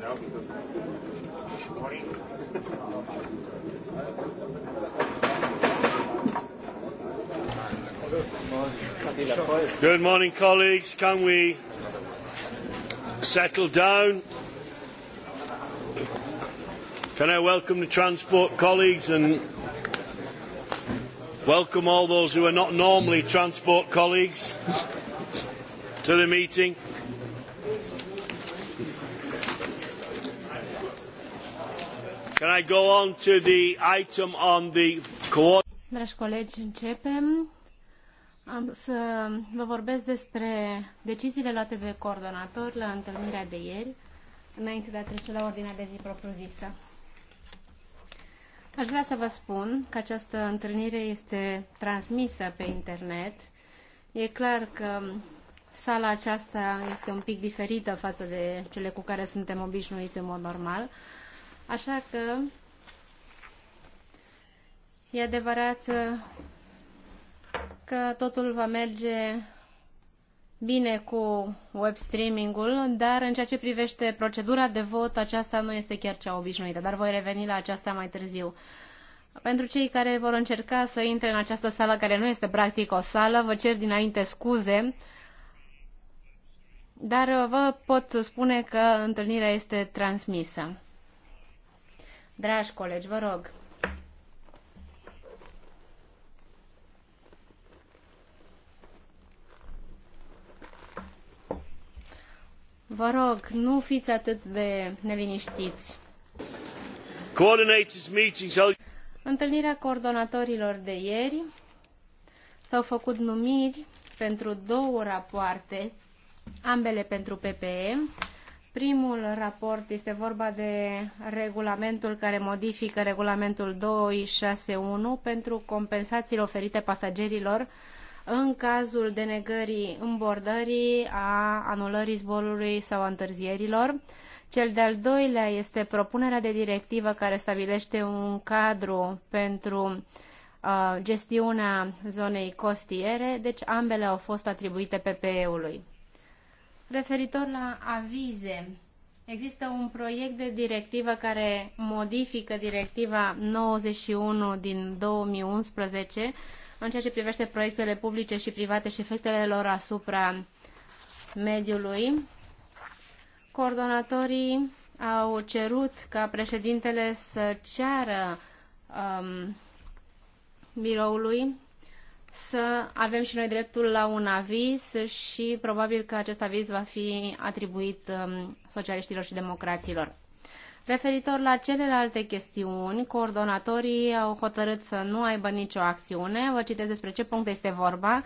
because this morning. Good morning, colleagues. Can we settle down? Can I welcome the transport colleagues and welcome all those who are not normally transport colleagues to the meeting? Dragi colegi, începem. Am să vă vorbesc despre deciziile luate de coordonator la întâlnirea de ieri, înainte de a trece la ordinea de zi propriu-zisă. Aș vrea să vă spun că această întâlnire este transmisă pe internet. E clar că sala aceasta este un pic diferită față de cele cu care suntem obișnuiți în mod normal. Așa că e adevărat uh, că totul va merge bine cu web streaming-ul, dar în ceea ce privește procedura de vot, aceasta nu este chiar cea obișnuită, dar voi reveni la aceasta mai târziu. Pentru cei care vor încerca să intre în această sală, care nu este practic o sală, vă cer dinainte scuze, dar uh, vă pot spune că întâlnirea este transmisă. Dragi colegi, vă rog. Vă rog, nu fiți atât de neliniștiți. Întâlnirea coordonatorilor de ieri s-au făcut numiri pentru două rapoarte, ambele pentru PPM. Primul raport este vorba de regulamentul care modifică regulamentul 261 pentru compensațiile oferite pasagerilor în cazul denegării îmbordării, a anulării zborului sau a întârzierilor. Cel de-al doilea este propunerea de directivă care stabilește un cadru pentru uh, gestiunea zonei costiere, deci ambele au fost atribuite PPE-ului. Referitor la avize, există un proiect de directivă care modifică directiva 91 din 2011 în ceea ce privește proiectele publice și private și efectele lor asupra mediului. Coordonatorii au cerut ca președintele să ceară um, biroului să avem și noi dreptul la un aviz și probabil că acest aviz va fi atribuit um, socialiștilor și democraților. Referitor la celelalte chestiuni, coordonatorii au hotărât să nu aibă nicio acțiune. Vă citesc despre ce punct este vorba.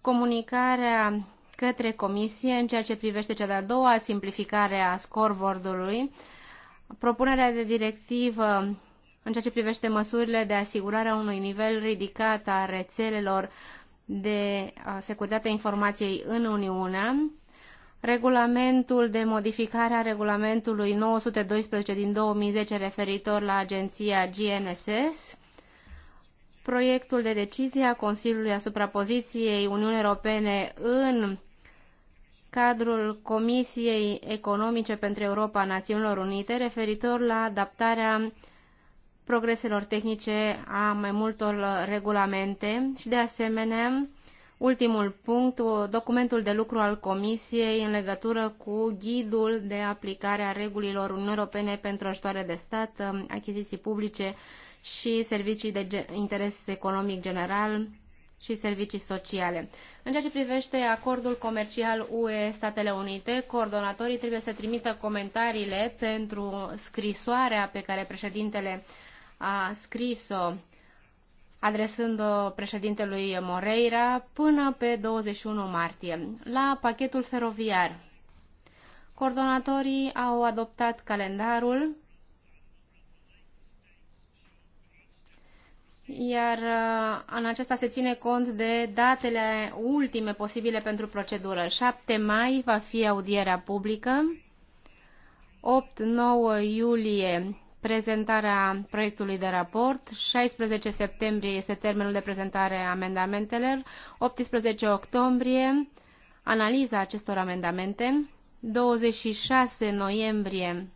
Comunicarea către Comisie în ceea ce privește cea de-a doua simplificare a scoreboard-ului, propunerea de directivă în ceea ce privește măsurile de asigurare a unui nivel ridicat a rețelelor de securitate a informației în Uniunea, regulamentul de modificare a regulamentului 912 din 2010 referitor la agenția GNSS, proiectul de decizie a Consiliului asupra poziției Uniunii Europene în cadrul Comisiei Economice pentru Europa Națiunilor Unite referitor la adaptarea progreselor tehnice, a mai multor uh, regulamente și, de asemenea, ultimul punct, uh, documentul de lucru al Comisiei în legătură cu ghidul de aplicare a regulilor Uniunii Europene pentru ajutoare de stat, uh, achiziții publice și servicii de interes economic general și servicii sociale. În ceea ce privește acordul comercial UE-Statele Unite, coordonatorii trebuie să trimită comentariile pentru scrisoarea pe care președintele a scris-o adresând-o președintelui Moreira până pe 21 martie. La pachetul feroviar, coordonatorii au adoptat calendarul, iar uh, în acesta se ține cont de datele ultime posibile pentru procedură. 7 mai va fi audierea publică, 8-9 iulie prezentarea proiectului de raport. 16 septembrie este termenul de prezentare a amendamentelor. 18 octombrie, analiza acestor amendamente. 26 noiembrie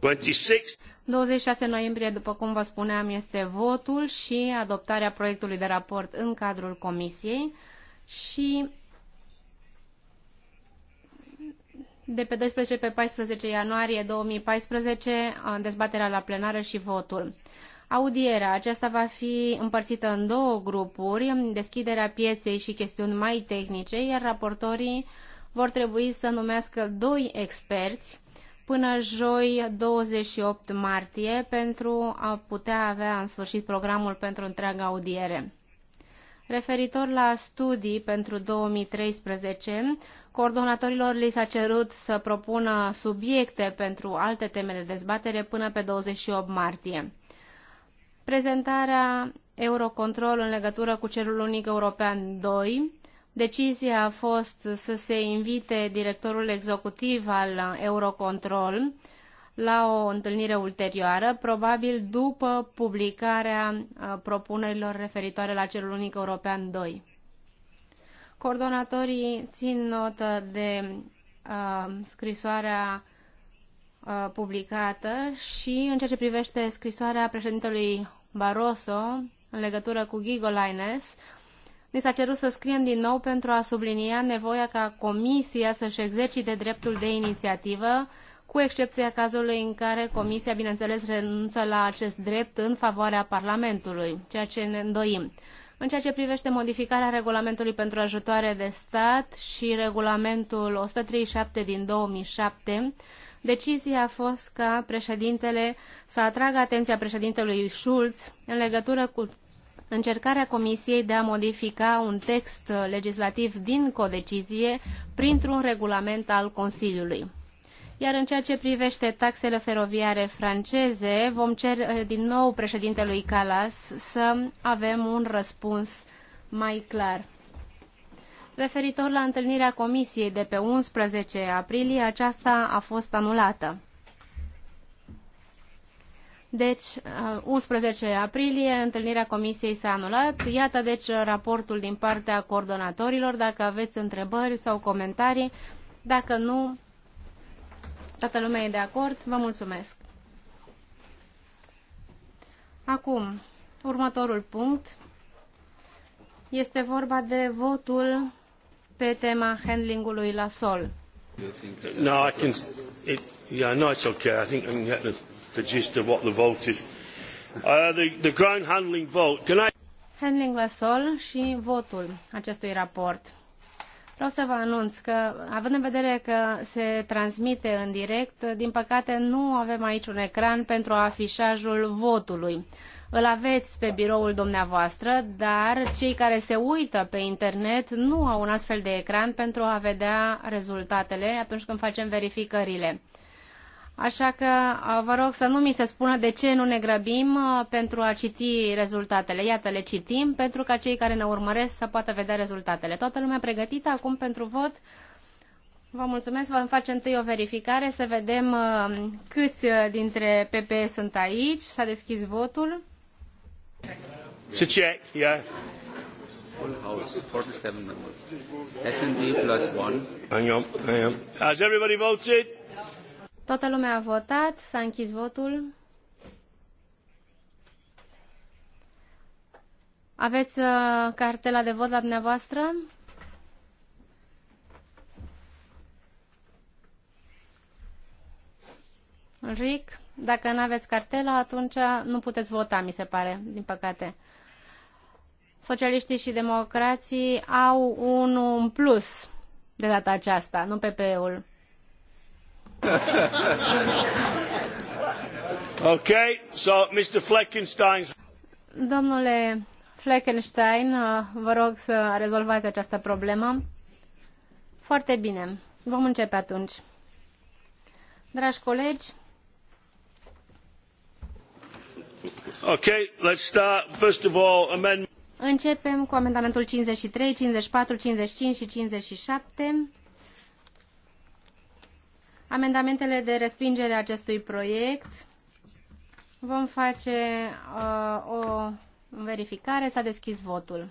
26. 26 noiembrie, după cum vă spuneam, este votul și adoptarea proiectului de raport în cadrul comisiei și de pe 12 pe 14 ianuarie 2014, dezbaterea la plenară și votul. Audierea aceasta va fi împărțită în două grupuri, deschiderea pieței și chestiuni mai tehnice, iar raportorii vor trebui să numească doi experți până joi 28 martie pentru a putea avea în sfârșit programul pentru întreaga audiere. Referitor la studii pentru 2013, Coordonatorilor li s-a cerut să propună subiecte pentru alte teme de dezbatere până pe 28 martie. Prezentarea Eurocontrol în legătură cu Cerul Unic European 2. Decizia a fost să se invite directorul executiv al Eurocontrol la o întâlnire ulterioară, probabil după publicarea uh, propunerilor referitoare la Cerul Unic European 2. Coordonatorii țin notă de uh, scrisoarea uh, publicată și în ceea ce privește scrisoarea președintelui Barroso în legătură cu Gigolines, ni s-a cerut să scriem din nou pentru a sublinia nevoia ca Comisia să-și exercite dreptul de inițiativă, cu excepția cazului în care Comisia, bineînțeles, renunță la acest drept în favoarea Parlamentului, ceea ce ne îndoim. În ceea ce privește modificarea regulamentului pentru ajutoare de stat și regulamentul 137 din 2007, decizia a fost ca președintele să atragă atenția președintelui Schulz în legătură cu încercarea Comisiei de a modifica un text legislativ din codecizie printr-un regulament al Consiliului. Iar în ceea ce privește taxele feroviare franceze, vom cere eh, din nou președintelui Calas să avem un răspuns mai clar. Referitor la întâlnirea Comisiei de pe 11 aprilie, aceasta a fost anulată. Deci, 11 eh, aprilie, întâlnirea comisiei s-a anulat. Iată, deci, raportul din partea coordonatorilor. Dacă aveți întrebări sau comentarii, dacă nu, Toată lumea e de acord? Vă mulțumesc. Acum, următorul punct este vorba de votul pe tema handlingului la sol. No, I can, it, yeah, no, it's okay. I think I can get the, the gist of what the vote is. Uh, the, the ground handling vote. Can I... Handling la sol și votul acestui raport. Vreau să vă anunț că, având în vedere că se transmite în direct, din păcate nu avem aici un ecran pentru afișajul votului. Îl aveți pe biroul dumneavoastră, dar cei care se uită pe internet nu au un astfel de ecran pentru a vedea rezultatele atunci când facem verificările. Așa că uh, vă rog să nu mi se spună de ce nu ne grăbim uh, pentru a citi rezultatele. Iată, le citim pentru ca cei care ne urmăresc să poată vedea rezultatele. Toată lumea pregătită acum pentru vot. Vă mulțumesc, vom face întâi o verificare să vedem uh, câți dintre PPE sunt aici. S-a deschis votul. To check, yeah. Full house, 47 members. S&D plus one. Hang on, hang on. Has everybody voted? Toată lumea a votat, s-a închis votul. Aveți uh, cartela de vot la dumneavoastră? Ric, dacă nu aveți cartela, atunci nu puteți vota, mi se pare, din păcate. Socialiștii și democrații au un plus de data aceasta, nu PP-ul. okay, so Mr. Fleckenstein. Domnule Fleckenstein, uh, vă rog să rezolvați această problemă. Foarte bine. Vom începe atunci. Dragi colegi, Okay, let's start. First of all, amend... Începem cu amendamentul 53, 54, 55 și 57. Amendamentele de respingere a acestui proiect vom face uh, o verificare. S-a deschis votul.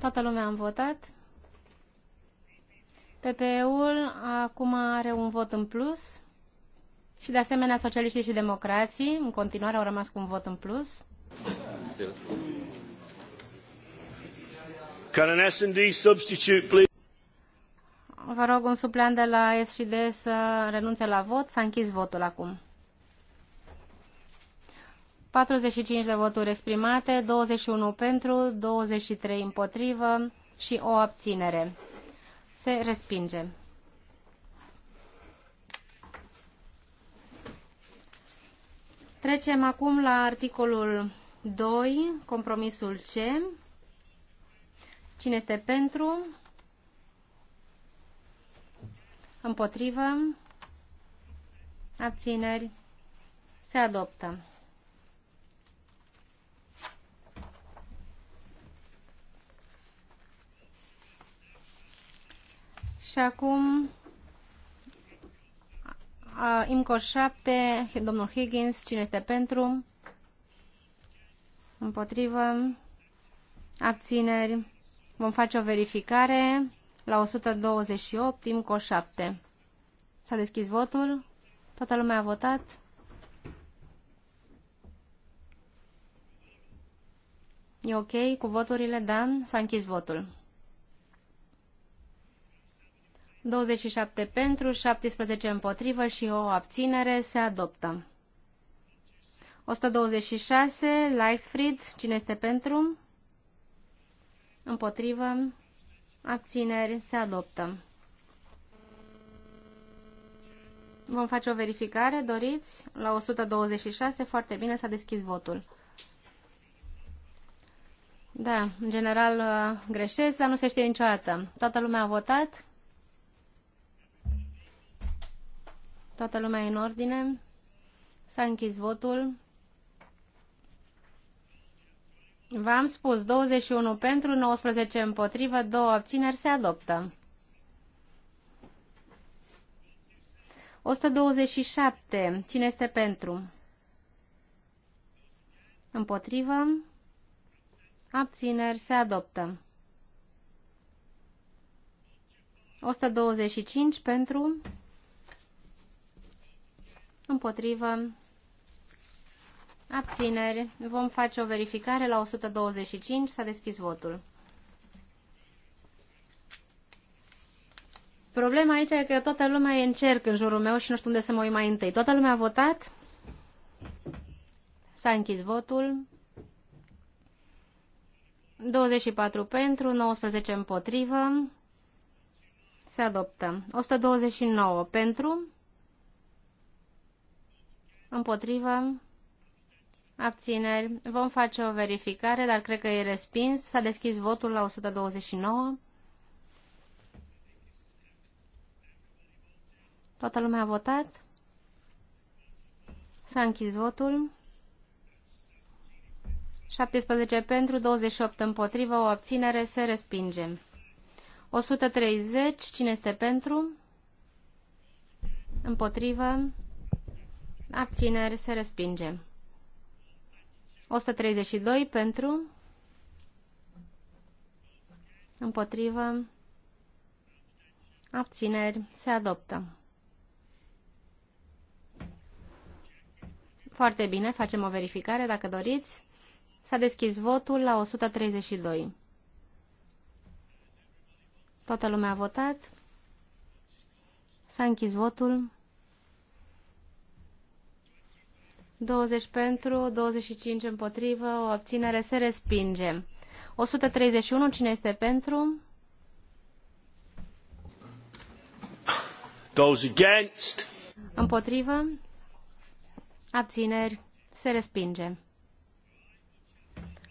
Toată lumea a votat. PPE-ul acum are un vot în plus și de asemenea socialiștii și democrații în continuare au rămas cu un vot în plus. Still. Can an S&D substitute, please? Vă rog un suplean de la SCD să renunțe la vot. S-a închis votul acum. 45 de voturi exprimate, 21 pentru, 23 împotrivă și o abținere. Se respinge. Trecem acum la articolul 2, compromisul C. Cine este pentru? Împotrivă? Abțineri? Se adoptă. Și acum a, IMCO 7, domnul Higgins, cine este pentru? Împotrivă? Abțineri? Vom face o verificare la 128, cu 7. S-a deschis votul. Toată lumea a votat. E ok cu voturile, da? S-a închis votul. 27 pentru, 17 împotrivă și o abținere se adoptă. 126, Lightfried, cine este pentru? împotrivă, abțineri, se adoptă. Vom face o verificare, doriți? La 126, foarte bine, s-a deschis votul. Da, în general uh, greșesc, dar nu se știe niciodată. Toată lumea a votat? Toată lumea e în ordine? S-a închis votul. V-am spus 21 pentru, 19 împotrivă, 2 abțineri se adoptă. 127. Cine este pentru? Împotrivă. Abțineri se adoptă. 125 pentru. Împotrivă. Abțineri. Vom face o verificare la 125. S-a deschis votul. Problema aici e că toată lumea e în cerc în jurul meu și nu știu unde să mă uit mai întâi. Toată lumea a votat? S-a închis votul. 24 pentru, 19 împotrivă. Se adoptă. 129 pentru. Împotrivă abțineri, vom face o verificare, dar cred că e respins. S-a deschis votul la 129. Toată lumea a votat. S-a închis votul. 17 pentru, 28 împotrivă, o abținere, se respinge. 130, cine este pentru? Împotrivă, Abținere se respinge. 132 pentru, împotrivă, abțineri, se adoptă. Foarte bine, facem o verificare dacă doriți. S-a deschis votul la 132. Toată lumea a votat. S-a închis votul. 20 pentru, 25 împotrivă, o abținere se respinge. 131, cine este pentru? Those against. Împotrivă, abțineri, se respinge.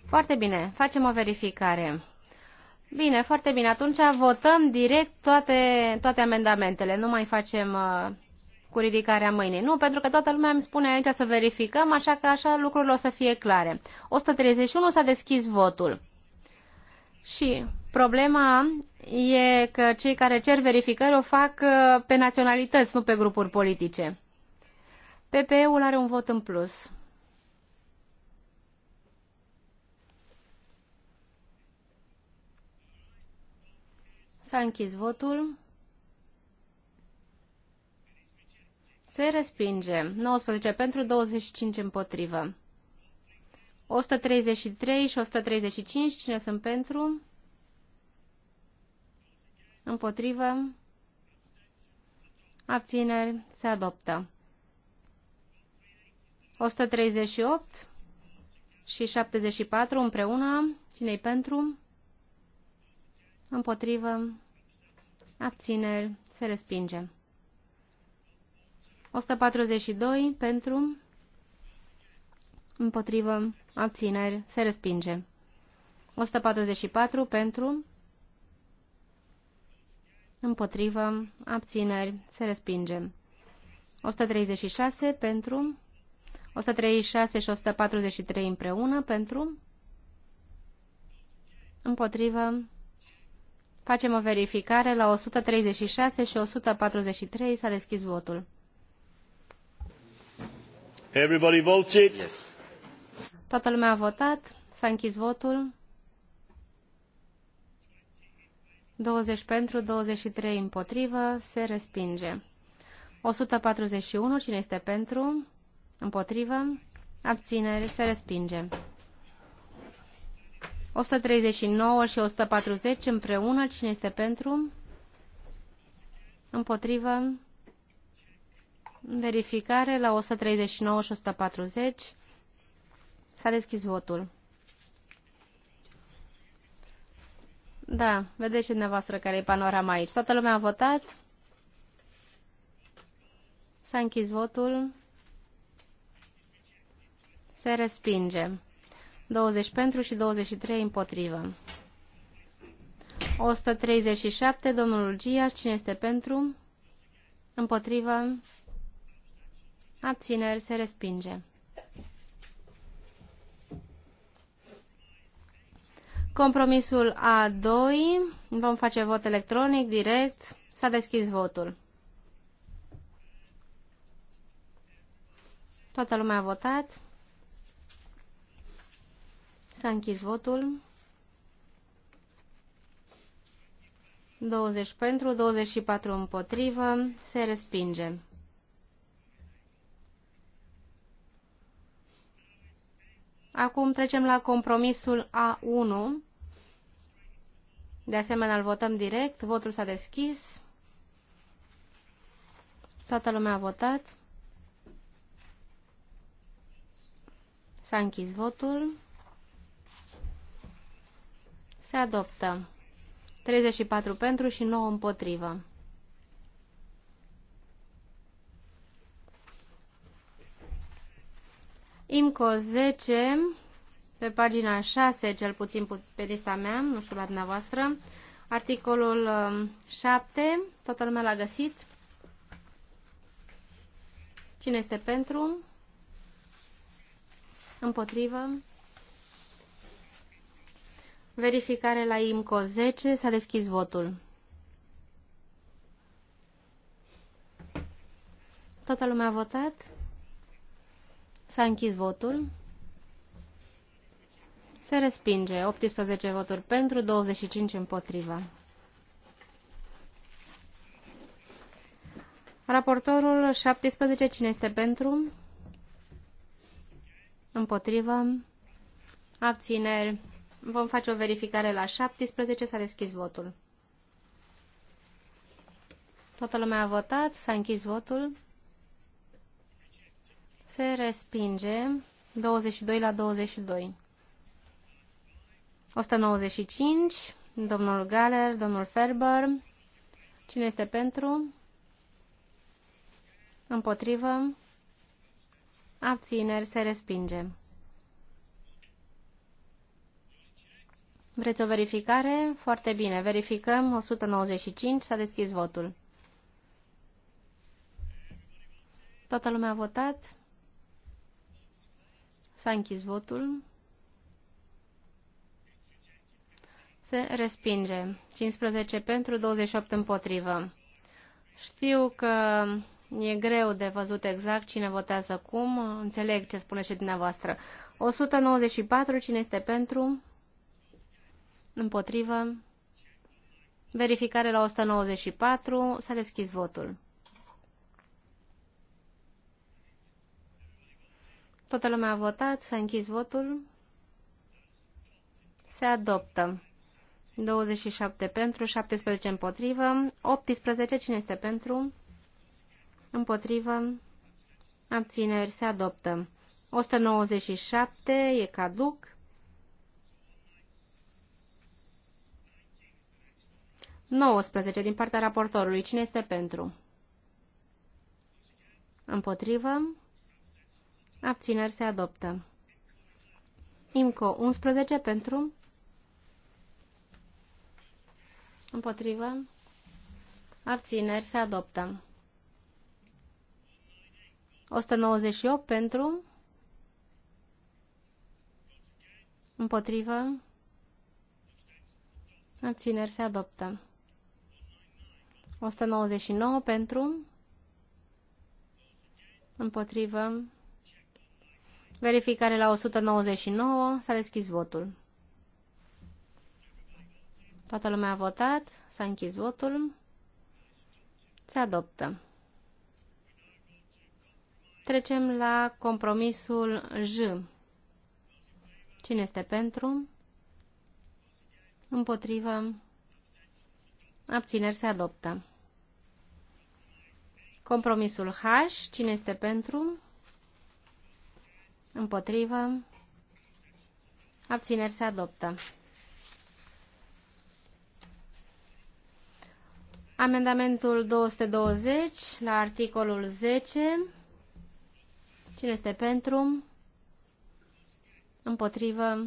Foarte bine, facem o verificare. Bine, foarte bine. Atunci votăm direct toate, toate amendamentele. Nu mai facem uh, cu ridicarea mâinii. Nu, pentru că toată lumea îmi spune aici să verificăm, așa că așa lucrurile o să fie clare. 131 s-a deschis votul. Și problema e că cei care cer verificări o fac uh, pe naționalități, nu pe grupuri politice. PPE-ul are un vot în plus. S-a închis votul. Se respinge. 19 pentru, 25 împotrivă. 133 și 135, cine sunt pentru? Împotrivă. Abțineri. Se adoptă. 138 și 74 împreună. Cine-i pentru? Împotrivă. Abțineri. Se respinge. 142 pentru, împotrivă, abțineri, se respinge. 144 pentru, împotrivă, abțineri, se respinge. 136 pentru, 136 și 143 împreună pentru, împotrivă, facem o verificare la 136 și 143 s-a deschis votul. Everybody voted? Yes. Toată lumea a votat. S-a închis votul. 20 pentru, 23 împotrivă, se respinge. 141, cine este pentru? Împotrivă, abțineri, se respinge. 139 și 140 împreună, cine este pentru? Împotrivă, Verificare la 139 și 140. S-a deschis votul. Da, vedeți și dumneavoastră care e panorama aici. Toată lumea a votat. S-a închis votul. Se respinge. 20 pentru și 23 împotrivă. 137, domnul Gia, cine este pentru? Împotrivă. Abțineri se respinge. Compromisul A2. Vom face vot electronic, direct. S-a deschis votul. Toată lumea a votat. S-a închis votul. 20 pentru, 24 împotrivă. Se respinge. Acum trecem la compromisul A1. De asemenea, îl votăm direct. Votul s-a deschis. Toată lumea a votat. S-a închis votul. Se adoptă. 34 pentru și 9 împotrivă. IMCO 10, pe pagina 6, cel puțin pe lista mea, nu știu la dumneavoastră, articolul 7, um, toată lumea l-a găsit. Cine este pentru? Împotrivă? Verificare la IMCO 10, s-a deschis votul. Toată lumea a votat? S-a închis votul. Se respinge. 18 voturi pentru, 25 împotriva. Raportorul 17, cine este pentru? Împotriva. Abțineri. Vom face o verificare la 17, s-a deschis votul. Toată lumea a votat, s-a închis votul. Se respinge 22 la 22. 195, domnul Galler, domnul Ferber. Cine este pentru? Împotrivă? Abțineri se respinge. Vreți o verificare? Foarte bine. Verificăm. 195. S-a deschis votul. Toată lumea a votat. S-a închis votul. Se respinge. 15 pentru, 28 împotrivă. Știu că e greu de văzut exact cine votează cum. Înțeleg ce spune și dumneavoastră. 194, cine este pentru? Împotrivă. Verificare la 194. S-a deschis votul. Toată lumea a votat, s-a închis votul. Se adoptă. 27 pentru, 17 împotrivă, 18 cine este pentru, împotrivă, abțineri, se adoptă. 197 e caduc. 19 din partea raportorului. Cine este pentru? Împotrivă. Abțineri se adoptă. IMCO 11 pentru. Împotrivă. Abțineri se adoptă. 198 pentru. Împotrivă. Abțineri se adoptă. 199 pentru. Împotrivă. Verificare la 199. S-a deschis votul. Toată lumea a votat. S-a închis votul. Se adoptă. Trecem la compromisul J. Cine este pentru? Împotrivă. Abțineri se adoptă. Compromisul H. Cine este pentru? Împotrivă. Abțineri se adoptă. Amendamentul 220 la articolul 10. Cine este pentru? Împotrivă.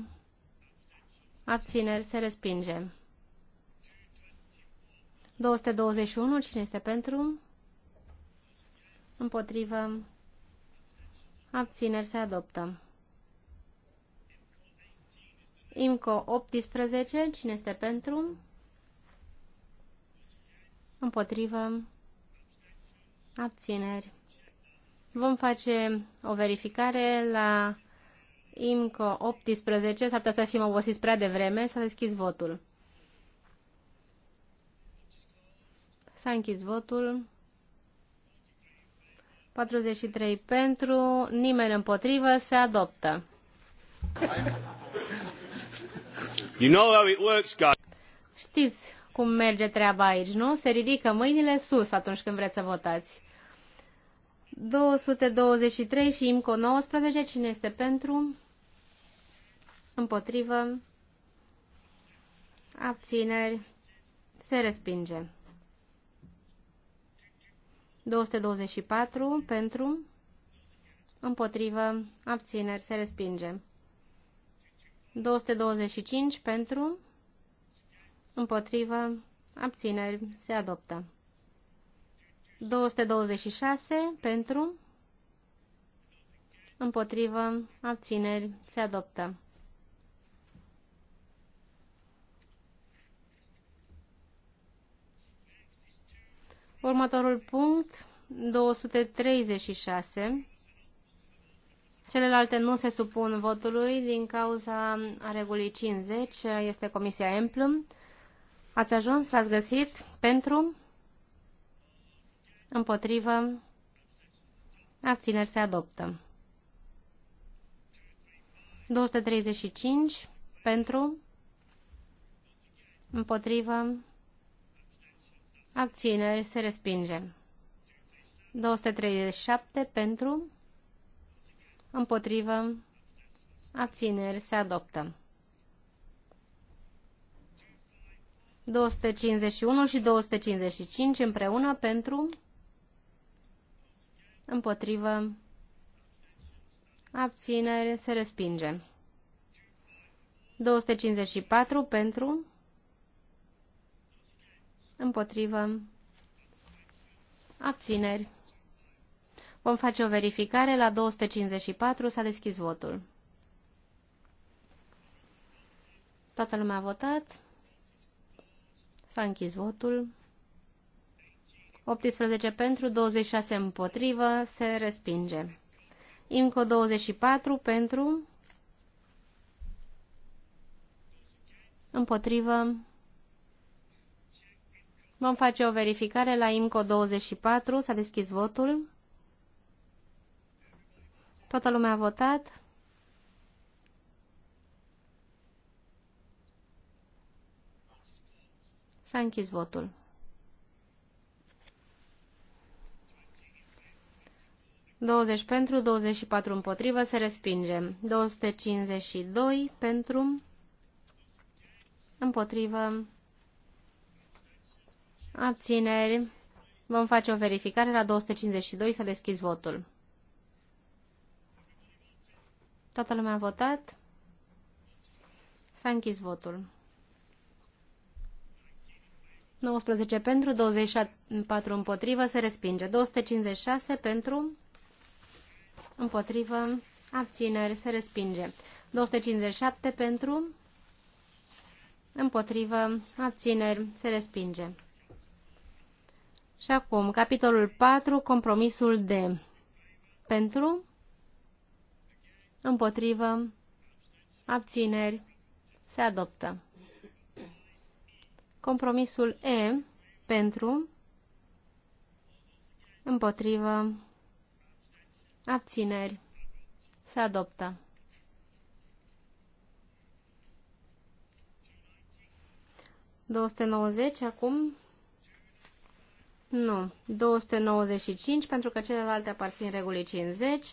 Abțineri se respinge. 221. Cine este pentru? Împotrivă. Abțineri se adoptă. IMCO 18. Cine este pentru? Împotrivă. Abțineri. Vom face o verificare la IMCO 18. S-ar putea să fim obosiți prea devreme. S-a deschis votul. S-a închis votul. 43 pentru, nimeni împotrivă, se adoptă. You know how it works, guys. Știți cum merge treaba aici, nu? Se ridică mâinile sus atunci când vreți să votați. 223 și IMCO 19, cine este pentru? Împotrivă. Abțineri. Se respinge. 224 pentru, împotrivă, abțineri, se respinge. 225 pentru, împotrivă, abțineri, se adoptă. 226 pentru, împotrivă, abțineri, se adoptă. Următorul punct, 236. Celelalte nu se supun votului din cauza regulii 50, este Comisia Emplum. Ați ajuns, ați găsit, pentru, împotrivă, abțineri se adoptă. 235, pentru, împotrivă, Abțineri se respinge. 237 pentru, împotrivă, abțineri se adoptă. 251 și 255 împreună pentru, împotrivă, abțineri se respinge. 254 pentru, împotrivă, abțineri. Vom face o verificare. La 254 s-a deschis votul. Toată lumea a votat. S-a închis votul. 18 pentru, 26 împotrivă, se respinge. Inco 24 pentru, împotrivă, Vom face o verificare la IMCO 24. S-a deschis votul. Toată lumea a votat. S-a închis votul. 20 pentru, 24 împotrivă, se respinge. 252 pentru, împotrivă, Abțineri. Vom face o verificare la 252 să deschizi votul. Toată lumea a votat. S-a închis votul. 19 pentru, 24 împotrivă, se respinge. 256 pentru, împotrivă, abțineri, se respinge. 257 pentru, împotrivă, abțineri, se respinge. Și acum, capitolul 4, compromisul de Pentru, împotrivă, abțineri, se adoptă. Compromisul E, pentru, împotrivă, abțineri, se adoptă. Două acum nu. 295, pentru că celelalte aparțin regulii 50.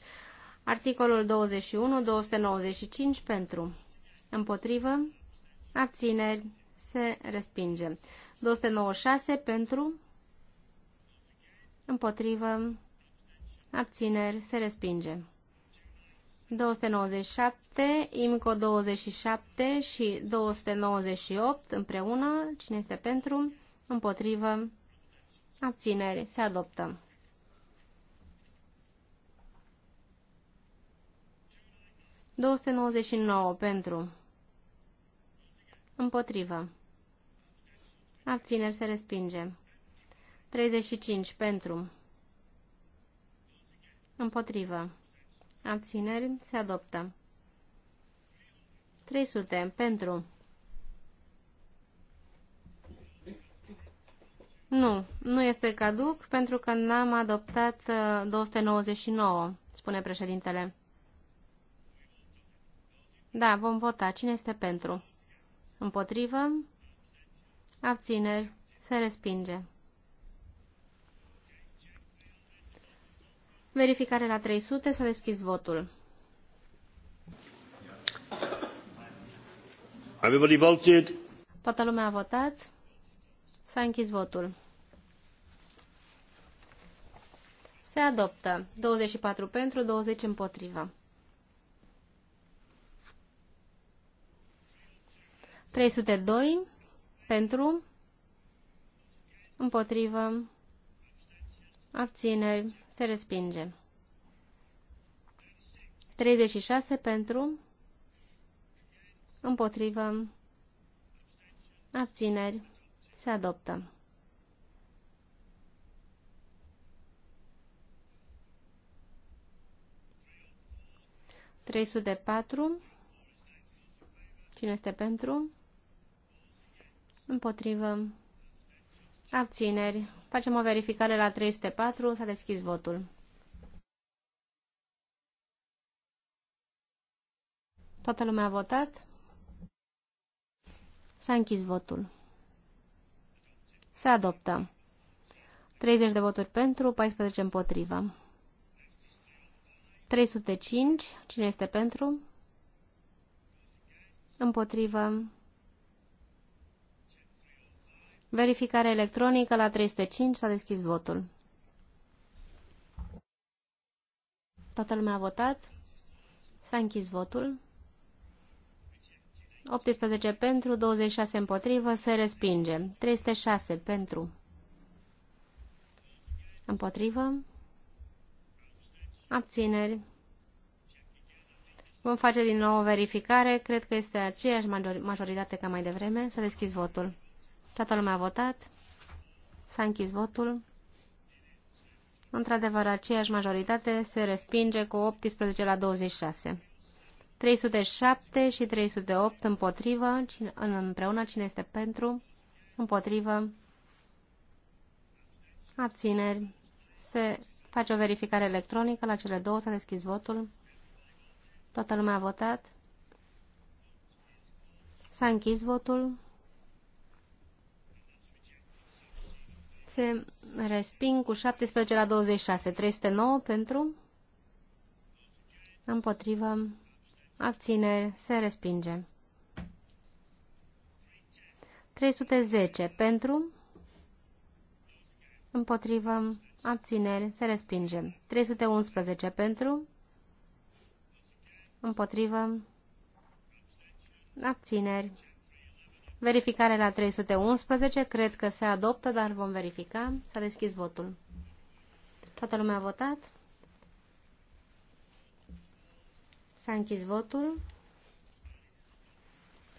Articolul 21, 295 pentru. Împotrivă. Abțineri. Se respinge. 296 pentru. Împotrivă. Abțineri. Se respinge. 297, IMCO 27 și 298 împreună. Cine este pentru? Împotrivă. Abținere. Se adoptă. nouă pentru. Împotrivă. Abțineri se respinge. 35 pentru. Împotrivă. Abțineri se adoptă. 300 pentru. Nu, nu este caduc pentru că n-am adoptat 299, uh, spune președintele. Da, vom vota. Cine este pentru? Împotrivă? Abțineri. Se respinge. Verificare la 300. S-a deschis votul. Everybody voted. Toată lumea a votat. S-a închis votul. Se adoptă. 24 pentru, 20 împotrivă. 302 pentru, împotrivă, abțineri, se respinge. 36 pentru, împotrivă, abțineri, se adoptă. 304. Cine este pentru? Împotrivă. Abțineri. Facem o verificare la 304. S-a deschis votul. Toată lumea a votat? S-a închis votul. Se adoptă. 30 de voturi pentru, 14 împotrivă. 305. Cine este pentru? Împotrivă. Verificare electronică la 305. S-a deschis votul. Toată lumea a votat. S-a închis votul. 18 pentru, 26 împotrivă, se respinge. 306 pentru. Împotrivă abțineri. Vom face din nou o verificare. Cred că este aceeași majoritate ca mai devreme. Să deschis votul. Toată lumea a votat. S-a închis votul. Într-adevăr, aceeași majoritate se respinge cu 18 la 26. 307 și 308 împotrivă, cine, împreună cine este pentru, împotrivă, abțineri, se Face o verificare electronică la cele două, s-a deschis votul. Toată lumea a votat. S-a închis votul. Se resping cu 17 la 26. 309 pentru. Împotrivă. Abține. Se respinge. 310 pentru. Împotrivă abțineri, se respinge. 311 pentru, împotrivă, abțineri. Verificare la 311, cred că se adoptă, dar vom verifica. S-a deschis votul. Toată lumea a votat. S-a închis votul.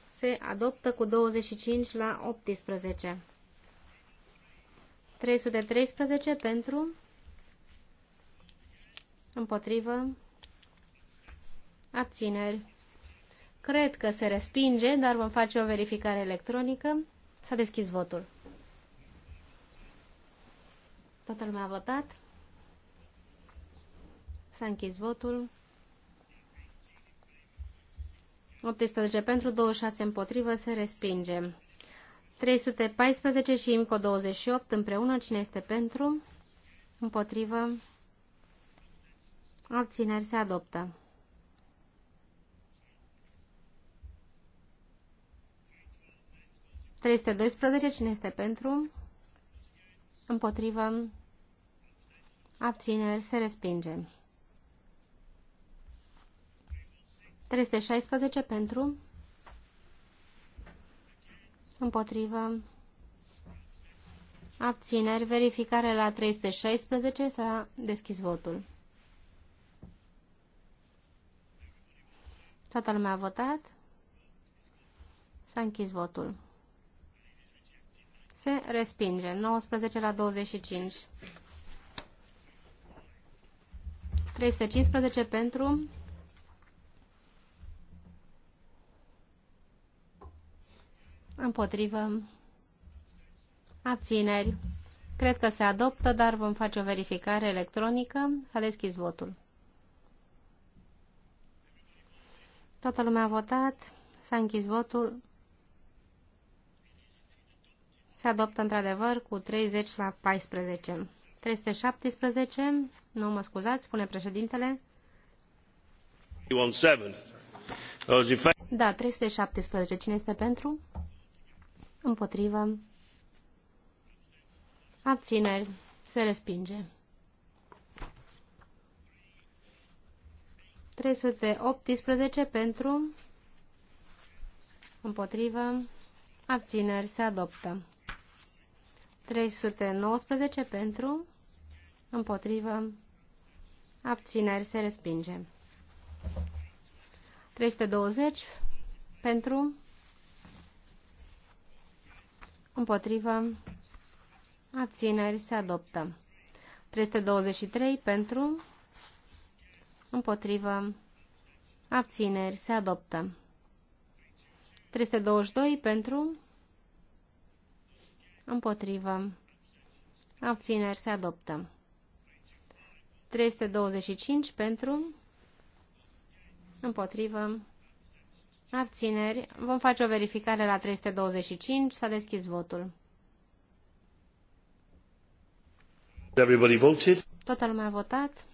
Se adoptă cu 25 la 18. 313 pentru, împotrivă, abțineri. Cred că se respinge, dar vom face o verificare electronică. S-a deschis votul. Toată lumea a votat. S-a închis votul. 18 pentru, 26 împotrivă, se respinge. 314 și IMCO 28 împreună. Cine este pentru? Împotrivă? Abțineri se adoptă. Trei cine este pentru? Împotrivă. Abțineri se respinge. 316 pentru împotrivă, abțineri, verificare la 316, s-a deschis votul. Toată lumea a votat, s-a închis votul. Se respinge, 19 la 25. 315 pentru, împotrivă, abțineri. Cred că se adoptă, dar vom face o verificare electronică. S-a deschis votul. Toată lumea a votat, s-a închis votul. Se adoptă într-adevăr cu 30 la 14. 317, nu mă scuzați, spune președintele. Da, 317. Cine este pentru? împotrivă, abțineri, se respinge. 318 pentru, împotrivă, abțineri, se adoptă. 319 pentru, împotrivă, abțineri, se respinge. 320 pentru, împotrivă, abțineri, se adoptă. 323 pentru, împotrivă, abțineri, se adoptă. 322 pentru, împotrivă, abțineri, se adoptă. 325 pentru, împotrivă, Abțineri. Vom face o verificare la 325. S-a deschis votul. Everybody voted. Toată lumea a votat.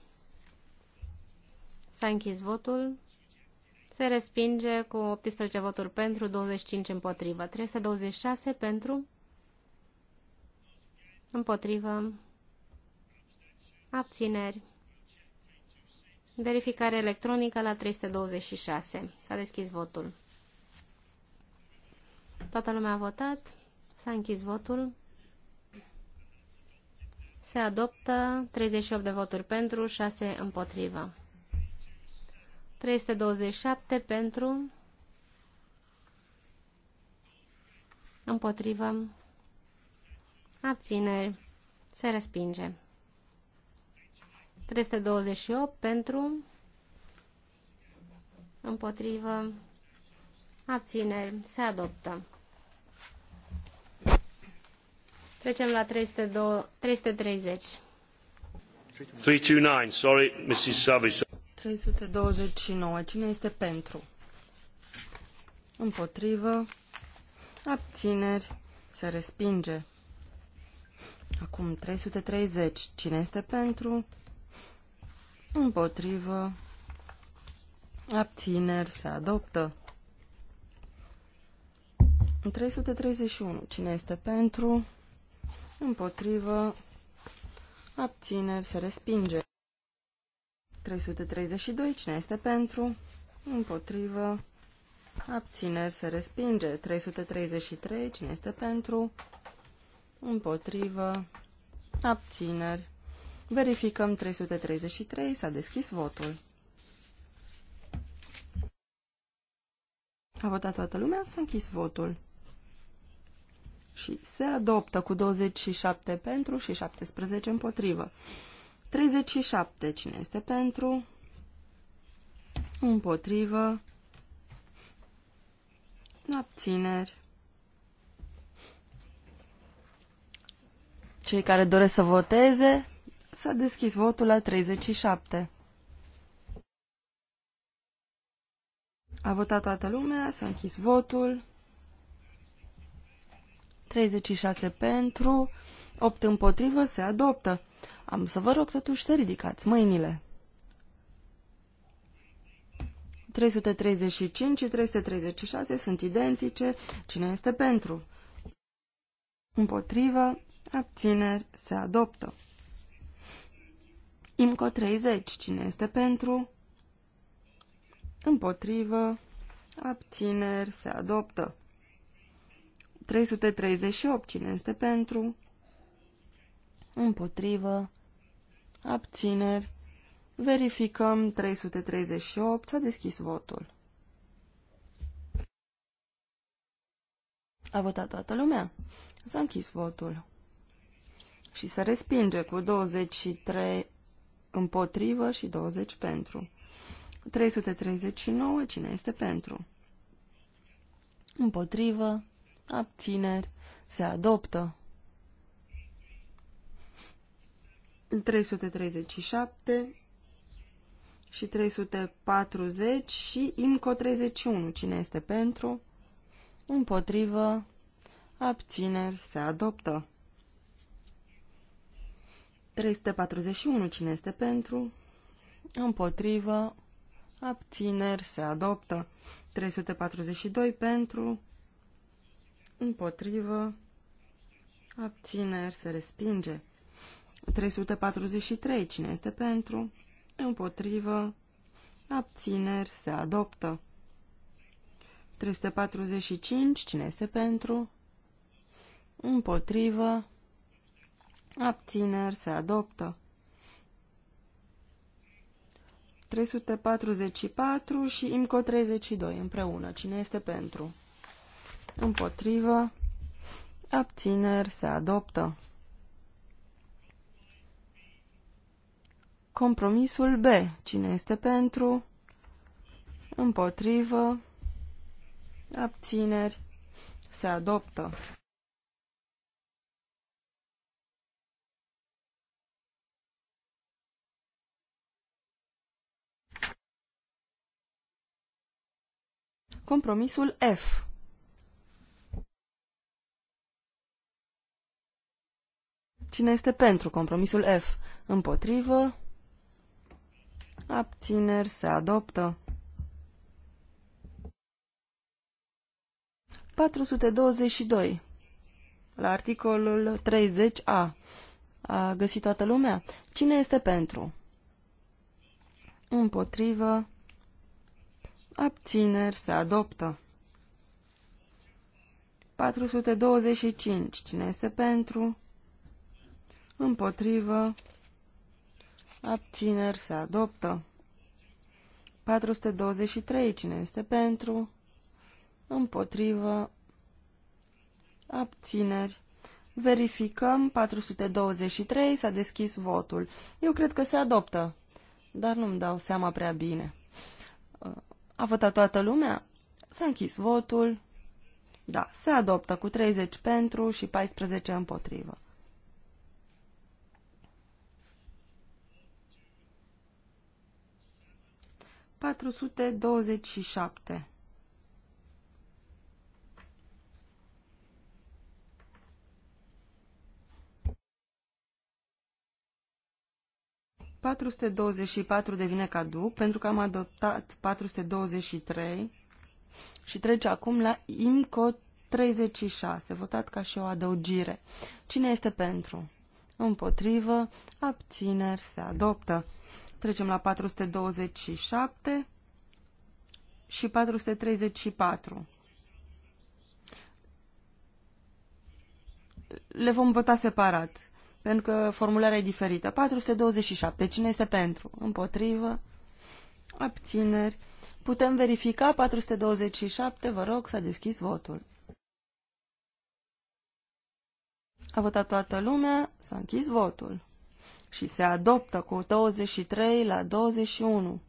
S-a închis votul. Se respinge cu 18 voturi pentru, 25 împotrivă. 326 pentru, împotrivă, abțineri. Verificare electronică la 326. S-a deschis votul. Toată lumea a votat. S-a închis votul. Se adoptă 38 de voturi pentru, 6 împotrivă. 327 pentru, împotrivă, abțineri, se respinge. 328 pentru, împotrivă, abțineri, se adoptă. Trecem la 302, 330. 329, sorry, Mrs. Savage. 329. Cine este pentru? Împotrivă. Abțineri. Se respinge. Acum 330. Cine este pentru? împotrivă, abțineri, se adoptă. 331. Cine este pentru, împotrivă, abțineri, se respinge. 332. Cine este pentru, împotrivă, abțineri, se respinge. 333. Cine este pentru, împotrivă, abțineri, Verificăm 333, s-a deschis votul. A votat toată lumea, s-a închis votul. Și se adoptă cu 27 pentru și 17 împotrivă. 37, cine este pentru? Împotrivă. Abțineri. Cei care doresc să voteze, S-a deschis votul la 37. A votat toată lumea, s-a închis votul. 36 pentru, 8 împotrivă, se adoptă. Am să vă rog totuși să ridicați mâinile. 335 și 336 sunt identice. Cine este pentru? Împotrivă, abțineri, se adoptă. IMCO 30. Cine este pentru? Împotrivă. Abțineri. Se adoptă. 338. Cine este pentru? Împotrivă. Abțineri. Verificăm 338. S-a deschis votul. A votat toată lumea. S-a închis votul. Și se respinge cu 23 împotrivă și 20 pentru. 339, cine este pentru? Împotrivă, abțineri, se adoptă. 337 și 340 și IMCO 31, cine este pentru? Împotrivă, abțineri, se adoptă. 341. Cine este pentru? Împotrivă. Abțineri. Se adoptă. 342. Pentru. Împotrivă. Abțineri. Se respinge. 343. Cine este pentru? Împotrivă. Abțineri. Se adoptă. 345. Cine este pentru? Împotrivă. Abțineri se adoptă. 344 și IMCO 32 împreună. Cine este pentru? Împotrivă. Abțineri se adoptă. Compromisul B. Cine este pentru? Împotrivă. Abțineri se adoptă. Compromisul F. Cine este pentru compromisul F? Împotrivă? Abțineri se adoptă. 422. La articolul 30a. A găsit toată lumea? Cine este pentru? Împotrivă? Abțineri se adoptă. 425. Cine este pentru? Împotrivă. Abțineri se adoptă. 423. Cine este pentru? Împotrivă. Abțineri. Verificăm. 423. S-a deschis votul. Eu cred că se adoptă, dar nu-mi dau seama prea bine. A votat toată lumea? S-a închis votul. Da, se adoptă cu 30 pentru și 14 împotrivă. Patru sute douăzeci și șapte. 424 devine caduc pentru că am adoptat 423 și trece acum la IMCO 36, votat ca și o adăugire. Cine este pentru? Împotrivă, abțineri, se adoptă. Trecem la 427 și 434. Le vom vota separat pentru că formularea e diferită. 427. Cine este pentru? Împotrivă? Abțineri? Putem verifica 427, vă rog, s-a deschis votul. A votat toată lumea, s-a închis votul. Și se adoptă cu 23 la 21.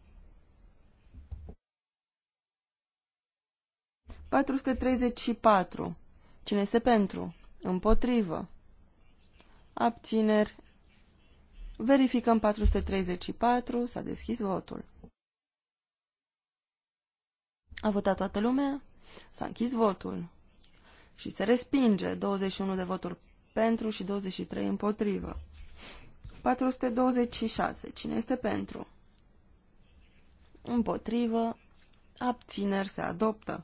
434. Cine este pentru? Împotrivă abțineri. Verificăm 434, s-a deschis votul. A votat toată lumea, s-a închis votul și se respinge 21 de voturi pentru și 23 împotrivă. 426. Cine este pentru? Împotrivă. Abțineri se adoptă.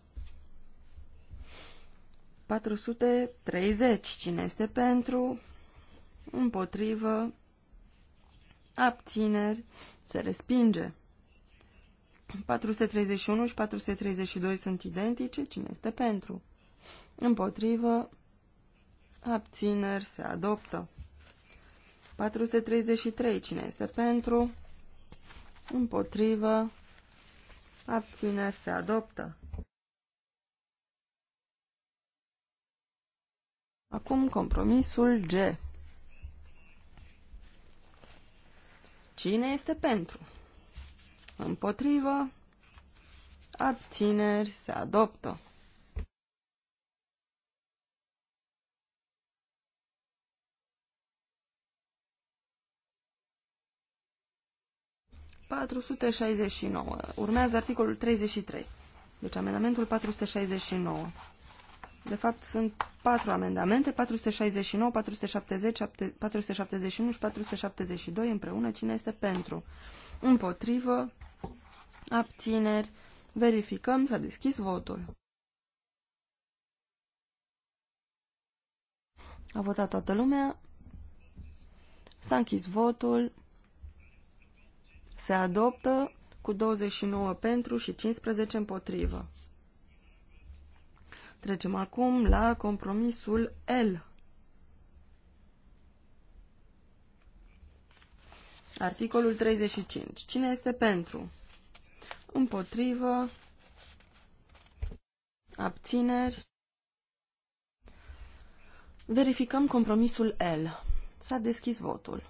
430. Cine este pentru? împotrivă, abțineri, se respinge. 431 și 432 sunt identice, cine este pentru? Împotrivă, abțineri, se adoptă. 433, cine este pentru? Împotrivă, abțineri, se adoptă. Acum compromisul G. Cine este pentru? Împotrivă. Abțineri se adoptă. ...469. Urmează articolul 33. Deci amendamentul 469. De fapt, sunt patru amendamente, 469, 470, 471 și 472 împreună. Cine este pentru? Împotrivă? Abțineri? Verificăm. S-a deschis votul. A votat toată lumea. S-a închis votul. Se adoptă cu 29 pentru și 15 împotrivă. Trecem acum la compromisul L. Articolul 35. Cine este pentru? Împotrivă. Abțineri. Verificăm compromisul L. S-a deschis votul.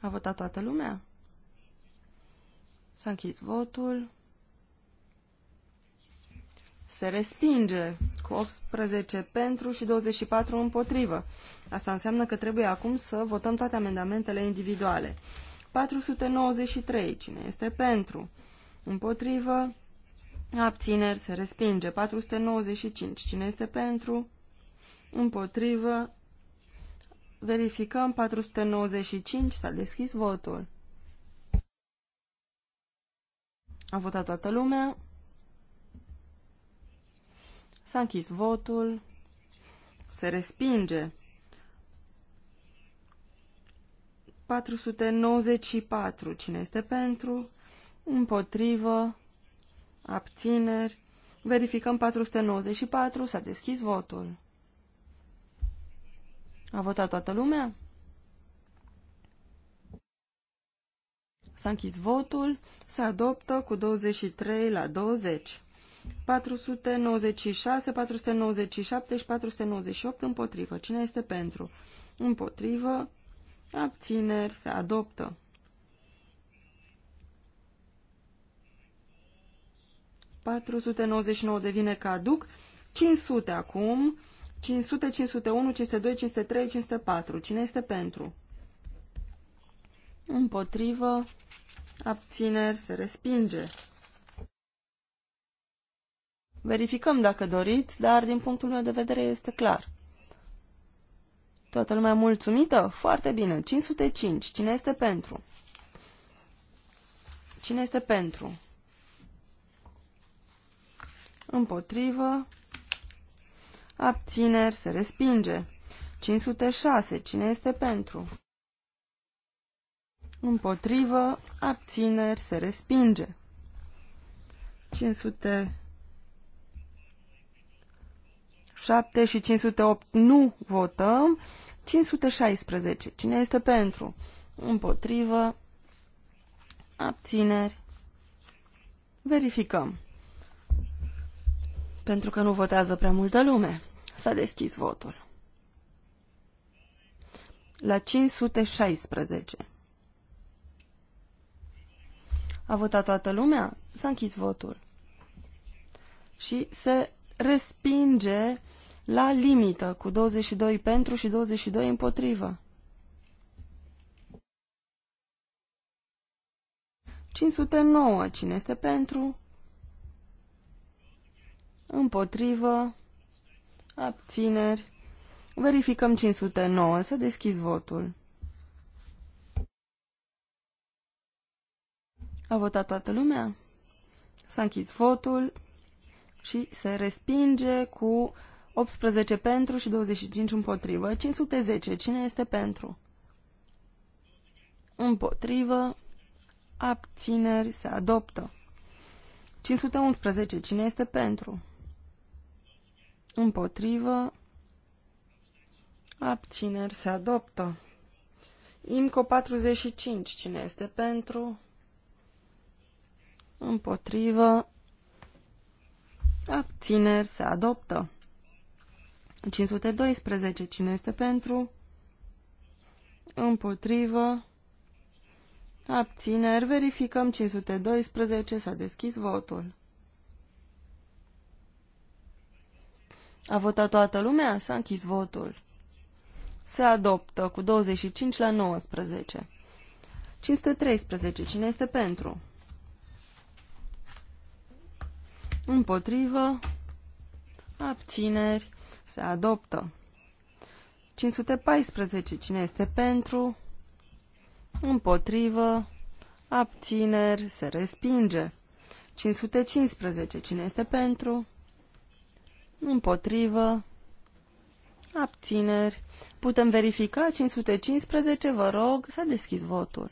A votat toată lumea? S-a închis votul se respinge cu 18 pentru și 24 împotrivă. Asta înseamnă că trebuie acum să votăm toate amendamentele individuale. 493. Cine este pentru? Împotrivă? Abțineri se respinge. 495. Cine este pentru? Împotrivă? Verificăm. 495. S-a deschis votul. A votat toată lumea. S-a închis votul. Se respinge. 494. Cine este pentru? Împotrivă. Abțineri. Verificăm 494. S-a deschis votul. A votat toată lumea? S-a închis votul. Se adoptă cu 23 la 20. 496, 497 și 498 împotrivă. Cine este pentru? Împotrivă. Abțineri. Se adoptă. ...499 devine caduc, 500 acum, 500, 501, 502, 503, 504. Cine este pentru? Împotrivă, abțineri, se respinge verificăm dacă doriți, dar din punctul meu de vedere este clar. Toată lumea mulțumită? Foarte bine. 505. Cine este pentru? Cine este pentru? Împotrivă. Abțineri. Se respinge. 506. Cine este pentru? Împotrivă. Abțineri. Se respinge. 500. 7 și 508 nu votăm. 516. Cine este pentru? Împotrivă. Abțineri. Verificăm. Pentru că nu votează prea multă lume. S-a deschis votul. La 516. A votat toată lumea? S-a închis votul. Și se respinge la limită, cu 22 pentru și 22 împotrivă. 509. Cine este pentru? Împotrivă. Abțineri. Verificăm 509. Să deschizi votul. A votat toată lumea? S-a închis votul și se respinge cu 18 pentru și 25 împotrivă. 510. Cine este pentru? Împotrivă. Abțineri. Se adoptă. 511. Cine este pentru? Împotrivă. Abțineri. Se adoptă. IMCO 45. Cine este pentru? Împotrivă. Abțineri. Se adoptă. 512. Cine este pentru? Împotrivă. Abțineri. Verificăm 512. S-a deschis votul. A votat toată lumea? S-a închis votul. Se adoptă cu 25 la 19. 513. Cine este pentru? Împotrivă. Abțineri se adoptă. 514. Cine este pentru? Împotrivă. Abțineri. Se respinge. 515. Cine este pentru? Împotrivă. Abțineri. Putem verifica 515, vă rog, s-a deschis votul.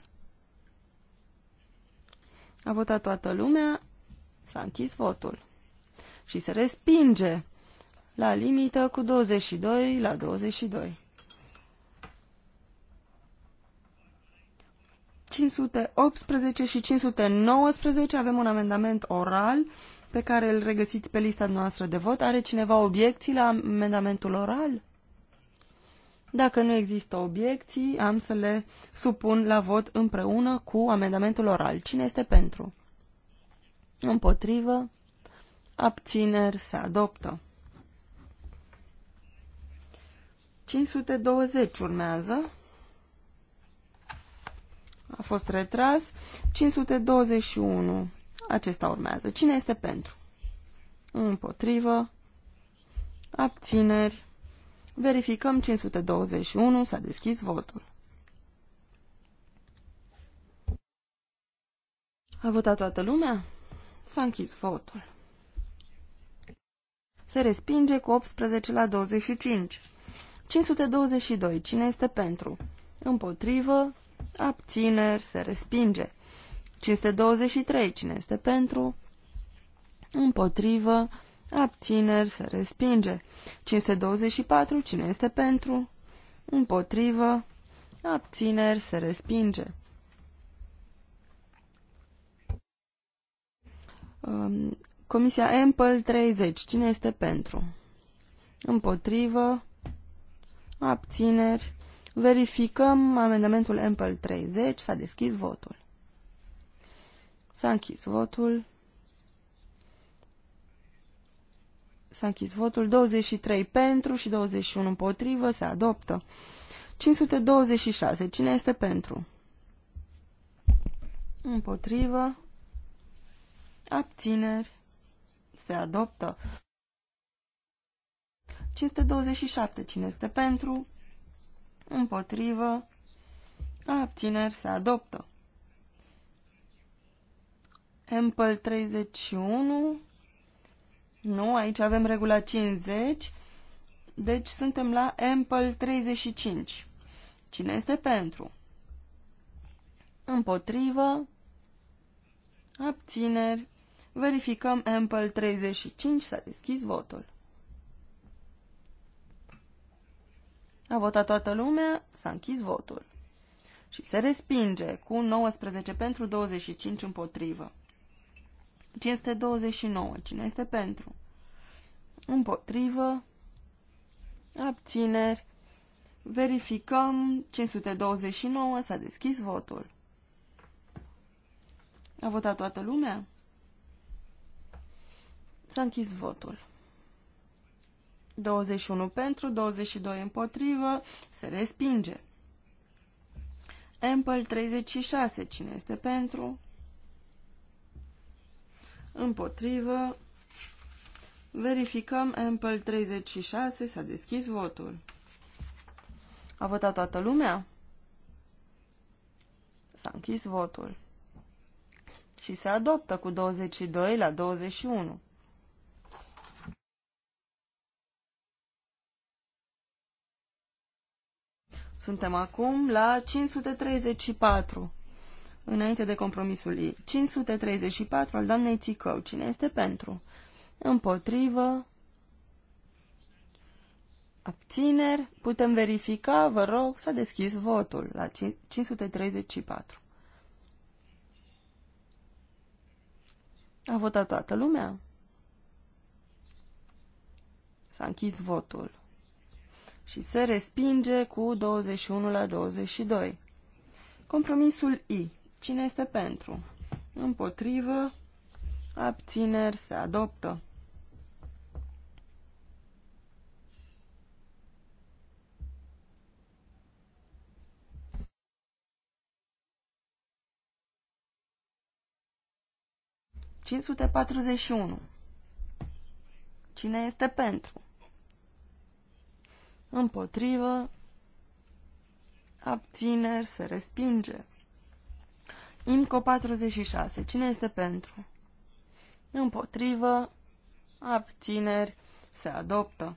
A votat toată lumea, s-a închis votul. Și se respinge la limită cu 22 la 22. 518 și 519 avem un amendament oral pe care îl regăsiți pe lista noastră de vot. Are cineva obiecții la amendamentul oral? Dacă nu există obiecții, am să le supun la vot împreună cu amendamentul oral. Cine este pentru? Împotrivă? Abțineri se adoptă. 520 urmează. A fost retras. 521. Acesta urmează. Cine este pentru? Împotrivă. Abțineri. Verificăm 521. S-a deschis votul. A votat toată lumea? S-a închis votul. Se respinge cu 18 la 25. 522. Cine este pentru? Împotrivă. Abțineri. Se respinge. 523. Cine este pentru? Împotrivă. Abțineri. Se respinge. 524. Cine este pentru? Împotrivă. Abțineri. Se respinge. Um, Comisia Ample 30. Cine este pentru? Împotrivă abțineri. Verificăm amendamentul Ample 30, s-a deschis votul. S-a închis votul. S-a închis votul. 23 pentru și 21 împotrivă. Se adoptă. 526. Cine este pentru? Împotrivă. Abțineri. Se adoptă. 527. Cine este pentru? Împotrivă. Abțineri se adoptă. Ample 31. Nu, aici avem regula 50. Deci suntem la Ample 35. Cine este pentru? Împotrivă. Abțineri. Verificăm Ample 35. S-a deschis votul. A votat toată lumea, s-a închis votul. Și se respinge cu 19 pentru 25 împotrivă. 529. Cine este pentru? Împotrivă. Abțineri. Verificăm. 529. S-a deschis votul. A votat toată lumea? S-a închis votul. 21 pentru, 22 împotrivă, se respinge. Ample 36, cine este pentru? Împotrivă. Verificăm Ample 36, s-a deschis votul. A votat toată lumea? S-a închis votul. Și se adoptă cu 22 la 21. Suntem acum la 534, înainte de compromisul 534 al doamnei Țicău. Cine este pentru? Împotrivă. Abțineri. Putem verifica, vă rog, s-a deschis votul la 534. A votat toată lumea? S-a închis votul și se respinge cu 21 la 22. Compromisul I. Cine este pentru? Împotrivă. Abțineri se adoptă. Cinci sute patruzeci și unu. Cine este pentru? împotrivă, abțineri, se respinge. IMCO 46. Cine este pentru? Împotrivă, abțineri, se adoptă.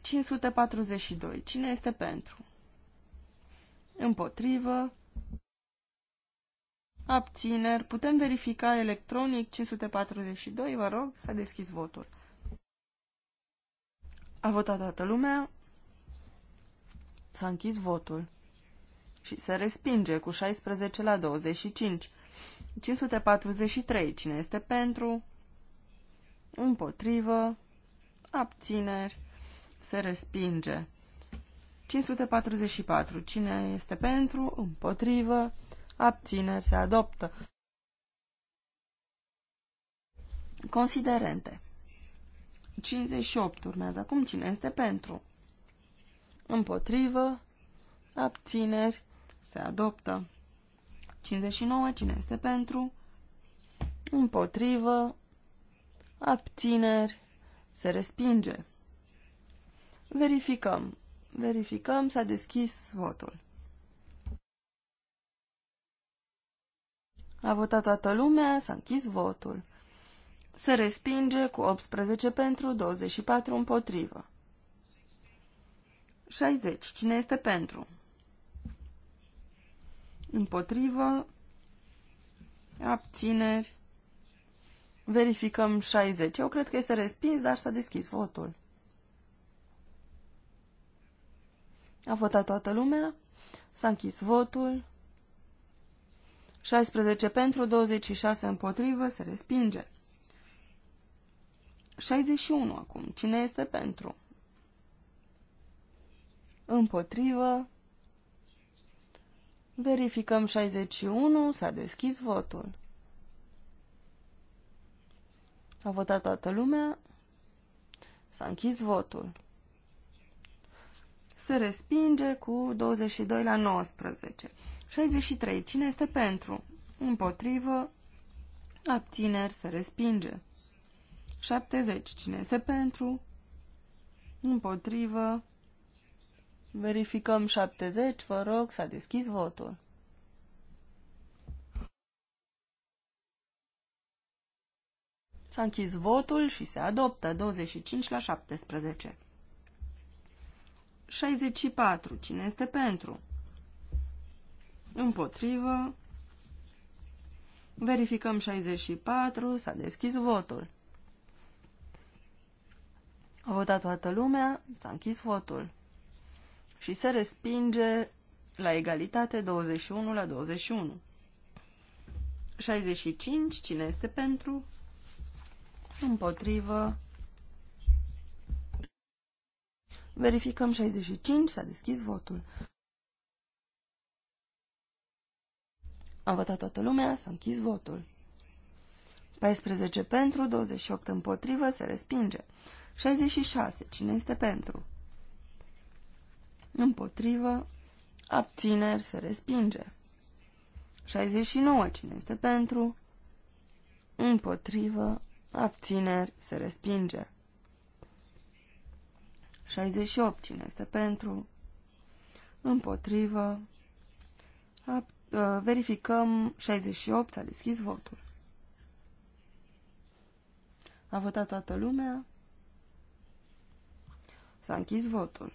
542. Cine este pentru? Împotrivă, abțineri. Putem verifica electronic 542, vă rog, s-a deschis votul. A votat toată lumea. S-a închis votul. Și se respinge cu 16 la 25. 543. Cine este pentru? Împotrivă. Abțineri. Se respinge. 544. Cine este pentru? Împotrivă. Abțineri. Se adoptă. Considerente. 58 urmează acum cine este pentru împotrivă, abțineri, se adoptă. 59, cine este pentru, împotrivă, abțineri, se respinge. Verificăm. Verificăm, s-a deschis votul. A votat toată lumea, s-a închis votul. Se respinge cu 18 pentru, 24 împotrivă. 60. Cine este pentru? Împotrivă. Abțineri. Verificăm 60. Eu cred că este respins, dar s-a deschis votul. A votat toată lumea. S-a închis votul. 16 pentru, 26 împotrivă, se respinge. 61 acum. Cine este pentru? împotrivă. Verificăm 61, s-a deschis votul. A votat toată lumea, s-a închis votul. Se respinge cu 22 la 19. 63. Cine este pentru? Împotrivă, abțineri, se respinge. 70. Cine este pentru? Împotrivă, Verificăm 70, vă rog, s-a deschis votul. S-a închis votul și se adoptă 25 la 17. 64. Cine este pentru? Împotrivă. Verificăm 64. S-a deschis votul. A votat toată lumea. S-a închis votul și se respinge la egalitate 21 la 21. 65, cine este pentru? Împotrivă. Verificăm 65, s-a deschis votul. Am votat toată lumea, s-a închis votul. 14 pentru, 28 împotrivă, se respinge. 66, cine este pentru? împotrivă, abțineri se respinge. 69. Cine este pentru? Împotrivă, abțineri se respinge. 68. Cine este pentru? Împotrivă. Ab ă, verificăm 68. S-a deschis votul. A votat toată lumea. S-a închis votul.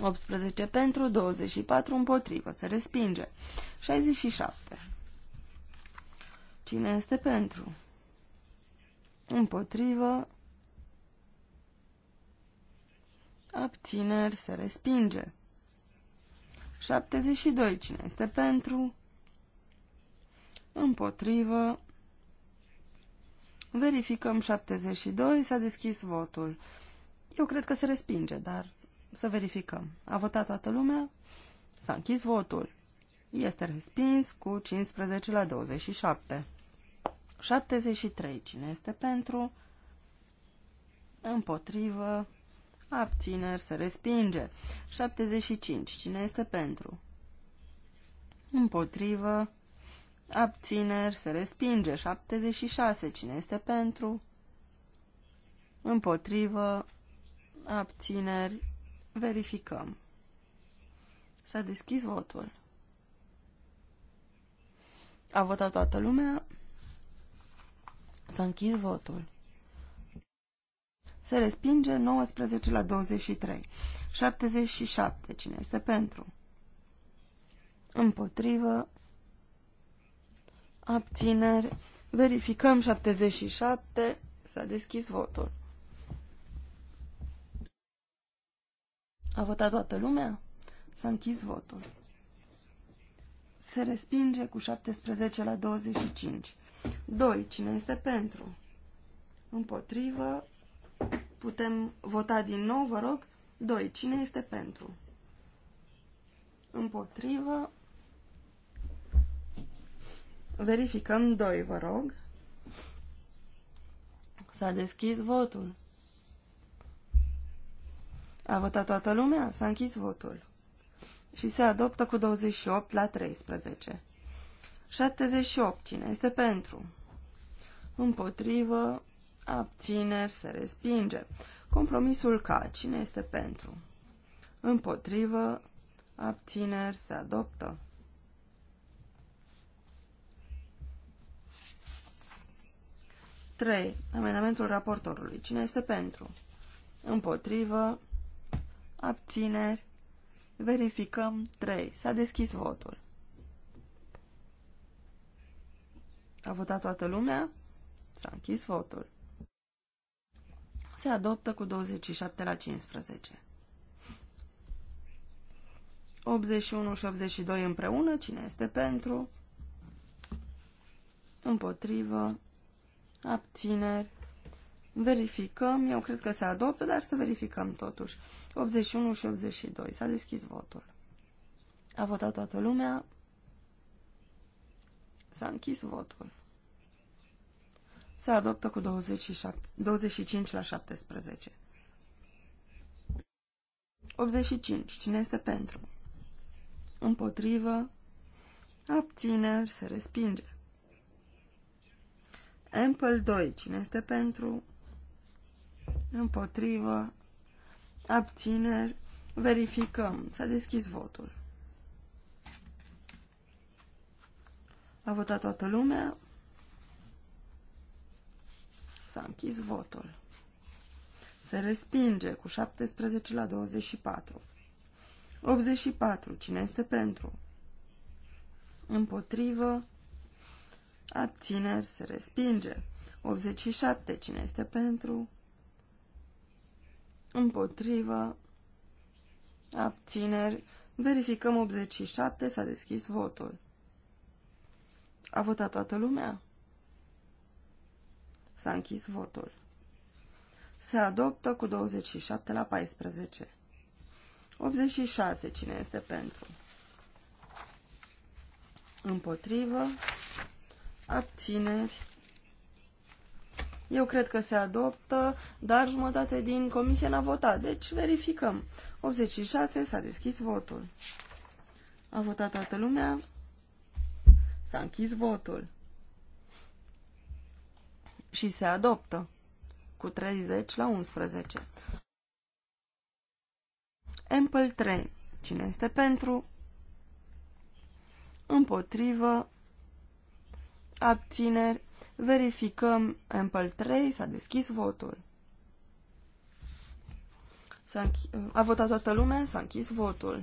18 pentru, 24 împotrivă, se respinge. 67. Cine este pentru? Împotrivă. Abțineri, se respinge. 72. Cine este pentru? Împotrivă. Verificăm 72, s-a deschis votul. Eu cred că se respinge, dar să verificăm. A votat toată lumea? S-a închis votul. Este respins cu 15 la 27. 73. Cine este pentru? Împotrivă. Abțineri se respinge. 75. Cine este pentru? Împotrivă. Abțineri se respinge. 76. Cine este pentru? Împotrivă. Abțineri Verificăm. S-a deschis votul. A votat toată lumea. S-a închis votul. Se respinge 19 la 23. 77. Cine este pentru? Împotrivă. Abțineri. Verificăm 77. S-a deschis votul. A votat toată lumea? S-a închis votul. Se respinge cu 17 la 25. 2. Cine este pentru? Împotrivă. Putem vota din nou, vă rog. 2. Cine este pentru? Împotrivă. Verificăm 2, vă rog. S-a deschis votul. A votat toată lumea? S-a închis votul. Și se adoptă cu 28 la 13. 78. Cine este pentru? Împotrivă, abțineri, se respinge. Compromisul ca. Cine este pentru? Împotrivă, abțineri, se adoptă. Trei. Amendamentul raportorului. Cine este pentru? Împotrivă, abțineri, verificăm 3. S-a deschis votul. A votat toată lumea? S-a închis votul. Se adoptă cu 27 la 15. 81 și 82 împreună, cine este pentru? Împotrivă, abțineri, Verificăm, eu cred că se adoptă, dar să verificăm totuși. 81 și 82. S-a deschis votul. A votat toată lumea. S-a închis votul. Se adoptă cu 27, 25 la 17. 85. Cine este pentru? Împotrivă. Abțineri. Se respinge. Ample 2. Cine este pentru? împotrivă, abțineri, verificăm. S-a deschis votul. A votat toată lumea. S-a închis votul. Se respinge cu 17 la 24. 84. Cine este pentru? Împotrivă. Abțineri se respinge. 87. Cine este pentru? împotrivă, abțineri. Verificăm 87, s-a deschis votul. A votat toată lumea? S-a închis votul. Se adoptă cu 27 la 14. 86. Cine este pentru? Împotrivă. Abțineri. Eu cred că se adoptă, dar jumătate din comisie n-a votat, deci verificăm. 86 s-a deschis votul. A votat toată lumea. S-a închis votul. Și se adoptă cu 30 la 11. Ample 3. Cine este pentru? Împotrivă. Abțineri. Verificăm Ample 3, s-a deschis votul. -a, a votat toată lumea, s-a închis votul.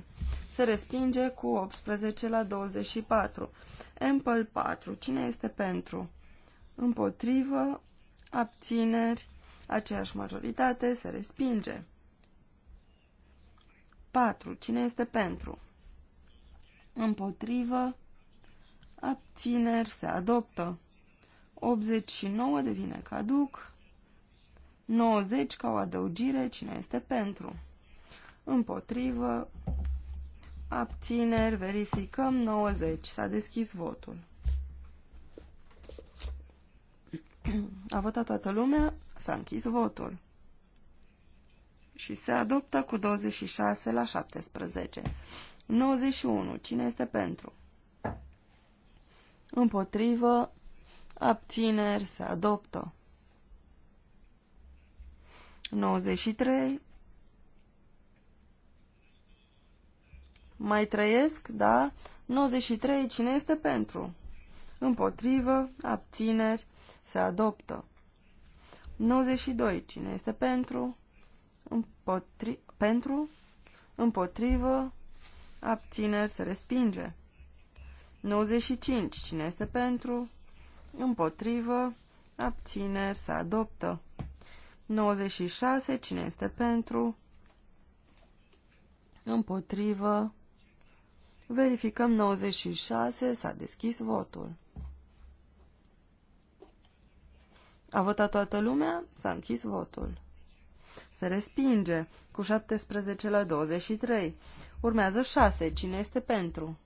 Se respinge cu 18 la 24. Ample 4, cine este pentru? Împotrivă, abțineri, aceeași majoritate, se respinge. 4. Cine este pentru? Împotrivă, abțineri, se adoptă. 89 devine caduc. 90 ca o adăugire, cine este pentru? Împotrivă, abțineri, verificăm 90. S-a deschis votul. A votat toată lumea, s-a închis votul. Și se adoptă cu 26 la 17. 91. Cine este pentru? Împotrivă, abțineri, se adoptă. 93. Mai trăiesc, da? 93. Cine este pentru? Împotrivă, abțineri, se adoptă. 92. Cine este pentru? Împotri pentru? Împotrivă, abțineri, se respinge. 95. Cine este pentru? împotrivă, abțineri, se adoptă. 96, cine este pentru, împotrivă, verificăm 96, s-a deschis votul. A votat toată lumea, s-a închis votul. Se respinge cu 17 la 23. Urmează 6. Cine este pentru?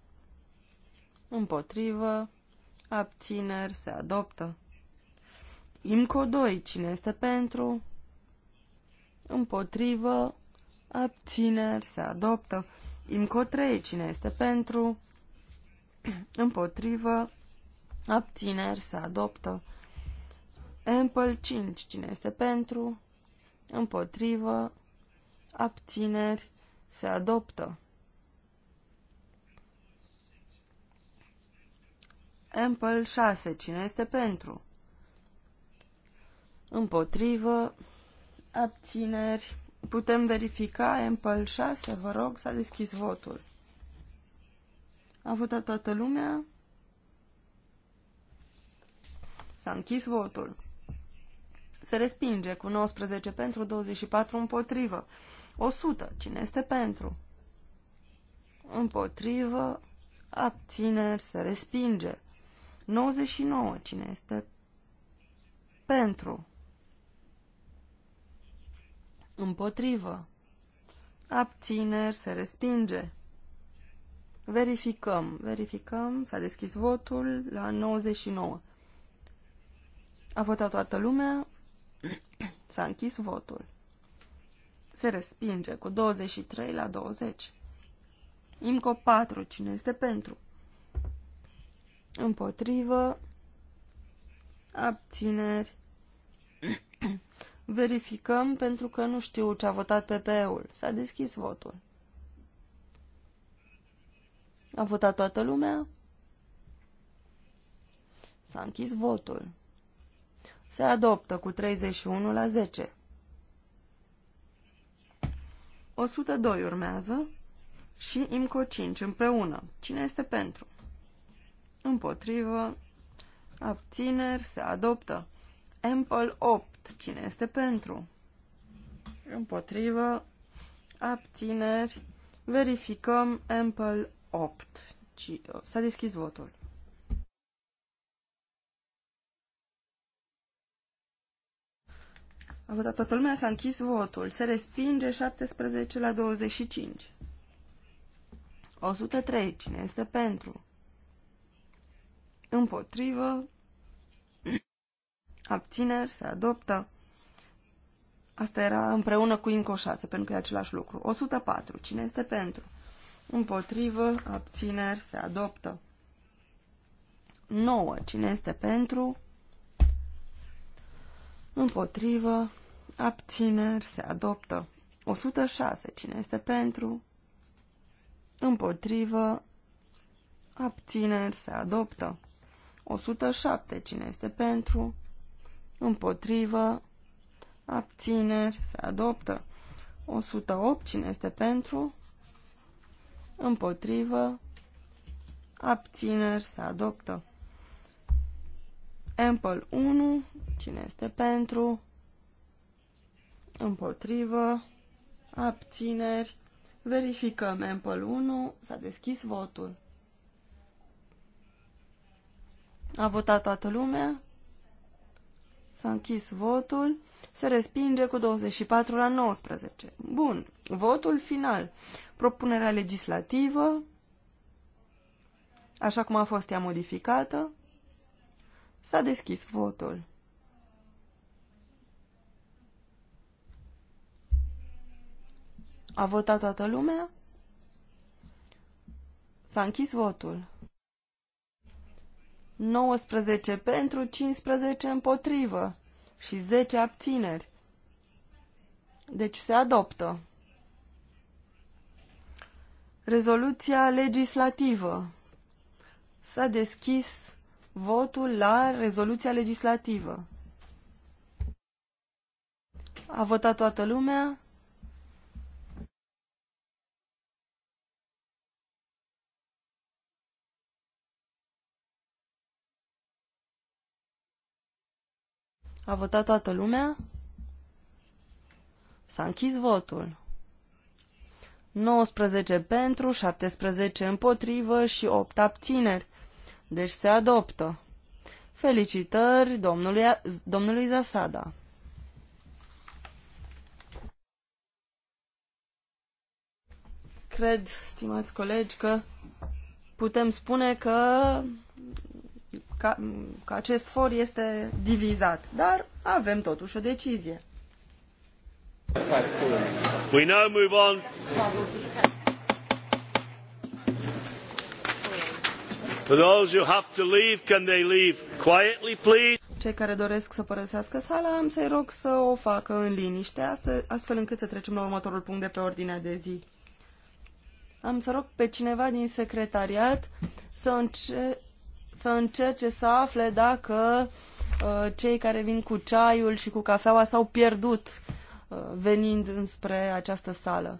Împotrivă abțineri, se adoptă. IMCO 2, cine este pentru, împotrivă, abțineri, se adoptă. IMCO 3, cine este pentru, împotrivă, abțineri, se adoptă. Ample 5, cine este pentru, împotrivă, abțineri, se adoptă. Ample 6. Cine este pentru? Împotrivă. Abțineri. Putem verifica Ample 6? Vă rog, s-a deschis votul. A votat toată lumea? S-a închis votul. Se respinge cu 19 pentru, 24 împotrivă. 100. Cine este pentru? Împotrivă. Abțineri. Se respinge. 99. Cine este pentru? Împotrivă. Abțineri se respinge. Verificăm. Verificăm. S-a deschis votul la 99. A votat toată lumea. S-a închis votul. Se respinge cu 23 la 20. Imco 4. Cine este pentru? împotrivă, abțineri. Verificăm pentru că nu știu ce a votat PP-ul. S-a deschis votul. A votat toată lumea? S-a închis votul. Se adoptă cu 31 la 10. 102 urmează și IMCO 5 împreună. Cine este pentru? împotrivă, abțineri, se adoptă. Ample 8, cine este pentru? Împotrivă, abțineri, verificăm Ample 8. S-a deschis votul. A votat toată lumea, s-a închis votul. Se respinge 17 la 25. 103. Cine este pentru? împotrivă, abțineri, se adoptă. Asta era împreună cu INCO 6, pentru că e același lucru. 104. Cine este pentru? Împotrivă, abțineri, se adoptă. 9. Cine este pentru? Împotrivă, abțineri, se adoptă. 106. Cine este pentru? Împotrivă, abțineri, se adoptă. 107. Cine este pentru? Împotrivă. Abțineri. Se adoptă. 108. Cine este pentru? Împotrivă. Abțineri. Se adoptă. Ample 1. Cine este pentru? Împotrivă. Abțineri. Verificăm Ample 1. S-a deschis votul. A votat toată lumea. S-a închis votul. Se respinge cu 24 la 19. Bun. Votul final. Propunerea legislativă, așa cum a fost ea modificată, s-a deschis votul. A votat toată lumea? S-a închis votul. 19 pentru, 15 împotrivă și 10 abțineri. Deci se adoptă. Rezoluția legislativă. S-a deschis votul la rezoluția legislativă. A votat toată lumea. A votat toată lumea? S-a închis votul. 19 pentru, 17 împotrivă și 8 abțineri. Deci se adoptă. Felicitări domnului, domnului Zasada. Cred, stimați colegi, că putem spune că ca, că acest for este divizat, dar avem totuși o decizie. We now move on. For those who have to leave, can they leave quietly, please? Cei care doresc să părăsească sala, am să-i rog să o facă în liniște, astfel încât să trecem la următorul punct de pe ordinea de zi. Am să rog pe cineva din secretariat să, înce- să încerce să afle dacă uh, cei care vin cu ceaiul și cu cafeaua s-au pierdut uh, venind înspre această sală.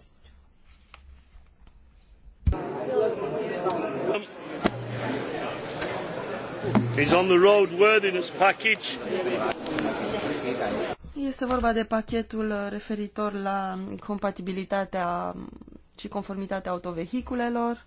Is on the road worthiness package. Este vorba de pachetul uh, referitor la compatibilitatea și conformitatea autovehiculelor.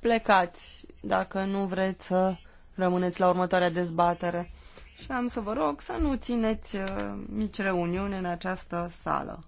plecați dacă nu vreți să rămâneți la următoarea dezbatere. Și am să vă rog să nu țineți uh, mici reuniuni în această sală.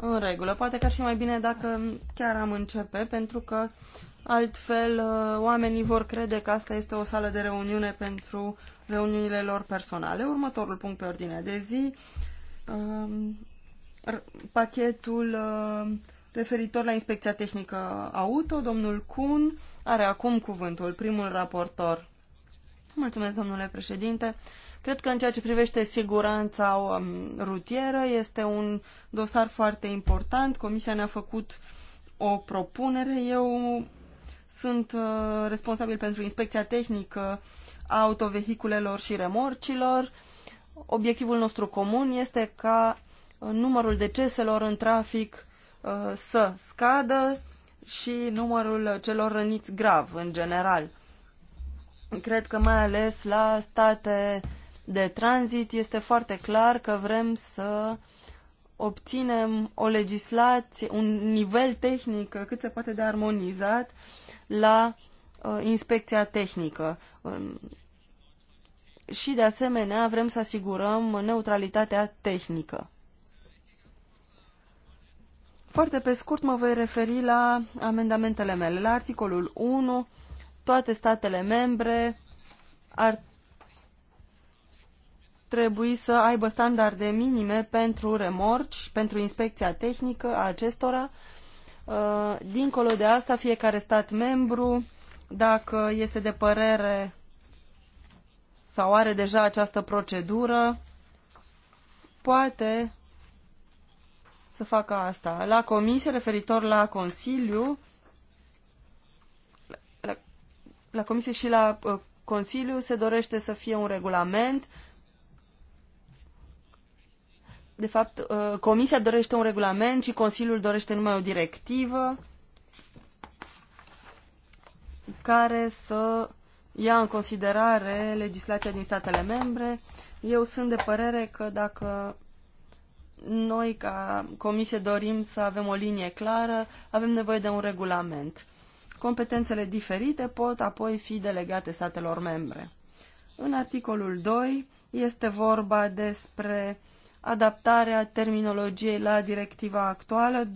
În regulă, poate că ar fi mai bine dacă chiar am începe, pentru că altfel uh, oamenii vor crede că asta este o sală de reuniune pentru reuniunile lor personale. Următorul punct pe ordinea de zi, um, pachetul uh, referitor la inspecția tehnică auto, domnul Kun are acum cuvântul, primul raportor. Mulțumesc, domnule președinte. Cred că în ceea ce privește siguranța um, rutieră este un dosar foarte important. Comisia ne-a făcut o propunere. Eu sunt uh, responsabil pentru inspecția tehnică a autovehiculelor și remorcilor. Obiectivul nostru comun este ca numărul deceselor în trafic uh, să scadă și numărul celor răniți grav în general. Cred că mai ales la state de tranzit, este foarte clar că vrem să obținem o legislație, un nivel tehnic cât se poate de armonizat la uh, inspecția tehnică. Um, și, de asemenea, vrem să asigurăm neutralitatea tehnică. Foarte pe scurt mă voi referi la amendamentele mele. La articolul 1, toate statele membre ar trebui să aibă standarde minime pentru remorci, pentru inspecția tehnică a acestora. Uh, dincolo de asta, fiecare stat membru, dacă este de părere sau are deja această procedură, poate să facă asta. La comisie, referitor la Consiliu, la, la comisie și la uh, Consiliu se dorește să fie un regulament de fapt, uh, Comisia dorește un regulament și Consiliul dorește numai o directivă care să ia în considerare legislația din statele membre. Eu sunt de părere că dacă noi, ca Comisie, dorim să avem o linie clară, avem nevoie de un regulament. Competențele diferite pot apoi fi delegate statelor membre. În articolul 2 este vorba despre adaptarea terminologiei la directiva actuală 2007-64-CE,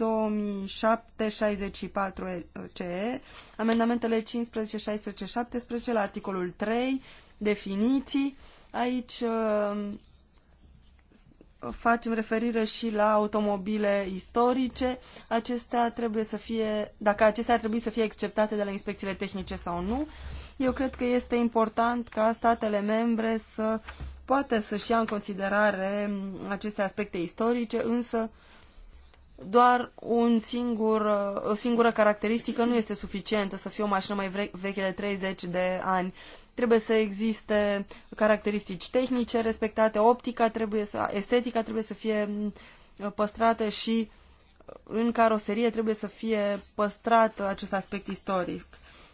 amendamentele 15, 16, 17 la articolul 3, definiții. Aici uh, facem referire și la automobile istorice. Acestea trebuie să fie, dacă acestea ar trebui să fie acceptate de la inspecțiile tehnice sau nu. Eu cred că este important ca statele membre să poate să-și ia în considerare aceste aspecte istorice, însă doar un singur, o singură caracteristică nu este suficientă să fie o mașină mai veche de 30 de ani. Trebuie să existe caracteristici tehnice respectate, optica trebuie să, estetica trebuie să fie uh, păstrată și uh, în caroserie trebuie să fie păstrat acest aspect istoric.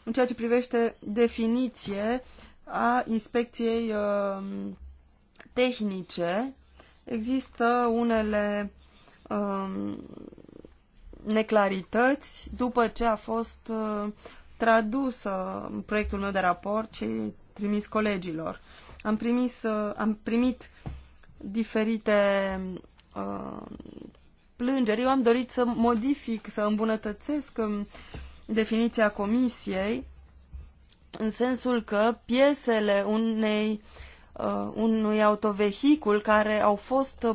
În ceea ce privește definiție a inspecției uh, tehnice, există unele um, neclarități după ce a fost uh, tradus uh, proiectul meu de raport și trimis colegilor. Am, primis, uh, am primit diferite uh, plângeri. Eu am dorit să modific, să îmbunătățesc um, definiția comisiei în sensul că piesele unei uh, uh, unui autovehicul care au fost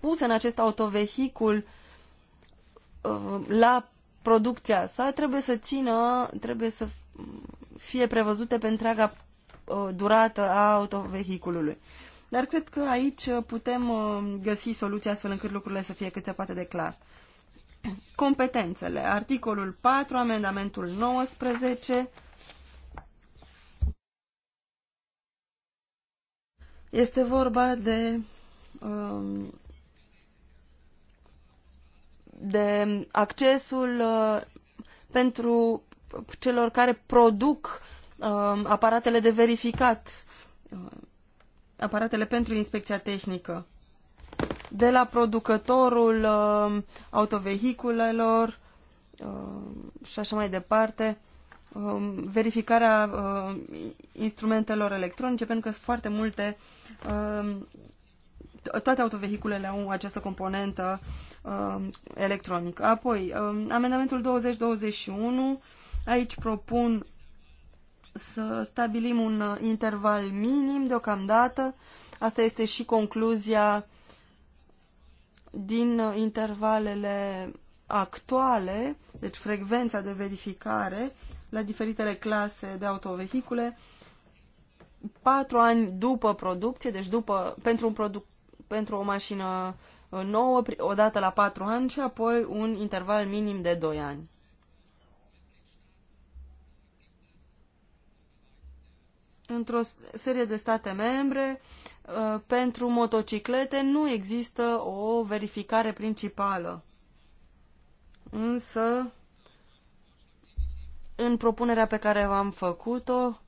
puse în acest autovehicul uh, la producția sa trebuie să țină, trebuie să fie prevăzute pe întreaga uh, durată a autovehiculului. Dar cred că aici uh, putem uh, găsi soluția astfel încât lucrurile să fie cât se poate de clar. Competențele. Articolul 4, amendamentul 19, Este vorba de um, de accesul uh, pentru celor care produc um, aparatele de verificat, uh, aparatele pentru inspecția tehnică. De la producătorul um, autovehiculelor și așa mai departe, Um, verificarea um, instrumentelor electronice, pentru că foarte multe, um, toate autovehiculele au această componentă electronică. Apoi, amendamentul 2021, aici propun să stabilim un uh, interval minim deocamdată. Asta este și concluzia din uh, intervalele actuale, deci frecvența de verificare la diferitele clase de autovehicule patru ani după producție, deci după, pentru, un produc, pentru o mașină uh, nouă, odată la patru ani și apoi un interval minim de doi ani. într-o serie de state membre, uh, pentru motociclete nu există o verificare principală. Însă, în propunerea pe care v-am făcut-o,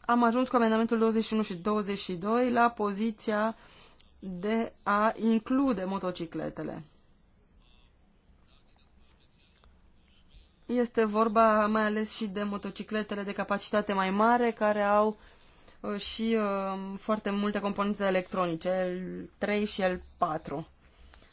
am ajuns cu amendamentul 21 și 22 la poziția de a include motocicletele. Este vorba mai ales și de motocicletele de capacitate mai mare, care au uh, și uh, foarte multe componente electronice, L3 și L4.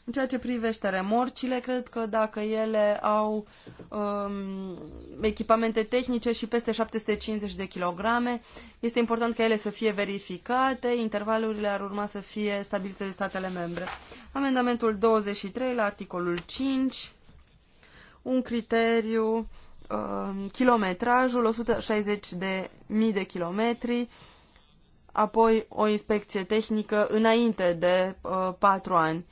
În ceea ce privește remorcile, cred că dacă ele au um, echipamente tehnice și peste 750 de kilograme, este important ca ele să fie verificate, intervalurile ar urma să fie stabilite de statele membre. Amendamentul 23 la articolul 5, un criteriu, um, kilometrajul, 160 de mii de kilometri, apoi o inspecție tehnică înainte de uh, 4 ani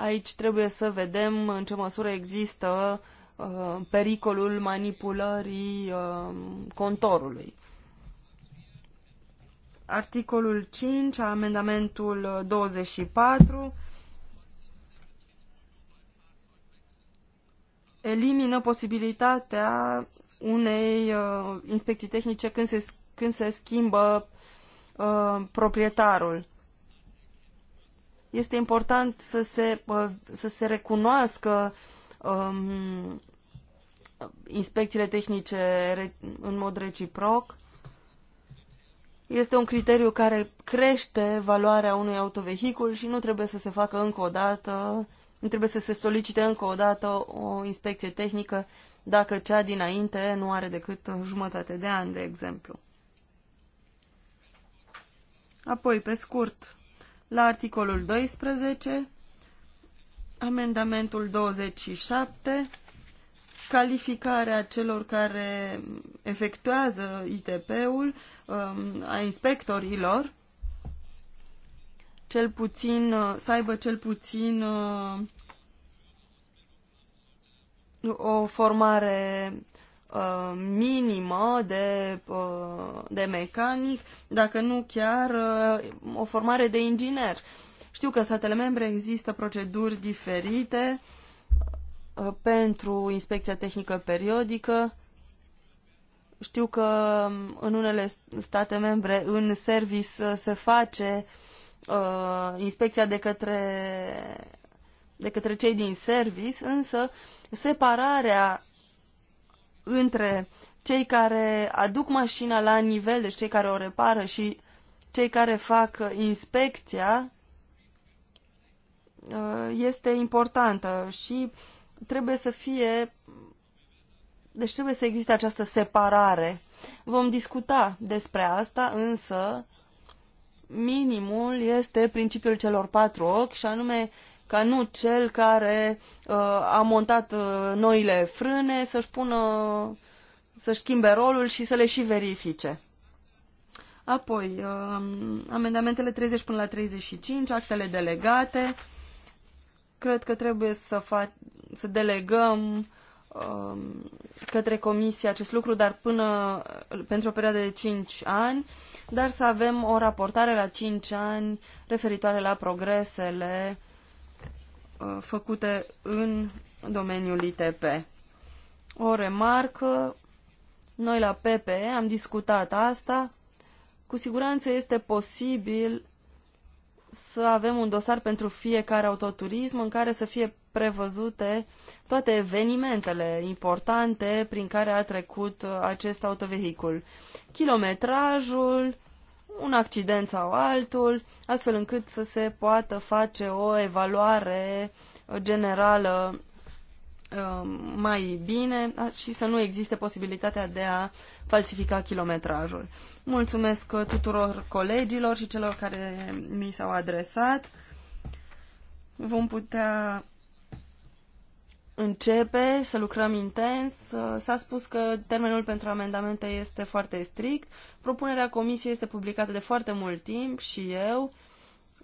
Aici trebuie să vedem în ce măsură există uh, pericolul manipulării uh, contorului. Articolul 5, amendamentul 24, elimină posibilitatea unei uh, inspecții tehnice când se, când se schimbă uh, proprietarul. Este important să se, uh, să se recunoască um, inspecțiile tehnice în mod reciproc. Este un criteriu care crește valoarea unui autovehicul și nu trebuie să se facă încă o dată, nu trebuie să se solicite încă o dată o inspecție tehnică dacă cea dinainte nu are decât jumătate de an, de exemplu. Apoi, pe scurt, la articolul 12, amendamentul 27, calificarea celor care efectuează ITP-ul, um, a inspectorilor, cel puțin, uh, să aibă cel puțin uh, o formare Uh, minimă de, uh, de mecanic, dacă nu chiar uh, o formare de inginer. Știu că statele membre există proceduri diferite pentru inspecția tehnică periodică. Știu că um, în unele state membre în service se face uh, inspecția de către de către cei din service, însă separarea între cei care aduc mașina la nivel, deci cei care o repară și cei care fac inspecția, uh, este importantă și trebuie să fie deci trebuie să existe această separare. Vom discuta despre asta, însă minimul este principiul celor patru ochi și anume ca nu cel care uh, a montat uh, noile frâne să-și pună, să-și schimbe rolul și să le și verifice. Apoi, uh, amendamentele 30 până la 35, actele delegate. Cred că trebuie să, fa- să delegăm uh, către comisie acest lucru, dar până pentru o perioadă de 5 ani, dar să avem o raportare la 5 ani referitoare la progresele uh, Uh, făcute în domeniul ITP. O remarcă, noi la PPE am discutat asta, cu siguranță este posibil să avem un dosar pentru fiecare autoturism în care să fie prevăzute toate evenimentele importante prin care a trecut uh, acest autovehicul. Kilometrajul, un accident sau altul, astfel încât să se poată face o evaluare uh, generală uh, mai bine și să nu existe posibilitatea de a falsifica kilometrajul. Mulțumesc uh, tuturor colegilor și celor care mi s-au adresat. Vom putea începe să lucrăm intens. S-a spus că termenul pentru amendamente este foarte strict. Propunerea comisiei este publicată de foarte mult timp și eu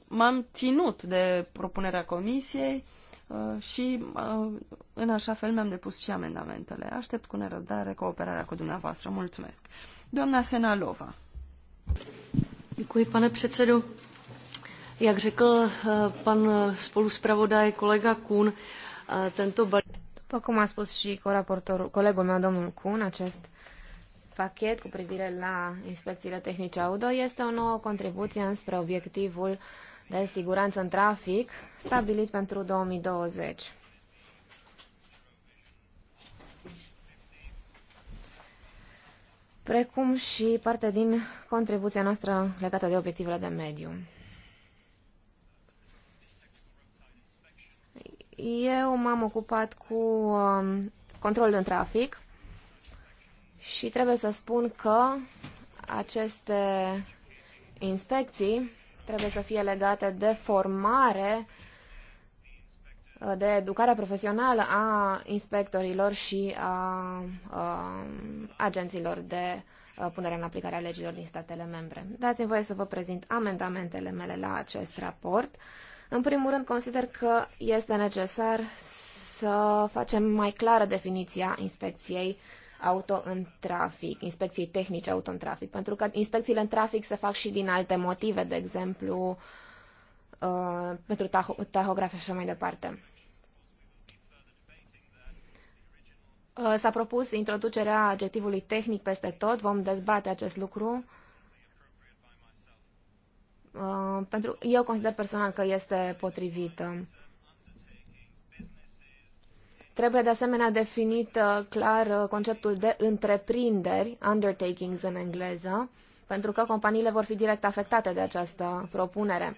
m-am ținut de propunerea comisiei uh, și uh, în așa fel mi-am depus și amendamentele. Aștept cu nerăbdare cooperarea cu dumneavoastră. Mulțumesc. Doamna Senalova. Děkuji, pane předsedo. Jak řekl eh, pan eh, spoluspravodaj kolega Kuhn, eh, tento balíček după cum a spus și coraportorul, colegul meu, domnul Kuhn, acest pachet cu privire la inspecțiile tehnice auto este o nouă contribuție înspre obiectivul de siguranță în trafic stabilit pentru 2020. precum și parte din contribuția noastră legată de obiectivele de mediu. Eu m-am ocupat cu um, controlul în trafic și trebuie să spun că aceste inspecții trebuie să fie legate de formare, de educarea profesională a inspectorilor și a, a um, agenților de uh, punere în aplicare a legilor din statele membre. Dați-mi voie să vă prezint amendamentele mele la acest raport. Uh, în primul rând, consider că este necesar să facem mai clară definiția inspecției auto în trafic, inspecției tehnice auto în trafic, pentru că inspecțiile în trafic se fac și din alte motive, de exemplu, uh, pentru taho- tahografe și așa mai departe. Uh, S-a propus introducerea adjectivului tehnic peste tot, vom dezbate acest lucru. Uh, Uh, pentru, eu consider personal că este potrivită. Trebuie de asemenea definit uh, clar uh, conceptul de întreprinderi, undertakings în engleză, pentru că companiile vor fi direct afectate de această propunere.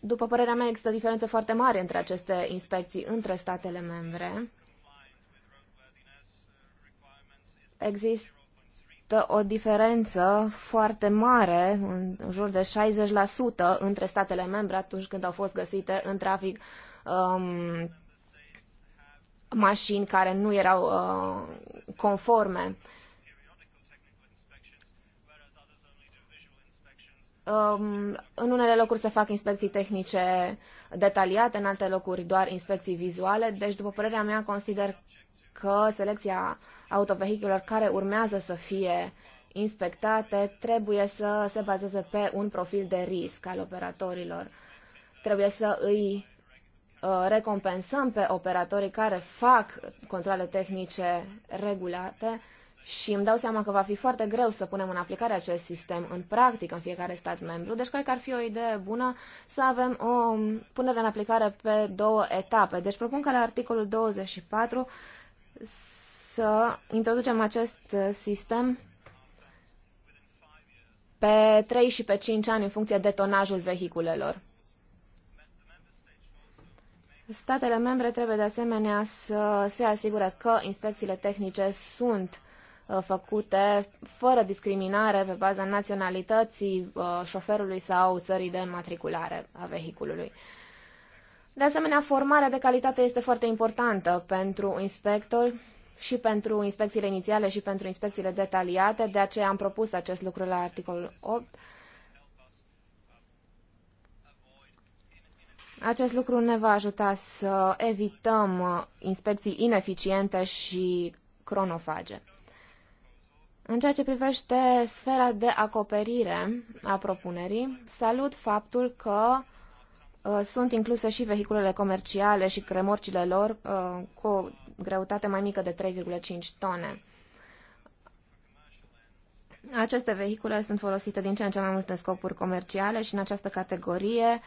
După părerea mea, există diferențe foarte mari între aceste inspecții între statele membre. Există există o diferență foarte mare, în jur de 60% între statele membre atunci când au fost găsite în trafic um, mașini care nu erau uh, conforme. Um, în unele locuri se fac inspecții tehnice detaliate, în alte locuri doar inspecții vizuale, deci după părerea mea consider că selecția uh, autovehiculelor care urmează să fie inspectate trebuie să se bazeze pe un profil de risc al operatorilor. Trebuie să îi uh, recompensăm pe operatorii care fac controle tehnice regulate și îmi dau seama că va fi foarte greu să punem în aplicare acest sistem în practică în fiecare stat membru, deci cred că ar fi o idee bună să avem o punere în aplicare pe două etape. Deci propun că la articolul 24 să introducem acest uh, sistem pe 3 și pe 5 ani în funcție de tonajul vehiculelor. Statele membre trebuie de asemenea să se asigure că inspecțiile tehnice sunt uh, făcute fără discriminare pe baza naționalității uh, șoferului sau țării de înmatriculare a vehiculului. De asemenea, formarea de calitate este foarte importantă pentru inspectori și pentru inspecțiile inițiale și pentru inspecțiile detaliate, de aceea am propus acest lucru la articolul 8. Acest lucru ne va ajuta să evităm inspecții ineficiente și cronofage. În ceea ce privește sfera de acoperire a propunerii, salut faptul că uh, sunt incluse și vehiculele comerciale și cremorcile lor uh, cu greutate mai mică de 3,5 tone. Aceste vehicule sunt folosite din ce în ce mai mult în scopuri comerciale și în această categorie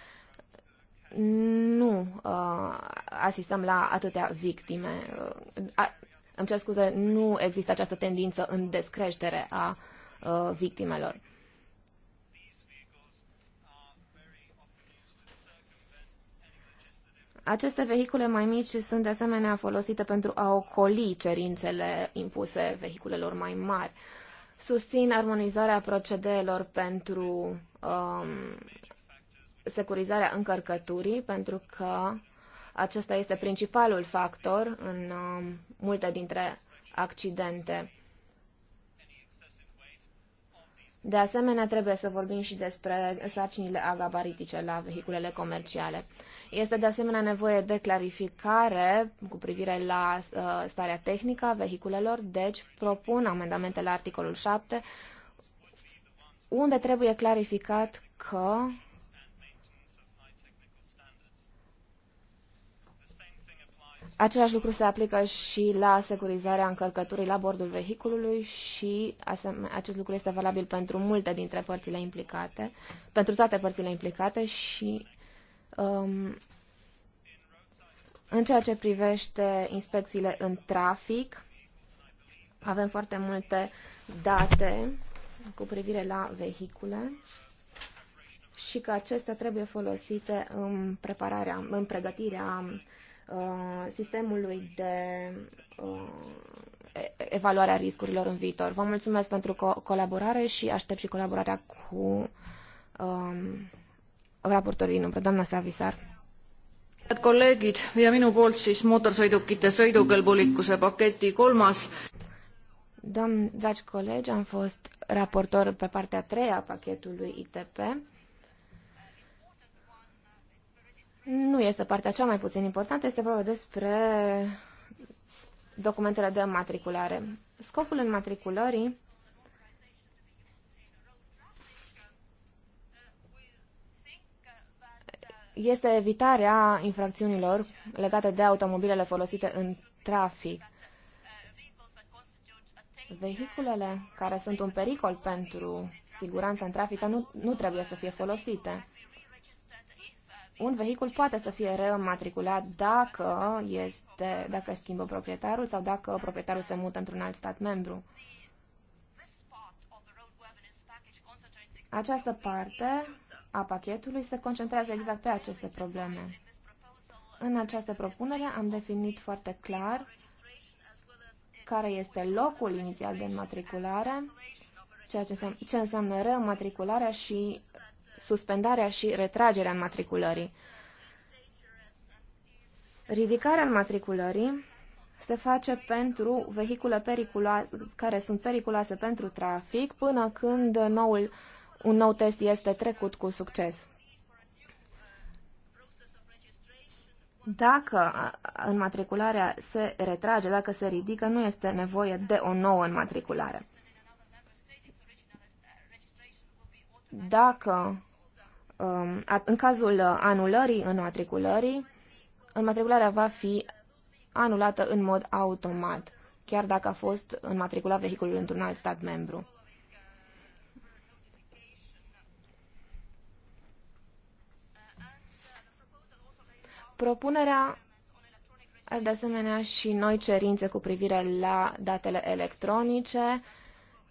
nu uh, asistăm la atâtea victime. Uh, a, îmi cer scuze, nu există această tendință în descreștere a uh, victimelor. Aceste vehicule mai mici sunt de asemenea folosite pentru a ocoli cerințele impuse vehiculelor mai mari. Susțin armonizarea procedeelor pentru um, securizarea încărcăturii, pentru că acesta este principalul factor în um, multe dintre accidente. De asemenea, trebuie să vorbim și despre sarcinile agabaritice la vehiculele comerciale. Este de asemenea nevoie de clarificare cu privire la uh, starea tehnică a vehiculelor, deci propun amendamente la articolul 7, unde trebuie clarificat că Același lucru se aplică și la securizarea încărcăturii la bordul vehiculului și acest lucru este valabil pentru multe dintre părțile implicate, pentru toate părțile implicate și Um, în ceea ce privește inspecțiile în trafic, avem foarte multe date cu privire la vehicule și că acestea trebuie folosite în prepararea, în pregătirea uh, sistemului de uh, evaluare a riscurilor în viitor. Vă mulțumesc pentru co- colaborare și aștept și colaborarea cu um, raportorii numără, doamna Savisar. head kolleegid ja minu poolt siis mootorsõidukite sõidukõlbulikkuse paketi kolmas. Doamn, dragi colegi, am fost raportor pe partea a treia a pachetului ITP. Nu este partea cea mai puțin importantă, este vorba despre documentele de matriculare. Scopul înmatriculării este evitarea infracțiunilor legate de automobilele folosite în trafic. Vehiculele care sunt un pericol pentru siguranța în trafic nu, nu trebuie să fie folosite. Un vehicul poate să fie reînmatriculat dacă, este, dacă își schimbă proprietarul sau dacă proprietarul se mută într-un alt stat membru. Această parte a pachetului se concentrează exact pe aceste probleme. În această propunere am definit foarte clar care este locul inițial de înmatriculare, ceea ce înseamnă, ce înseamnă reînmatricularea și suspendarea și retragerea înmatriculării. Ridicarea înmatriculării se face pentru vehicule periculoase, care sunt periculoase pentru trafic până când noul uh, un nou test este trecut cu succes. Dacă înmatricularea se retrage, dacă se ridică, nu este nevoie de o nouă înmatriculare. Dacă, um, în cazul anulării înmatriculării, înmatricularea va fi anulată în mod automat, chiar dacă a fost înmatriculat vehiculul într-un alt stat membru. Propunerea are de asemenea și noi cerințe cu privire la datele electronice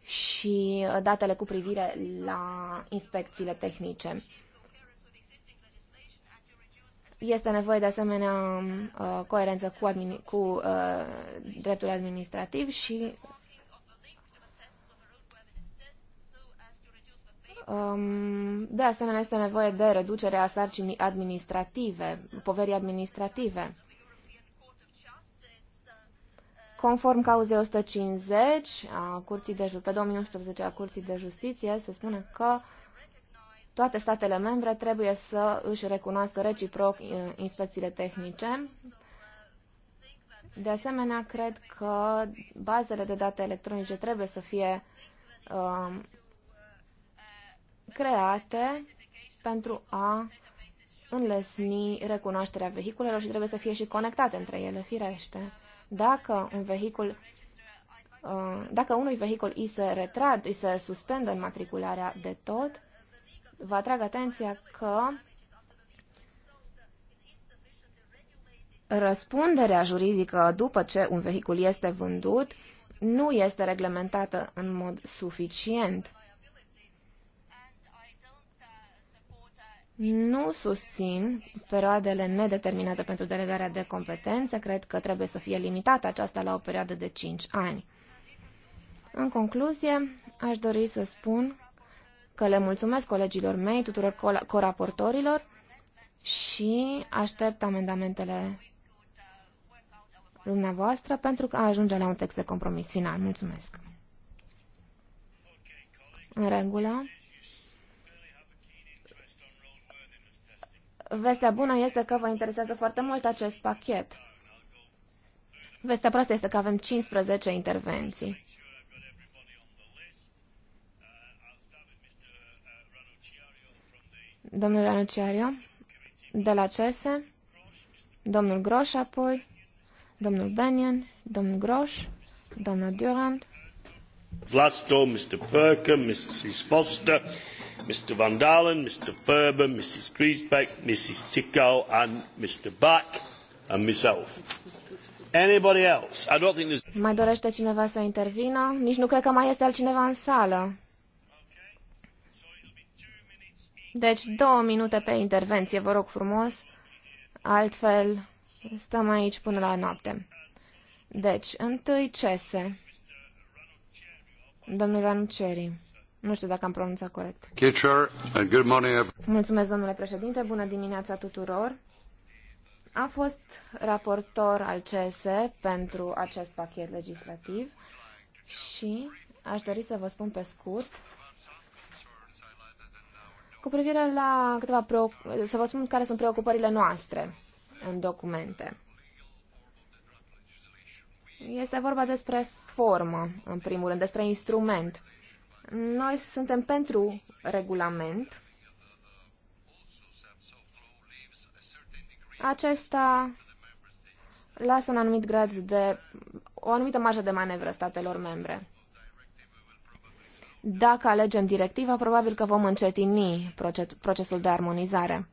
și datele cu privire la inspecțiile tehnice. Este nevoie de asemenea uh, coerență cu, admini- cu uh, dreptul administrativ și Um, de asemenea, este nevoie de reducerea sarcinii administrative, poverii administrative. Conform cauzei 150 a Curții de pe 2011 a Curții de Justiție, se spune că toate statele membre trebuie să își recunoască reciproc uh, inspecțiile tehnice. De asemenea, cred că bazele de date electronice trebuie să fie uh, create pentru a înlesni recunoașterea vehiculelor și trebuie să fie și conectate între ele, firește. Dacă un vehicul uh, dacă unui vehicul îi se retrag, îi se suspendă înmatricularea de tot, vă atrag atenția că răspunderea juridică după ce un vehicul este vândut nu este reglementată în mod suficient. Nu susțin perioadele nedeterminate pentru delegarea de competențe, cred că trebuie să fie limitată aceasta la o perioadă de 5 ani. În concluzie, aș dori să spun că le mulțumesc colegilor mei, tuturor coraportorilor și aștept amendamentele dumneavoastră pentru a ajunge la un text de compromis final. Mulțumesc! În regulă. Vestea bună este că vă interesează foarte mult acest pachet. Vestea proastă este că avem 15 intervenții. Domnul Ranuciario, de la CESE, domnul Groș apoi, domnul Benion, domnul Groș, domnul Durand. Vlasto, Mr. Perker, Mrs. Foster, Mr Van Dalen, Mr Ferber, Mrs Griesbeck, Mrs Tickow and Mr Back and myself. Anybody else? I don't think there's... Mai dorește cineva să intervină? Nici nu cred că mai este altcineva în sală. Deci două minute pe intervenție, vă rog frumos. Altfel, stăm aici până la noapte. Deci, întâi cese. Domnul Ranuceri. Nu știu dacă am pronunțat corect. Uh, Mulțumesc, domnule președinte. Bună dimineața tuturor. Am fost raportor al CS pentru acest pachet legislativ și aș dori să vă spun pe scurt cu privire la câteva să vă spun care sunt preocupările noastre în documente. Este vorba despre formă, în primul rând, despre instrument. Noi suntem pentru regulament. Acesta lasă un anumit grad de, o anumită marjă de manevră statelor membre. Dacă alegem directiva, probabil că vom încetini procesul de armonizare.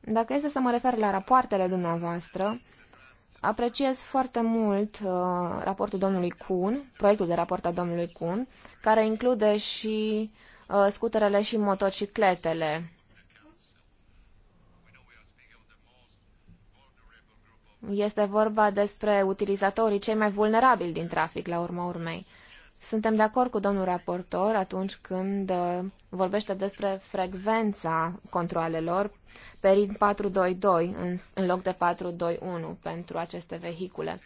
Dacă este să mă refer la rapoartele dumneavoastră, Apreciez foarte mult uh, raportul domnului Kuhn, proiectul de raport al domnului Kuhn, care include și uh, scuterele și motocicletele. Este vorba despre utilizatorii cei mai vulnerabili din trafic, la urma urmei. Suntem de acord cu domnul raportor atunci când uh, vorbește despre frecvența controalelor pe RIN 422 în, în loc de 421 pentru aceste vehicule.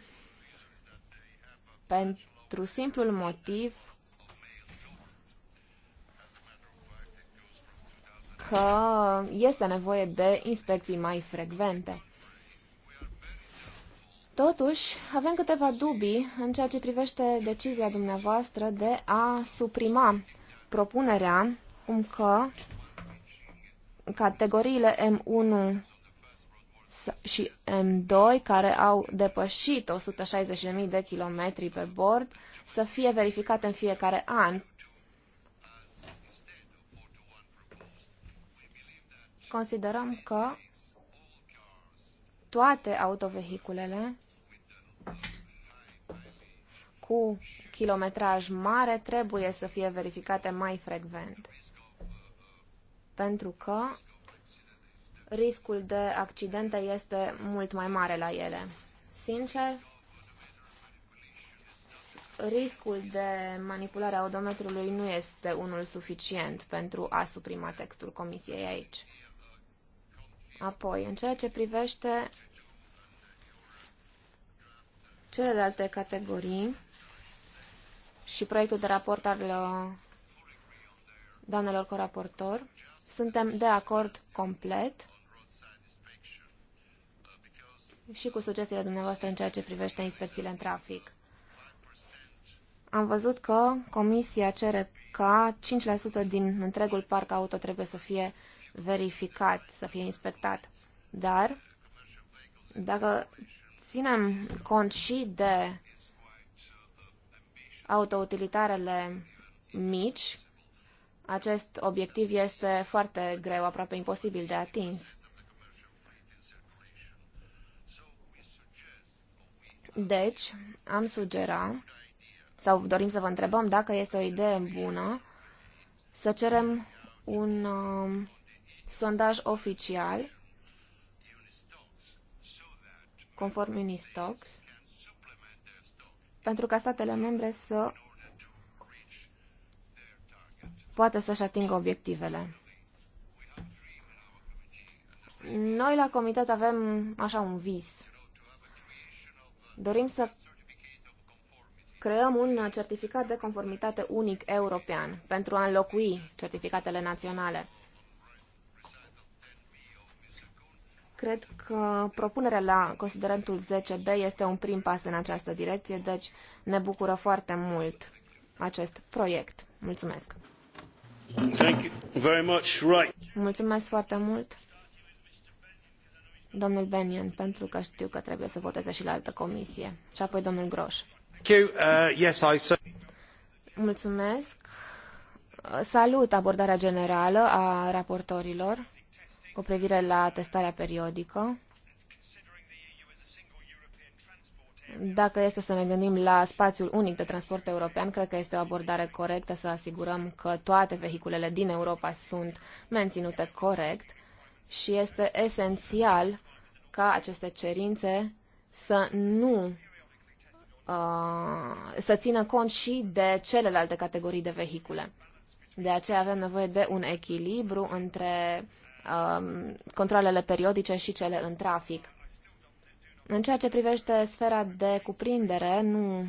Pentru simplul motiv că este nevoie de inspecții mai frecvente. Totuși, avem câteva dubii în ceea ce privește decizia dumneavoastră de a suprima propunerea cum că categoriile M1 și M2 care au depășit 160.000 de kilometri pe bord să fie verificate în fiecare an. Considerăm că toate autovehiculele cu kilometraj mare trebuie să fie verificate mai frecvent. Pentru că riscul de accidente este mult mai mare la ele. Sincer, riscul de manipulare a odometrului nu este unul suficient pentru a suprima textul comisiei aici. Apoi, în ceea ce privește celelalte categorii și proiectul de raport al uh, doamnelor coraportor, suntem de acord complet și cu sugestiile dumneavoastră în ceea ce privește inspecțiile în trafic. Am văzut că Comisia cere ca 5% din întregul parc auto trebuie să fie uh, verificat, să fie inspectat. Dar dacă ținem cont și de autoutilitarele mici, acest obiectiv este foarte greu, aproape imposibil de atins. Deci, am sugera, sau dorim să vă întrebăm dacă este o idee bună, să cerem un uh, sondaj oficial conform Unistox pentru ca statele membre să poată să-și atingă obiectivele. Noi la comitet avem așa un vis. Dorim să creăm un certificat de conformitate unic european pentru a înlocui certificatele naționale. Cred că propunerea la considerentul 10b este un prim pas în această direcție, deci ne bucură foarte mult acest proiect. Mulțumesc! Thank you very much. Right. Mulțumesc foarte mult, domnul Benion, pentru că știu că trebuie să voteze și la altă comisie. Și apoi domnul Groș. Uh, Mulțumesc. Salut abordarea generală a raportorilor cu privire la testarea periodică. Dacă este să ne gândim la spațiul unic de transport european, cred că este o abordare corectă să asigurăm că toate vehiculele din Europa sunt menținute corect și este esențial ca aceste cerințe să nu uh, să țină cont și de celelalte categorii de vehicule. De aceea avem nevoie de un echilibru între Um, controlele periodice și cele în trafic. În ceea ce privește sfera de cuprindere, nu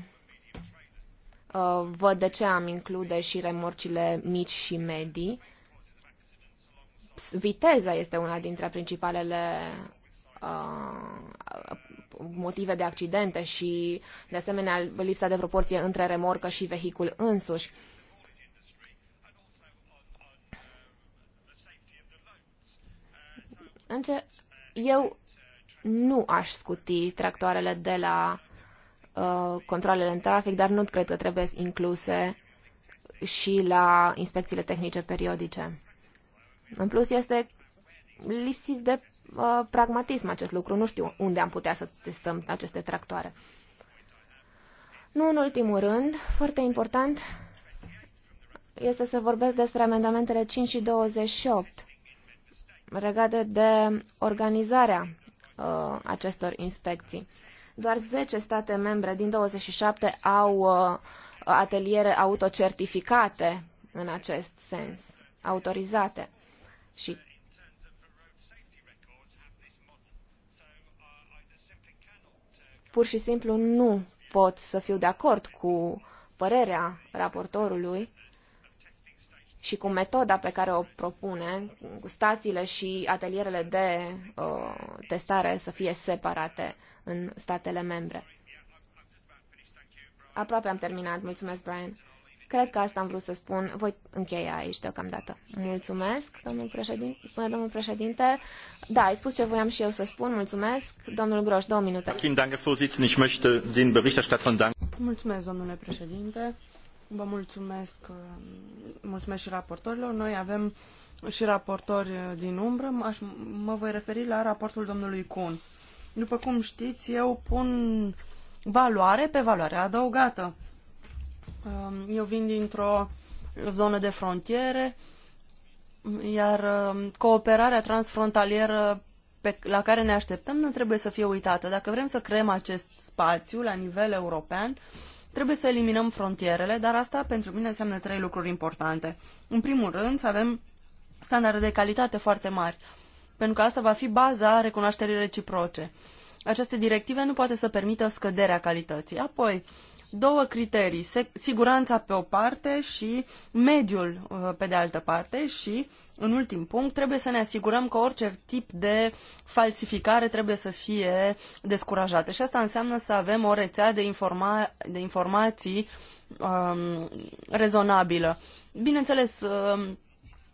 uh, văd de ce am include și remorcile mici și medii. Viteza este una dintre principalele uh, motive de accidente și, de asemenea, lipsa de proporție între remorcă și vehicul însuși. Înce- eu nu aș scuti tractoarele de la uh, controlele în trafic, dar nu cred că trebuie incluse și la inspecțiile tehnice periodice. În plus, este lipsit de uh, pragmatism acest lucru. Nu știu unde am putea să testăm aceste tractoare. Nu în ultimul rând, foarte important este să vorbesc despre amendamentele 5 și 28 legate de organizarea uh, acestor inspecții. Doar 10 state membre din 27 au uh, ateliere autocertificate în acest sens, autorizate. Și pur și simplu nu pot să fiu de acord cu părerea raportorului și cu metoda pe care o propune, stațiile și atelierele de uh, testare să fie separate în statele membre. Aproape am terminat. Mulțumesc, Brian. Cred că asta am vrut să spun. Voi încheia aici deocamdată. Mulțumesc, domnul președinte. Spune domnul președinte. Da, ai spus ce voiam și eu să spun. Mulțumesc. Domnul Groș, două minute. Mulțumesc, domnule președinte. Vă mulțumesc, uh, mulțumesc și raportorilor. Noi avem și raportori uh, din umbră. Aș, mă voi referi la raportul domnului Kuhn. După cum știți, eu pun valoare pe valoare adăugată. Um, eu vin dintr-o zonă de frontiere, iar um, cooperarea transfrontalieră pe, la care ne așteptăm nu trebuie să fie uitată. Dacă vrem să creăm acest spațiu la nivel european, Trebuie să eliminăm frontierele, dar asta pentru mine înseamnă trei lucruri importante. În primul rând, să avem standarde de calitate foarte mari, pentru că asta va fi baza recunoașterii reciproce. Aceste directive nu poate să permită scăderea calității. Apoi, două criterii, siguranța pe o parte și mediul uh, pe de altă parte și, în ultim punct, trebuie să ne asigurăm că orice tip de falsificare trebuie să fie descurajată. Și asta înseamnă să avem o rețea de, informa- de informații um, rezonabilă. Bineînțeles, um,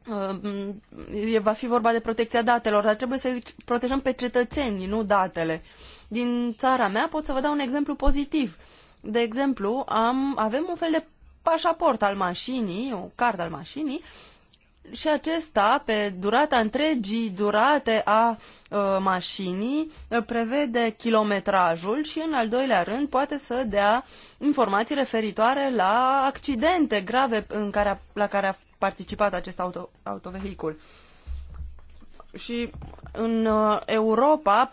um va fi vorba de protecția datelor, dar trebuie să protejăm pe cetățenii, nu datele. Din țara mea pot să vă dau un exemplu pozitiv. De exemplu, am, avem un fel de pașaport al mașinii, o card al mașinii, și acesta, pe durata întregii durate a uh, mașinii, ă, prevede kilometrajul și, în al doilea rând, poate să dea informații referitoare la accidente grave în care a, la care a participat acest auto, autovehicul. Uh, și în uh, Europa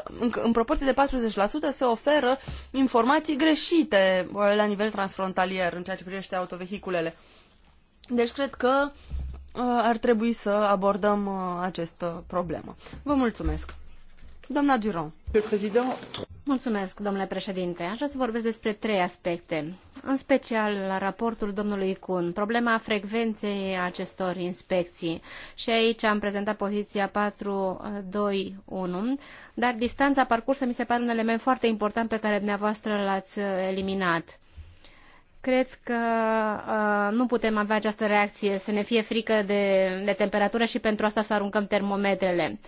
40%, în proporție de 40% se oferă informații greșite uh, la nivel transfrontalier în ceea ce privește autovehiculele. Deci cred că uh, ar trebui să abordăm această problemă. Vă mulțumesc. Doamna Duron. Mulțumesc, domnule președinte. Aș vrea să vorbesc despre trei aspecte, în special la raportul domnului Cun, problema frecvenței acestor inspecții. Și aici am prezentat poziția 421, dar distanța parcursă mi se pare un element foarte important pe care dumneavoastră l-ați eliminat cred că uh, nu putem avea această reacție, să ne fie frică de, de temperatură și pentru asta să aruncăm termometrele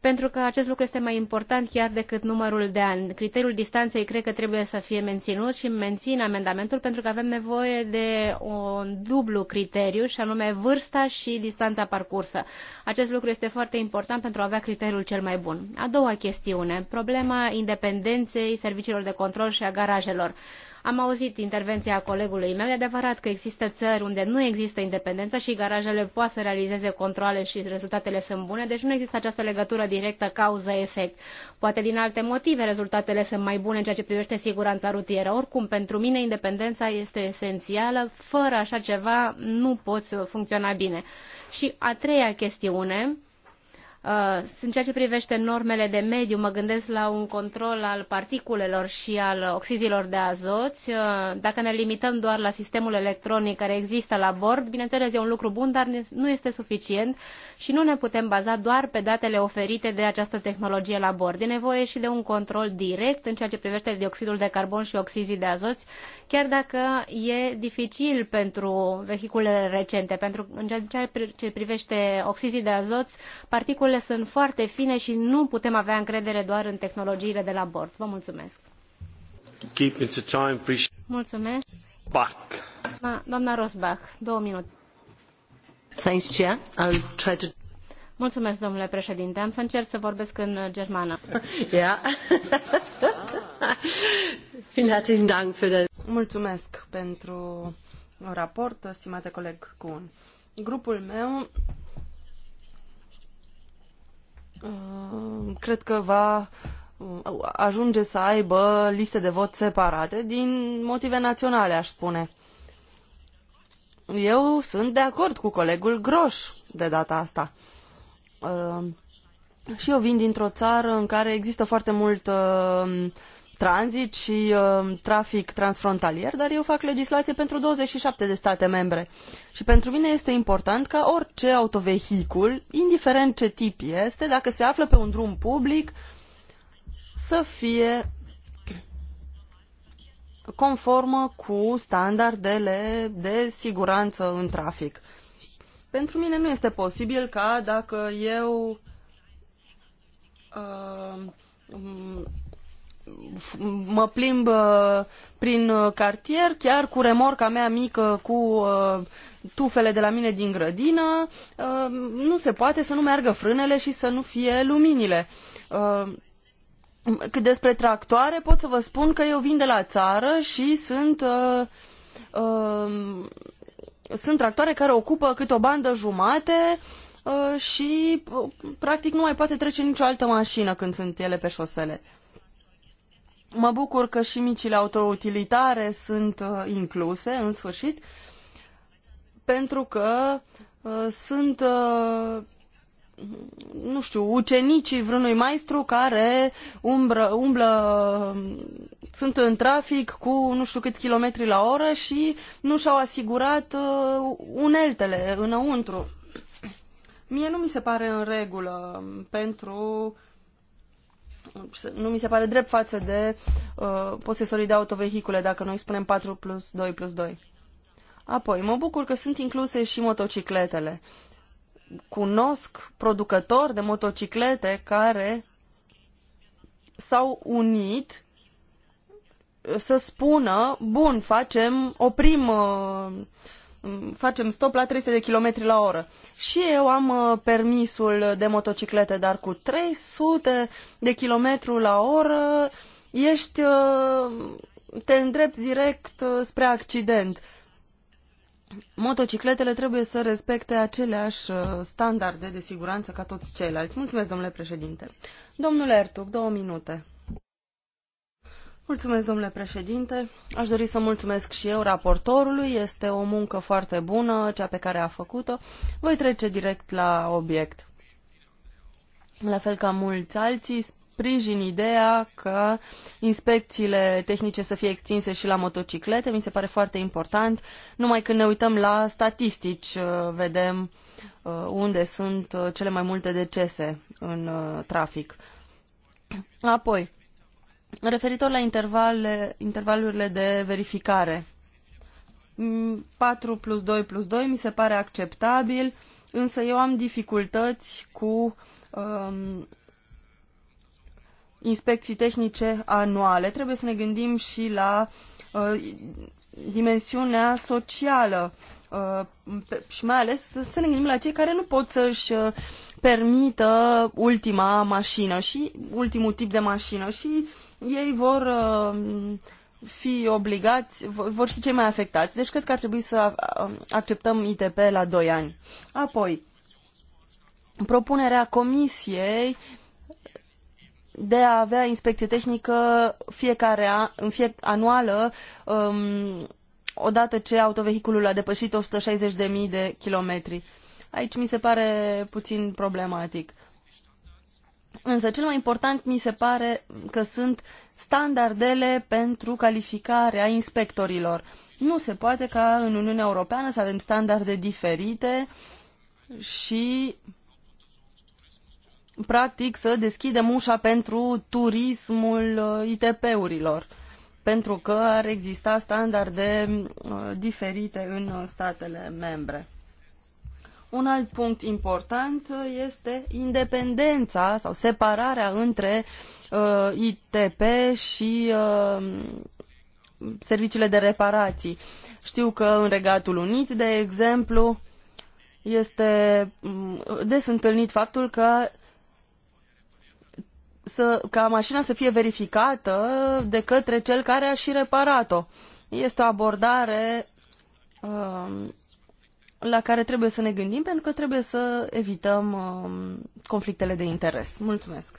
pentru că acest lucru este mai important chiar decât numărul de ani. Criteriul distanței cred că trebuie să fie menținut și mențin amendamentul pentru că avem nevoie de un dublu criteriu și anume vârsta și distanța parcursă. Acest lucru este foarte important pentru a avea criteriul cel mai bun. A doua chestiune, problema independenței serviciilor de control și a garajelor. Am auzit intervenția colegului meu. E adevărat că există țări unde nu există independență și garajele poate să realizeze controle și rezultatele sunt bune, deci nu există această legătură directă cauză-efect. Poate din alte motive rezultatele sunt mai bune în ceea ce privește siguranța rutieră. Oricum, pentru mine independența este esențială. Fără așa ceva nu poți funcționa bine. Și a treia chestiune, în uh, ceea ce privește normele de mediu, mă gândesc la un control al particulelor și al oxizilor de Uh, Dacă ne limităm doar la sistemul electronic care există la bord, bineînțeles e un lucru bun, dar nu este suficient și nu ne putem baza doar pe datele oferite de această tehnologie la bord. E nevoie și de un control direct în ceea ce privește dioxidul de carbon și oxizii de azoți chiar dacă e dificil pentru vehiculele recente, pentru în ceea ce privește oxizii de azot, particulele sunt foarte fine și nu putem avea încredere doar în tehnologiile de la bord. Vă mulțumesc! Keep into time, mulțumesc! Bach. Da, doamna Rosbach, două minute. Thanks, Chair. I'll try to... Mulțumesc, domnule președinte. Am să încerc să vorbesc în uh, germană. Mulțumesc pentru raport, stimate coleg Kuhn. Grupul meu uh, cred că va uh, ajunge să aibă liste de vot separate din motive naționale, aș spune. Eu sunt de acord cu colegul Groș de data asta. Uh, și eu vin dintr-o țară în care există foarte mult uh, tranzit și uh, trafic transfrontalier, dar eu fac legislație pentru 27 de state membre. Și pentru mine este important ca orice autovehicul, indiferent ce tip este, dacă se află pe un drum public, să fie conformă cu standardele de siguranță în trafic. Pentru mine nu este posibil ca dacă eu uh, mă plimb uh, prin cartier, chiar cu remorca mea mică, cu uh, tufele de la mine din grădină, uh, nu se poate să nu meargă frânele și să nu fie luminile. Uh, cât despre tractoare, pot să vă spun că eu vin de la țară și sunt uh, uh, sunt tractoare care ocupă câte o bandă jumate uh, și uh, practic nu mai poate trece nicio altă mașină când sunt ele pe șosele. Mă bucur că și micile autoutilitare sunt uh, incluse, în sfârșit, pentru că sunt nu știu, ucenicii vreunui maestru care umbră, umblă, sunt în trafic cu nu știu cât kilometri la oră și nu și-au asigurat uh, uneltele înăuntru. Mie nu mi se pare în regulă pentru nu mi se pare drept față de uh, posesorii de autovehicule, dacă noi spunem 4 plus 2 plus 2. Apoi, mă bucur că sunt incluse și motocicletele. Uh, cunosc producători de motociclete care s-au unit să spună, bun, facem, oprim, uh, facem stop la 300 de km la oră. Și eu am uh, permisul de motociclete, dar cu 300 de km la oră ești, uh, te îndrept direct spre accident motocicletele trebuie să respecte aceleași uh, standarde de siguranță ca toți ceilalți. Mulțumesc, domnule președinte. Domnule Ertug, două minute. Mulțumesc, domnule președinte. Aș dori să mulțumesc și eu raportorului. Este o muncă foarte bună, cea pe care a făcut-o. Voi trece direct la obiect. La fel ca mulți alții, sprijin ideea că inspecțiile tehnice să fie extinse și la motociclete. Mi se pare foarte important. Numai când ne uităm la statistici, uh, vedem uh, unde sunt uh, cele mai multe decese în trafic. Apoi, referitor la intervale, intervalurile de verificare. 4 mm, plus 2 plus 2 mi se pare acceptabil, însă eu am dificultăți cu um, inspecții tehnice anuale. Trebuie să ne gândim și la uh, dimensiunea socială uh, pe, și mai ales să ne gândim la cei care nu pot să-și uh, permită ultima mașină și ultimul tip de mașină și ei vor uh, fi obligați, vor fi cei mai afectați. Deci cred că ar trebui să uh, acceptăm ITP la 2 ani. Apoi, propunerea comisiei de a avea inspecție tehnică fiecare an, în fie, anuală um, odată ce autovehiculul a depășit 160.000 de kilometri. Aici mi se pare puțin problematic. Însă cel mai important mi se pare că sunt standardele pentru calificarea inspectorilor. Nu se poate ca în Uniunea Europeană să avem standarde diferite și practic să deschidem ușa pentru turismul uh, ITP-urilor, pentru că ar exista standarde uh, diferite în uh, statele membre. Un alt punct important este independența sau separarea între uh, ITP și uh, serviciile de reparații. Știu că în Regatul Unit, de exemplu, este mm, des întâlnit faptul că să, ca mașina să fie verificată de către cel care a și reparat-o. Este o abordare uh, la care trebuie să ne gândim pentru că trebuie să evităm uh, conflictele de interes. Mulțumesc.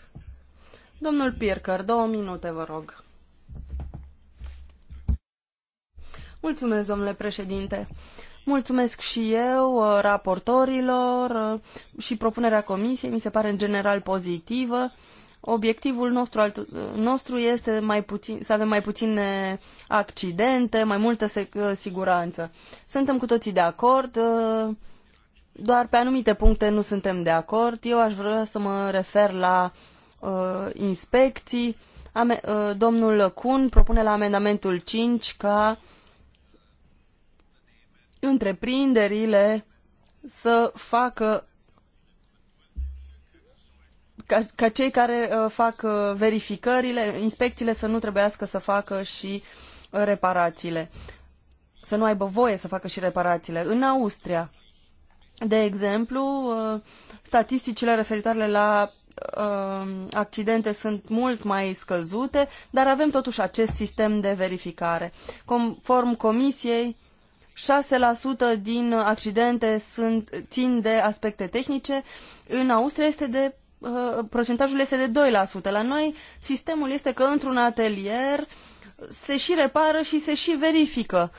Domnul Piercăr, două minute, vă rog. Mulțumesc, domnule președinte. Mulțumesc și eu uh, raportorilor uh, și propunerea comisiei mi se pare în general pozitivă. Obiectivul nostru, al, nostru este mai puțin, să avem mai puține accidente, mai multă uh, siguranță. Suntem cu toții de acord, uh, doar pe anumite puncte nu suntem de acord. Eu aș vrea să mă refer la uh, inspecții. Ame uh, domnul Cun propune la amendamentul 5 ca întreprinderile să facă ca, ca cei care uh, fac uh, verificările, inspecțiile să nu trebuiască să facă și uh, reparațiile. Să nu aibă voie să facă și reparațiile. În Austria, de exemplu, statisticile referitoare la accidente sunt mult mai scăzute, dar avem totuși acest sistem de verificare. Conform comisiei, 6% din accidente sunt, țin de aspecte tehnice. În Austria este de Uh, procentajul este de 2%. La noi sistemul este că într-un atelier se și repară și se și verifică.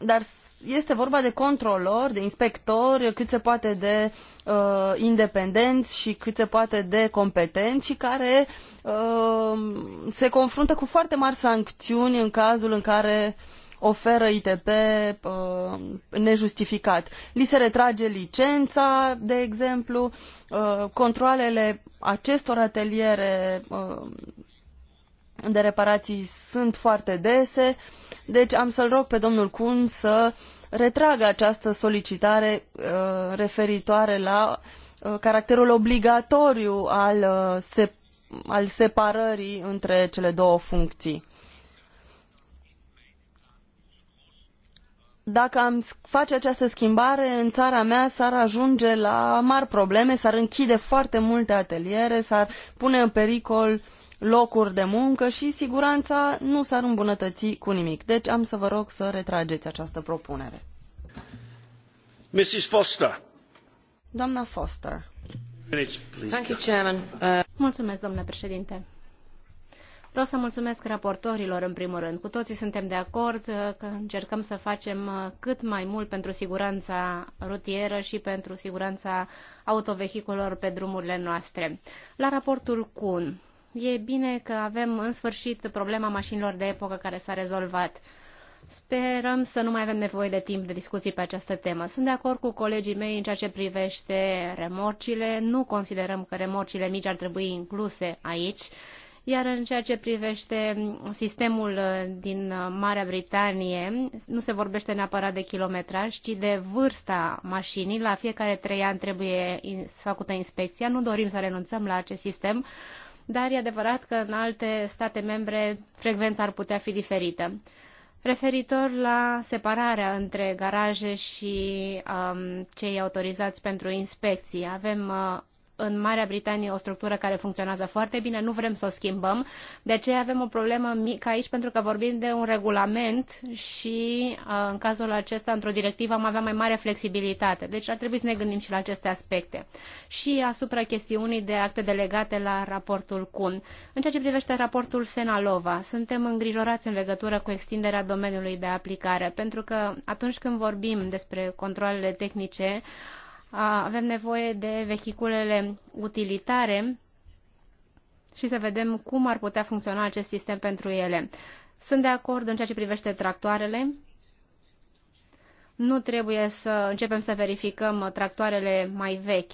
Dar este vorba de controlori, de inspectori, cât se poate de uh, independenți și cât se poate de competenți și care uh, se confruntă cu foarte mari sancțiuni în cazul în care uh, oferă ITP uh, nejustificat. Li se retrage licența, de exemplu, uh, controlele acestor ateliere uh, de reparații sunt foarte dese, deci am să-l rog pe domnul Kun să retragă această solicitare uh, referitoare la uh, caracterul obligatoriu al, uh, al separării între cele două funcții. dacă am face această schimbare în țara mea s-ar ajunge la mari probleme, s-ar închide foarte multe ateliere, s-ar pune în pericol locuri de muncă și siguranța nu s-ar îmbunătăți cu nimic. Deci am să vă rog să retrageți această propunere. Mrs. Foster. Doamna Foster. Minutes, please. Thank you, Chairman. Uh... Mulțumesc, domnule președinte. Vreau să mulțumesc raportorilor, în primul rând. Cu toții suntem de acord uh, că încercăm să facem uh, cât mai mult pentru siguranța rutieră și pentru siguranța autovehiculor pe drumurile noastre. La raportul CUN, e bine că avem în sfârșit problema mașinilor de epocă care s-a rezolvat. Sperăm să nu mai avem nevoie de timp de discuții pe această temă. Sunt de acord cu colegii mei în ceea ce privește remorcile. Nu considerăm că remorcile mici ar trebui incluse aici iar în ceea ce privește sistemul uh, din uh, Marea Britanie, nu se vorbește neapărat de kilometraj, ci de vârsta mașinii. La fiecare trei ani trebuie făcută inspecția. Nu dorim să renunțăm la acest sistem, dar e adevărat că în alte state membre frecvența ar putea fi diferită. Referitor la separarea între garaje și um, cei autorizați pentru inspecții, avem uh, în Marea Britanie o structură care funcționează foarte bine, nu vrem să o schimbăm, de aceea avem o problemă mică aici pentru că vorbim de un regulament și uh, în cazul acesta, într-o directivă, am avea mai mare flexibilitate. Deci ar trebui să ne gândim și la aceste aspecte. Și asupra chestiunii de acte delegate la raportul CUN. În ceea ce privește raportul Senalova, suntem îngrijorați în legătură cu extinderea domeniului de aplicare, pentru că atunci când vorbim despre controlele tehnice, avem nevoie de vehiculele utilitare și să vedem cum ar putea funcționa acest sistem pentru ele. Sunt de acord în ceea ce privește tractoarele. Nu trebuie să începem să verificăm tractoarele mai vechi.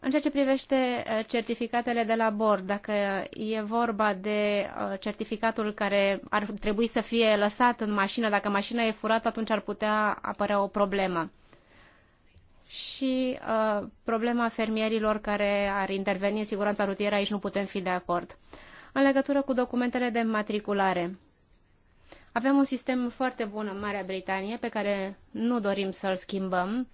În ceea ce privește eh, certificatele de la bord, dacă e vorba de eh, certificatul care ar trebui să fie lăsat în mașină, dacă mașina e furată, atunci ar putea apărea o problemă și uh, problema fermierilor care ar interveni în siguranța rutieră, aici nu putem fi de acord. În legătură cu documentele de matriculare, avem un sistem foarte bun în Marea Britanie pe care nu dorim să-l schimbăm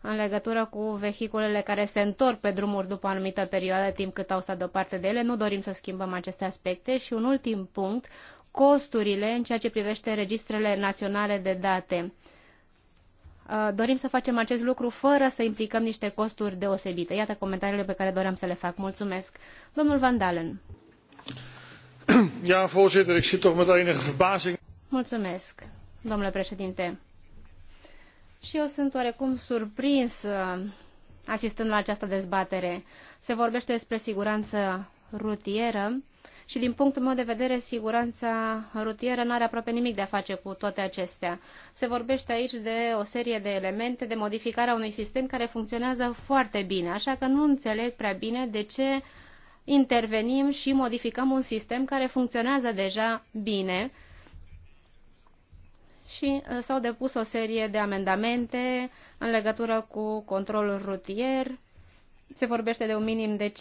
în legătură cu vehiculele care se întorc pe drumuri după o anumită perioadă, timp cât au stat deoparte de ele. Nu dorim să schimbăm aceste aspecte. Și un ultim punct, costurile în ceea ce privește registrele naționale de date. Uh, dorim să facem acest lucru fără să implicăm niște costuri deosebite. Iată comentariile pe care doream să le fac. Mulțumesc. Domnul Van Dalen. Ja, voorzitter, ik zit toch met enige verbazing. Mulțumesc, domnule președinte. Și eu sunt oarecum surprins uh, asistând la această dezbatere. Se vorbește despre siguranță rutieră și din punctul meu de vedere, siguranța rutieră nu are aproape nimic de a face cu toate acestea. Se vorbește aici de o serie de elemente, de modificarea unui sistem care funcționează foarte bine, așa că nu înțeleg prea bine de ce intervenim și modificăm un sistem care funcționează deja bine și uh, s-au depus o serie de amendamente în legătură cu controlul rutier, se vorbește de un minim de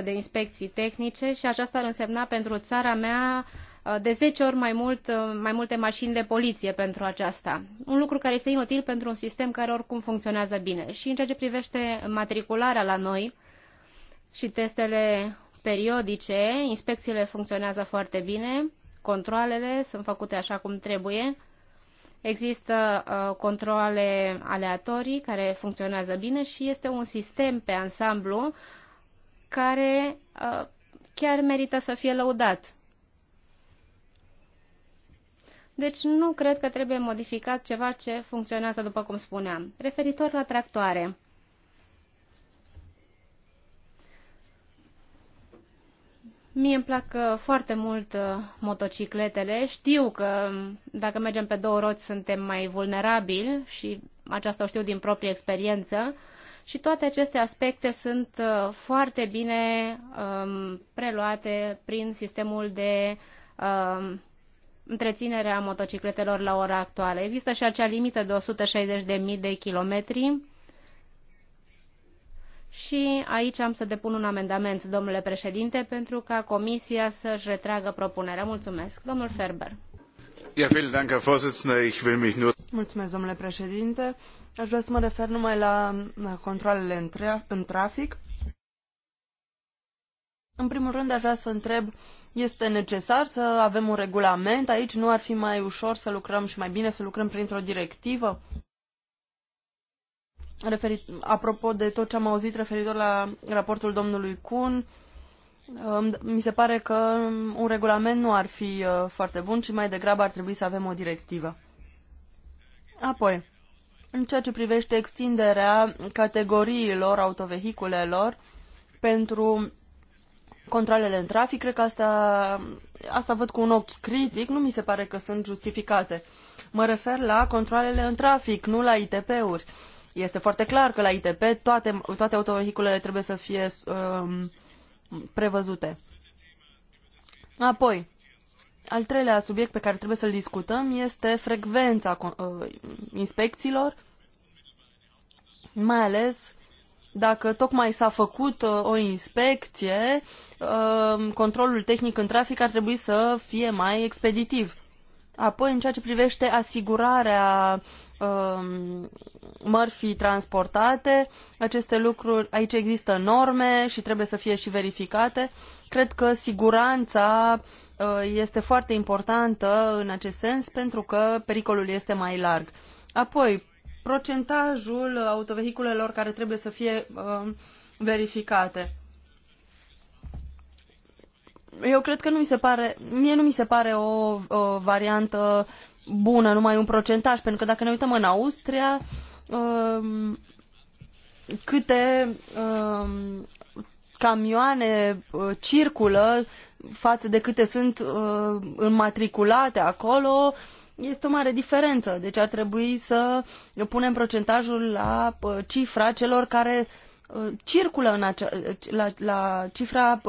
5% de inspecții tehnice și aceasta ar însemna pentru țara mea uh, de 10 ori mai, mult, uh, mai multe mașini de poliție pentru aceasta. Un lucru care este inutil pentru un sistem care oricum funcționează bine. Și în ceea ce privește matricularea la noi și testele periodice, inspecțiile funcționează foarte bine, controlele sunt făcute așa cum trebuie Există uh, controle aleatorii care funcționează bine și este un sistem pe ansamblu care uh, chiar merită să fie lăudat. Deci nu cred că trebuie modificat ceva ce funcționează, după cum spuneam. Referitor la tractoare. Mie îmi plac uh, foarte mult uh, motocicletele. Știu că um, dacă mergem pe două roți suntem mai vulnerabili și aceasta o știu din proprie experiență. Și toate aceste aspecte sunt uh, foarte bine um, preluate prin sistemul de um, întreținere a motocicletelor la ora actuală. Există și acea limită de 160.000 de kilometri și aici am să depun un amendament, domnule președinte, pentru ca comisia să-și retragă propunerea. Mulțumesc. Domnul Ferber. Mulțumesc, domnule președinte. Aș vrea să mă refer numai la controlele în, tra în trafic. În primul rând, aș vrea să întreb, este necesar să avem un regulament aici? Nu ar fi mai ușor să lucrăm și mai bine să lucrăm printr-o directivă? referit, apropo de tot ce am auzit referitor la raportul domnului Kuhn, mi se pare că un regulament nu ar fi uh, foarte bun, ci mai degrabă ar trebui să avem o directivă. Apoi, în ceea ce privește extinderea categoriilor autovehiculelor pentru controlele în trafic, cred că asta, asta văd cu un ochi critic, nu mi se pare că sunt justificate. Mă refer la controlele în trafic, nu la ITP-uri. Uh, este foarte clar că la ITP toate, toate autovehiculele trebuie să fie um, prevăzute. Apoi, al treilea subiect pe care trebuie să-l discutăm este frecvența uh, inspecțiilor, mai ales dacă tocmai s-a făcut uh, o inspecție, uh, controlul tehnic în trafic ar trebui să fie mai expeditiv. Apoi, în ceea ce privește asigurarea Um, mărfi mărfii transportate. Aceste lucruri, aici există norme și trebuie să fie și verificate. Cred că siguranța uh, este foarte importantă în acest sens pentru că pericolul este mai larg. Apoi, procentajul autovehiculelor care trebuie să fie um, verificate. Eu cred că nu mi se pare, mie nu mi se pare o, o variantă bună, numai un procentaj, pentru că dacă ne uităm în Austria, um, câte um, camioane uh, circulă față de câte sunt uh, înmatriculate acolo, este o mare diferență. Deci ar trebui să punem procentajul la uh, cifra celor care circulă în acea, la, la cifra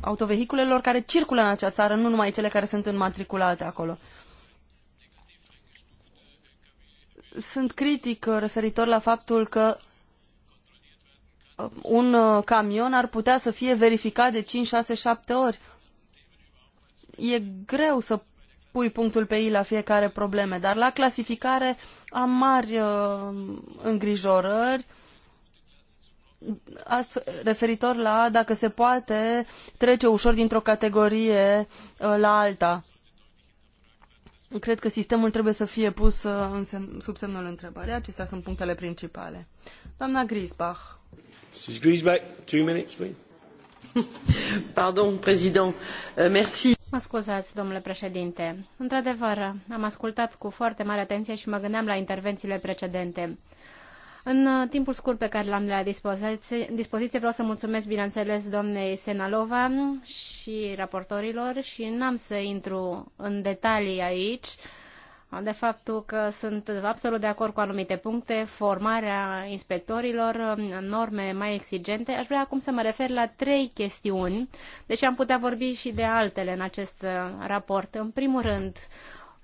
autovehiculelor care circulă în acea țară, nu numai cele care sunt înmatriculate acolo. sunt critic uh, referitor la faptul că uh, un uh, camion ar putea să fie verificat de 5, 6, 7 ori. E greu să pui punctul pe i la fiecare probleme, dar la clasificare am mari uh, îngrijorări astfel, referitor la dacă se poate trece ușor dintr-o categorie uh, la alta. Cred că sistemul trebuie să fie pus uh, în sem- sub semnul întrebării. Acestea sunt punctele principale. Doamna Grisbach. Mrs. Grisbach, two minutes, please. Pardon, président. Euh, merci. Mă scuzați, domnule președinte. Într-adevăr, am ascultat cu foarte mare atenție și mă gândeam la intervențiile precedente. În uh, timpul scurt pe care l-am la dispoziție, dispoziție vreau să mulțumesc, bineînțeles, doamnei Senalova și raportorilor și n-am să intru în detalii aici de faptul că sunt absolut de acord cu anumite puncte, formarea inspectorilor, norme mai exigente. Aș vrea acum să mă refer la trei chestiuni, deși am putea vorbi și de altele în acest uh, raport. În primul rând,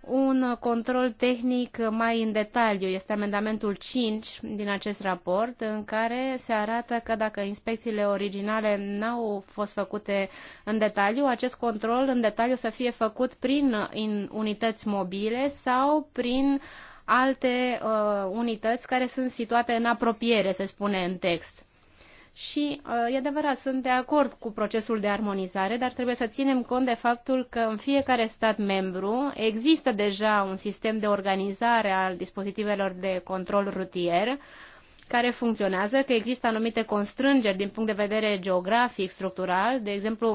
un control tehnic mai în detaliu. Este amendamentul 5 din acest raport, în care se arată că dacă inspecțiile originale n-au fost făcute în detaliu, acest control în detaliu să fie făcut prin unități mobile sau prin alte uh, unități care sunt situate în apropiere, se spune în text. Și uh, e adevărat, sunt de acord cu procesul de armonizare, dar trebuie să ținem cont de faptul că în fiecare stat membru există deja un sistem de organizare al dispozitivelor de control rutier care funcționează, că există anumite constrângeri din punct de vedere geografic, structural. De exemplu,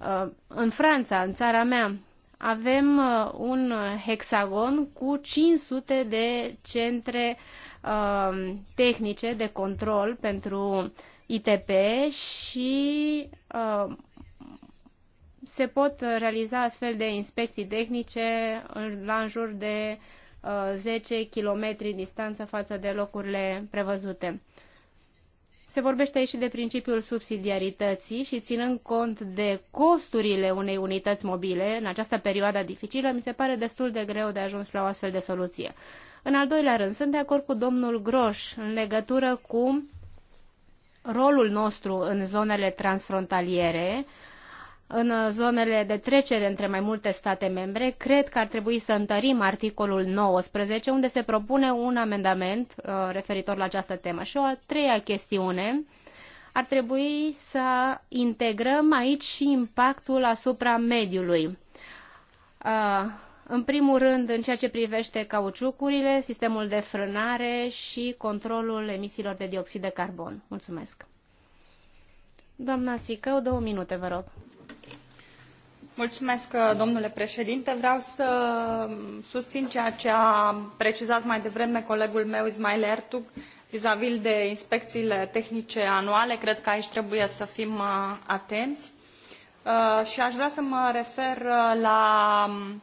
uh, în Franța, în țara mea, avem uh, un hexagon cu 500 de centre tehnice de control pentru ITP și uh, se pot realiza astfel de inspecții tehnice la în jur de uh, 10 km distanță față de locurile prevăzute. Se vorbește aici și de principiul subsidiarității și ținând cont de costurile unei unități mobile în această perioadă dificilă, mi se pare destul de greu de ajuns la o astfel de soluție. În al doilea rând, sunt de acord cu domnul Groș în legătură cu rolul nostru în zonele transfrontaliere, în zonele de trecere între mai multe state membre, cred că ar trebui să întărim articolul 19, unde se propune un amendament uh, referitor la această temă. Și o a treia chestiune, ar trebui să integrăm aici și impactul asupra mediului. Uh, în primul rând, în ceea ce privește cauciucurile, sistemul de frânare și controlul emisiilor de dioxid de carbon. Mulțumesc. Doamna Țicău, două minute, vă rog. Mulțumesc, domnule președinte. Vreau să susțin ceea ce a precizat mai devreme colegul meu, Ismail Ertug, vis-a-vis -vis de inspecțiile tehnice anuale. Cred că aici trebuie să fim uh, atenți. Uh, și aș vrea să mă refer uh, la um,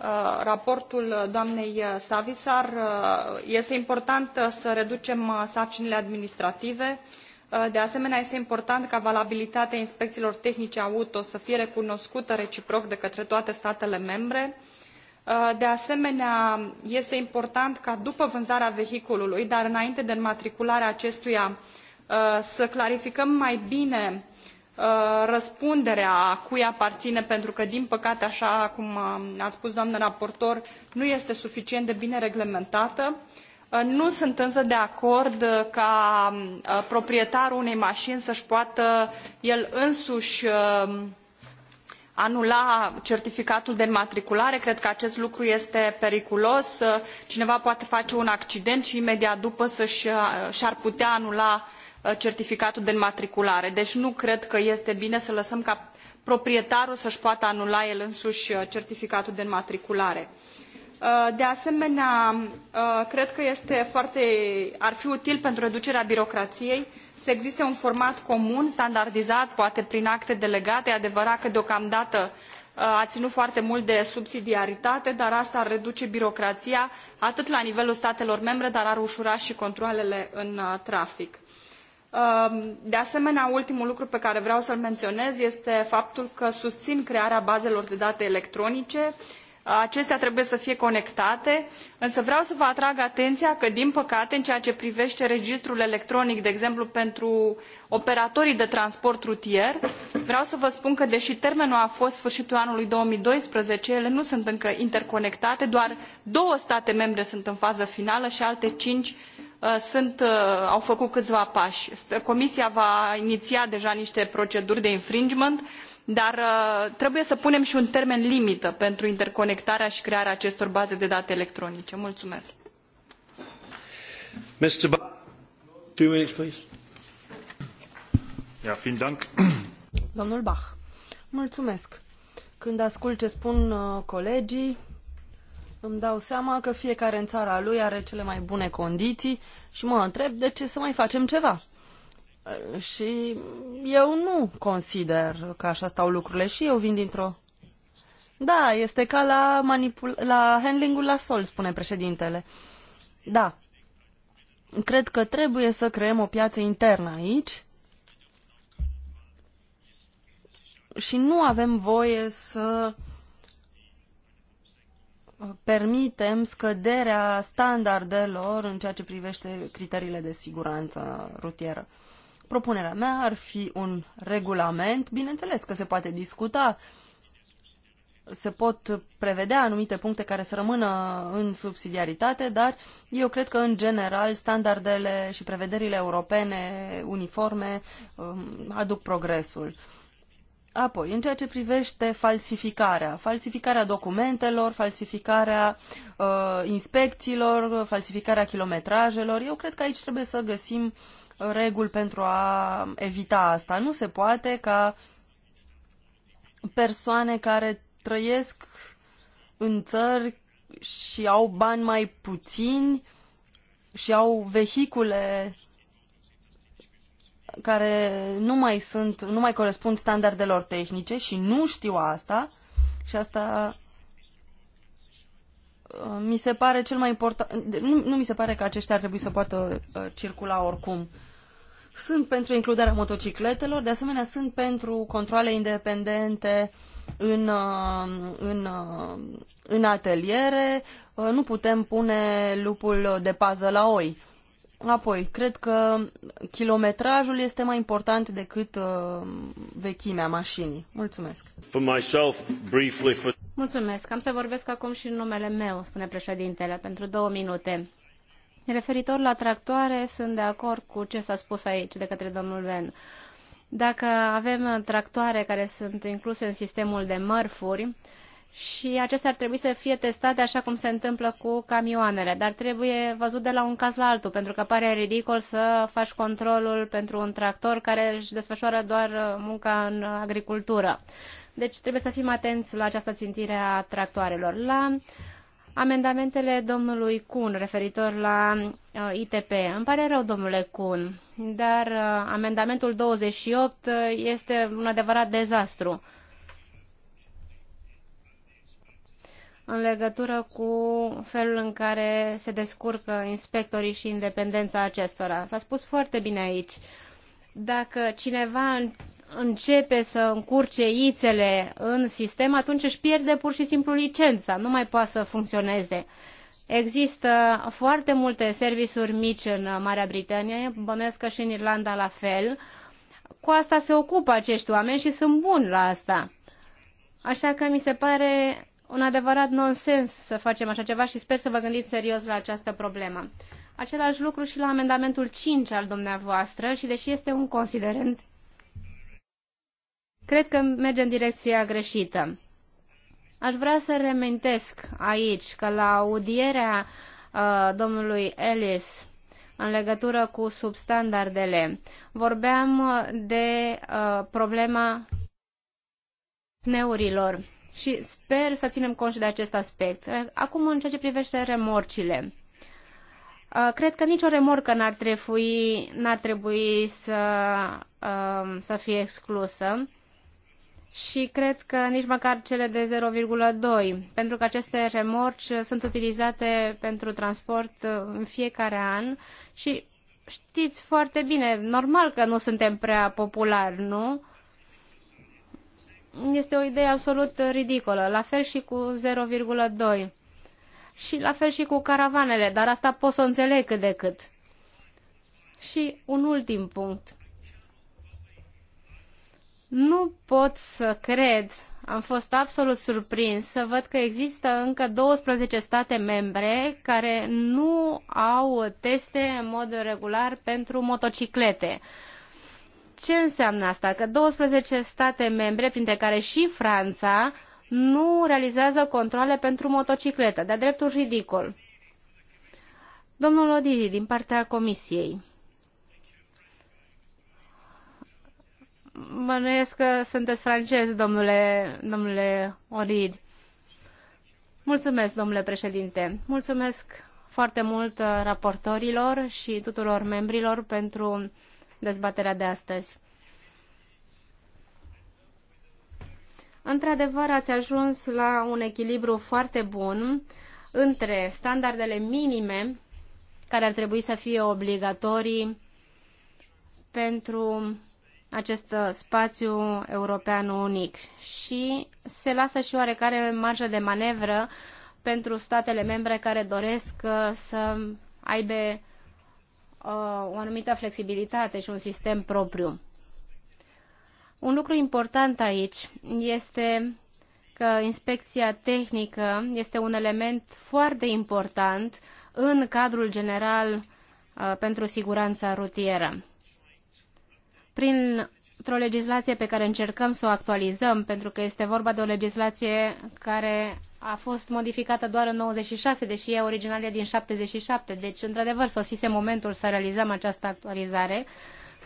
Uh, raportul doamnei Savisaar. Uh, este important uh, să reducem sarcinile administrative. De asemenea, este important ca valabilitatea inspecțiilor tehnice auto să fie recunoscută reciproc de către toate statele membre. De asemenea, este important ca după vânzarea vehiculului, dar înainte de înmatricularea acestuia, să clarificăm mai bine Uh, răspunderea cui aparține, pentru că, din păcate, așa cum uh, a spus doamna raportor, nu este suficient de bine reglementată. Uh, nu sunt însă de acord ca proprietarul unei mașini să-și poată el însuși anula certificatul de înmatriculare. Cred că acest lucru este periculos. Cineva poate face un accident și imediat după să-și ar putea anula Uh, certificatul de înmatriculare. Deci nu cred că este bine să lăsăm ca proprietarul să îi poată anula el însui uh, certificatul de înmatriculare. Uh, de asemenea, cred că este foarte, ar fi util pentru reducerea birocraiei să existe un format comun, standardizat, poate prin acte delegate. E adevărat că deocamdată a ținut foarte mult de subsidiaritate, dar asta ar reduce birocrația atât la nivelul statelor membre, dar ar ușura și controalele în trafic. Um, de asemenea, ultimul lucru pe care vreau să-l menționez este faptul că susțin crearea bazelor de date electronice. Acestea trebuie să fie conectate, însă vreau să vă atrag atenția că, din păcate, în ceea ce privește registrul electronic, de exemplu, pentru operatorii de transport rutier, vreau să vă spun că, deși termenul a fost sfârșitul anului 2012, ele nu sunt încă interconectate, doar două state membre sunt în fază finală și alte cinci Uh, sunt, uh, au făcut câțiva pași. Comisia va iniția deja niște proceduri de infringement, dar uh, trebuie să punem și un termen limită pentru interconectarea și crearea acestor baze de date electronice. Mulțumesc. Mr. Ba two minutes, please. Ja, vielen Dank. Domnul Bach, mulțumesc. Când ascult ce spun colegii, îmi dau seama că fiecare în țara lui are cele mai bune condiții și mă întreb de ce să mai facem ceva. Și eu nu consider că așa stau lucrurile și eu vin dintr-o... Da, este ca la, manipul... la handlingul la sol, spune președintele. Da, cred că trebuie să creăm o piață internă aici și nu avem voie să permitem scăderea standardelor în ceea ce privește criteriile de siguranță rutieră. Propunerea mea ar fi un regulament, bineînțeles că se poate discuta, se pot prevedea anumite puncte care să rămână în subsidiaritate, dar eu cred că, în general, standardele și prevederile europene uniforme um, aduc progresul. Apoi, în ceea ce privește falsificarea, falsificarea documentelor, falsificarea uh, inspecțiilor, falsificarea kilometrajelor, eu cred că aici trebuie să găsim uh, reguli pentru a evita asta. Nu se poate ca persoane care trăiesc în țări și au bani mai puțini și au vehicule care nu mai, sunt, nu mai corespund standardelor tehnice și nu știu asta și asta uh, mi se pare cel mai important, nu, nu mi se pare că aceștia ar trebui să poată uh, circula oricum. Sunt pentru includerea motocicletelor, de asemenea sunt pentru controle independente în, uh, în, în ateliere, nu putem pune lupul de pază la oi Apoi, cred că kilometrajul este mai important decât uh, vechimea mașinii. Mulțumesc. For myself, briefly for... Mulțumesc. Am să vorbesc acum și în numele meu, spune președintele, pentru două minute. Referitor la tractoare, sunt de acord cu ce s-a spus aici de către domnul Ven. Dacă avem tractoare care sunt incluse în sistemul de mărfuri, uh, și acestea ar trebui să fie testate așa cum se întâmplă cu camioanele, dar trebuie văzut de la un caz la altul, pentru că pare ridicol să faci controlul pentru un tractor care își desfășoară doar uh, munca în agricultură. Deci trebuie să fim atenți la această țintire a tractoarelor. La amendamentele domnului Cun referitor la uh, ITP. Îmi pare rău, domnule Cun, dar uh, amendamentul 28 uh, este un adevărat dezastru. Uh, în legătură cu felul în care se descurcă inspectorii și independența acestora. S-a spus foarte bine aici. Dacă cineva începe să încurce ițele în sistem, atunci își pierde pur și simplu licența, nu mai poate să funcționeze. Există foarte multe servisuri mici în Marea Britanie, bănesc că și în Irlanda la fel. Cu asta se ocupă acești oameni și sunt buni la asta. Așa că mi se pare un adevărat nonsens să facem așa ceva și sper să vă gândiți serios la această problemă. Același lucru și la amendamentul 5 al dumneavoastră și deși este un considerent, cred că merge în direcția greșită. Aș vrea să remintesc aici că la audierea uh, domnului Ellis în legătură cu substandardele, vorbeam de uh, problema neurilor și sper să ținem cont și de acest aspect. Acum, în ceea ce privește remorcile, uh, cred că nicio remorcă n-ar trebui, n-ar trebui să, um, să fie exclusă și cred că nici măcar cele de 0,2, pentru că aceste remorci sunt utilizate pentru transport uh, în fiecare an și știți foarte bine, normal că nu suntem prea populari, nu? este o idee absolut ridicolă. La fel și cu 0,2. Și la fel și cu caravanele, dar asta pot să o înțeleg cât de cât. Și un ultim punct. Nu pot să cred, am fost absolut surprins să văd că există încă 12 state membre care nu au teste în mod regular pentru motociclete. Uh, ce înseamnă asta? Că 12 state membre, printre care și Franța, nu realizează controle pentru motocicletă, de-a dreptul ridicol. Domnul Odiri, din partea Comisiei. Bănuiesc că sunteți francez, domnule, domnule Orid. Mulțumesc, domnule președinte. Mulțumesc foarte mult uh, raportorilor și tuturor membrilor pentru dezbaterea de astăzi. Într-adevăr, ați ajuns la un echilibru foarte bun între standardele minime, care ar trebui să fie obligatorii pentru acest spațiu european unic și se lasă și oarecare marjă de manevră pentru statele membre care doresc să aibă Uh, o anumită flexibilitate și un sistem propriu. Un lucru important aici este că inspecția tehnică este un element foarte important în cadrul general uh, pentru siguranța rutieră. printr o legislație pe care încercăm să o actualizăm, pentru că este vorba de o legislație care a fost modificată doar în 96, deși e originalia din 77. Deci, într-adevăr, sosise momentul să realizăm această actualizare,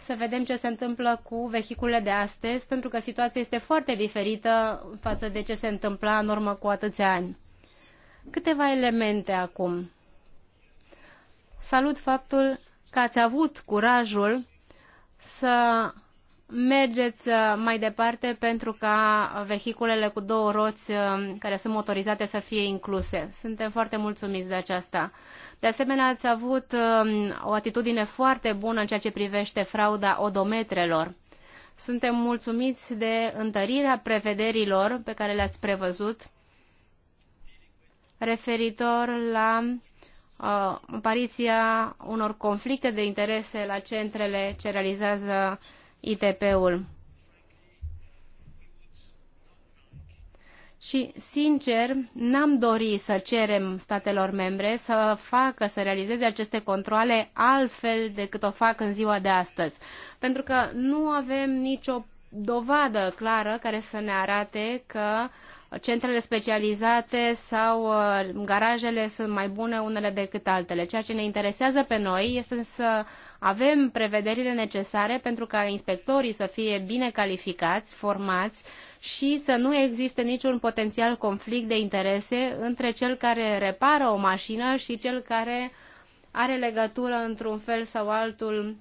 să vedem ce se întâmplă cu vehiculele de astăzi, pentru că situația este foarte diferită față de ce se întâmpla în urmă cu atâția ani. Câteva elemente acum. Salut faptul că ați avut curajul să mergeți uh, mai departe pentru ca vehiculele cu două roți uh, care sunt motorizate să fie incluse. Suntem foarte mulțumiți de aceasta. De asemenea, ați avut um, o atitudine foarte bună în ceea ce privește frauda odometrelor. Suntem mulțumiți de întărirea prevederilor pe care le-ați prevăzut referitor la uh, apariția unor conflicte de interese la centrele ce realizează ITP-ul. Și, sincer, n-am dori să cerem statelor membre să facă, să realizeze aceste controle altfel decât o fac în ziua de astăzi. Pentru că nu avem nicio dovadă clară care să ne arate că centrele specializate sau uh, garajele sunt mai bune unele decât altele. Ceea ce ne interesează pe noi este să avem prevederile necesare pentru ca inspectorii să fie bine calificați, formați și să nu existe niciun potențial conflict de interese între cel care repară o mașină și cel care are legătură într-un fel sau altul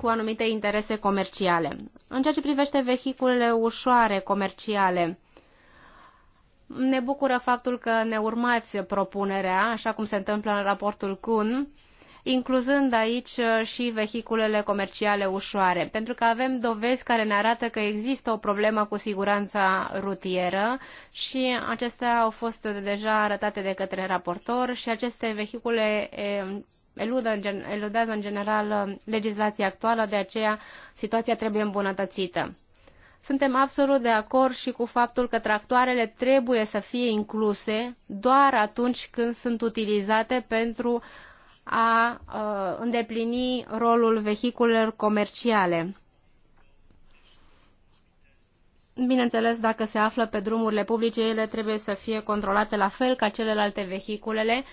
cu anumite interese comerciale. În ceea ce privește vehiculele ușoare comerciale, ne bucură faptul că ne urmați propunerea, așa cum se întâmplă în raportul Kuhn, incluzând aici uh, și vehiculele comerciale ușoare, pentru că avem dovezi care ne arată că există o problemă cu siguranța rutieră și acestea au fost deja arătate de către raportor și aceste vehicule eh, eludă eludează în general uh, legislația actuală, de aceea situația trebuie îmbunătățită. Suntem absolut de acord și cu faptul că tractoarele trebuie să fie incluse doar atunci când sunt utilizate pentru a îndeplini rolul vehiculelor comerciale. Bineînțeles, dacă se află pe drumurile publice, ele trebuie să fie controlate la fel ca celelalte vehiculele,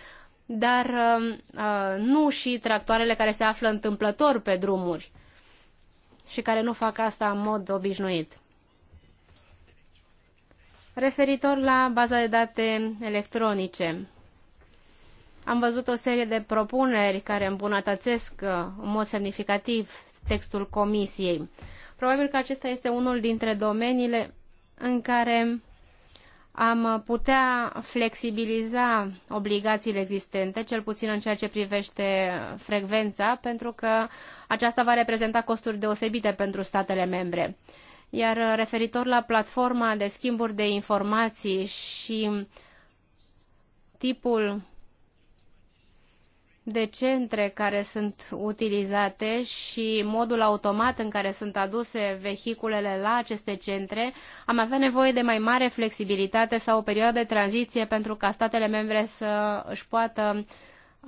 dar uh, nu și tractoarele care se află întâmplător pe drumuri și care nu fac asta în mod obișnuit. Referitor la baza de date electronice, am văzut o serie de propuneri care îmbunătățesc uh, în mod semnificativ textul comisiei. Probabil că acesta este unul dintre domeniile în care am putea flexibiliza obligațiile existente, cel puțin în ceea ce privește frecvența, pentru că aceasta va reprezenta costuri deosebite pentru statele membre. Iar uh, referitor la platforma de schimburi de informații și tipul de centre care sunt utilizate și modul automat în care sunt aduse vehiculele la aceste centre, am avea nevoie de mai mare flexibilitate sau o perioadă de tranziție pentru ca statele membre să își poată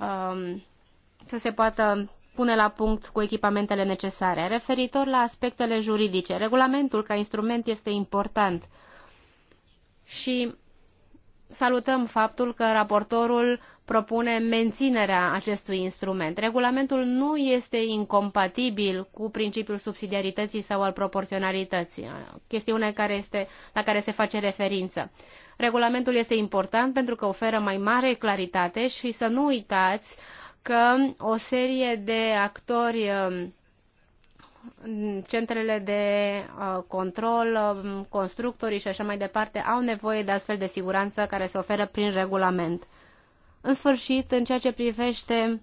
um, să se poată pune la punct cu echipamentele necesare. Referitor la aspectele juridice, regulamentul ca instrument este important și salutăm faptul că raportorul propune menținerea acestui instrument. Regulamentul nu este incompatibil cu principiul subsidiarității sau al proporționalității, chestiune care este, la care se face referință. Regulamentul este important pentru că oferă mai mare claritate și să nu uitați că o serie de actori um, centrele de uh, control, um, constructorii și așa mai departe au nevoie de astfel de siguranță care se oferă prin regulament. În sfârșit, în ceea ce privește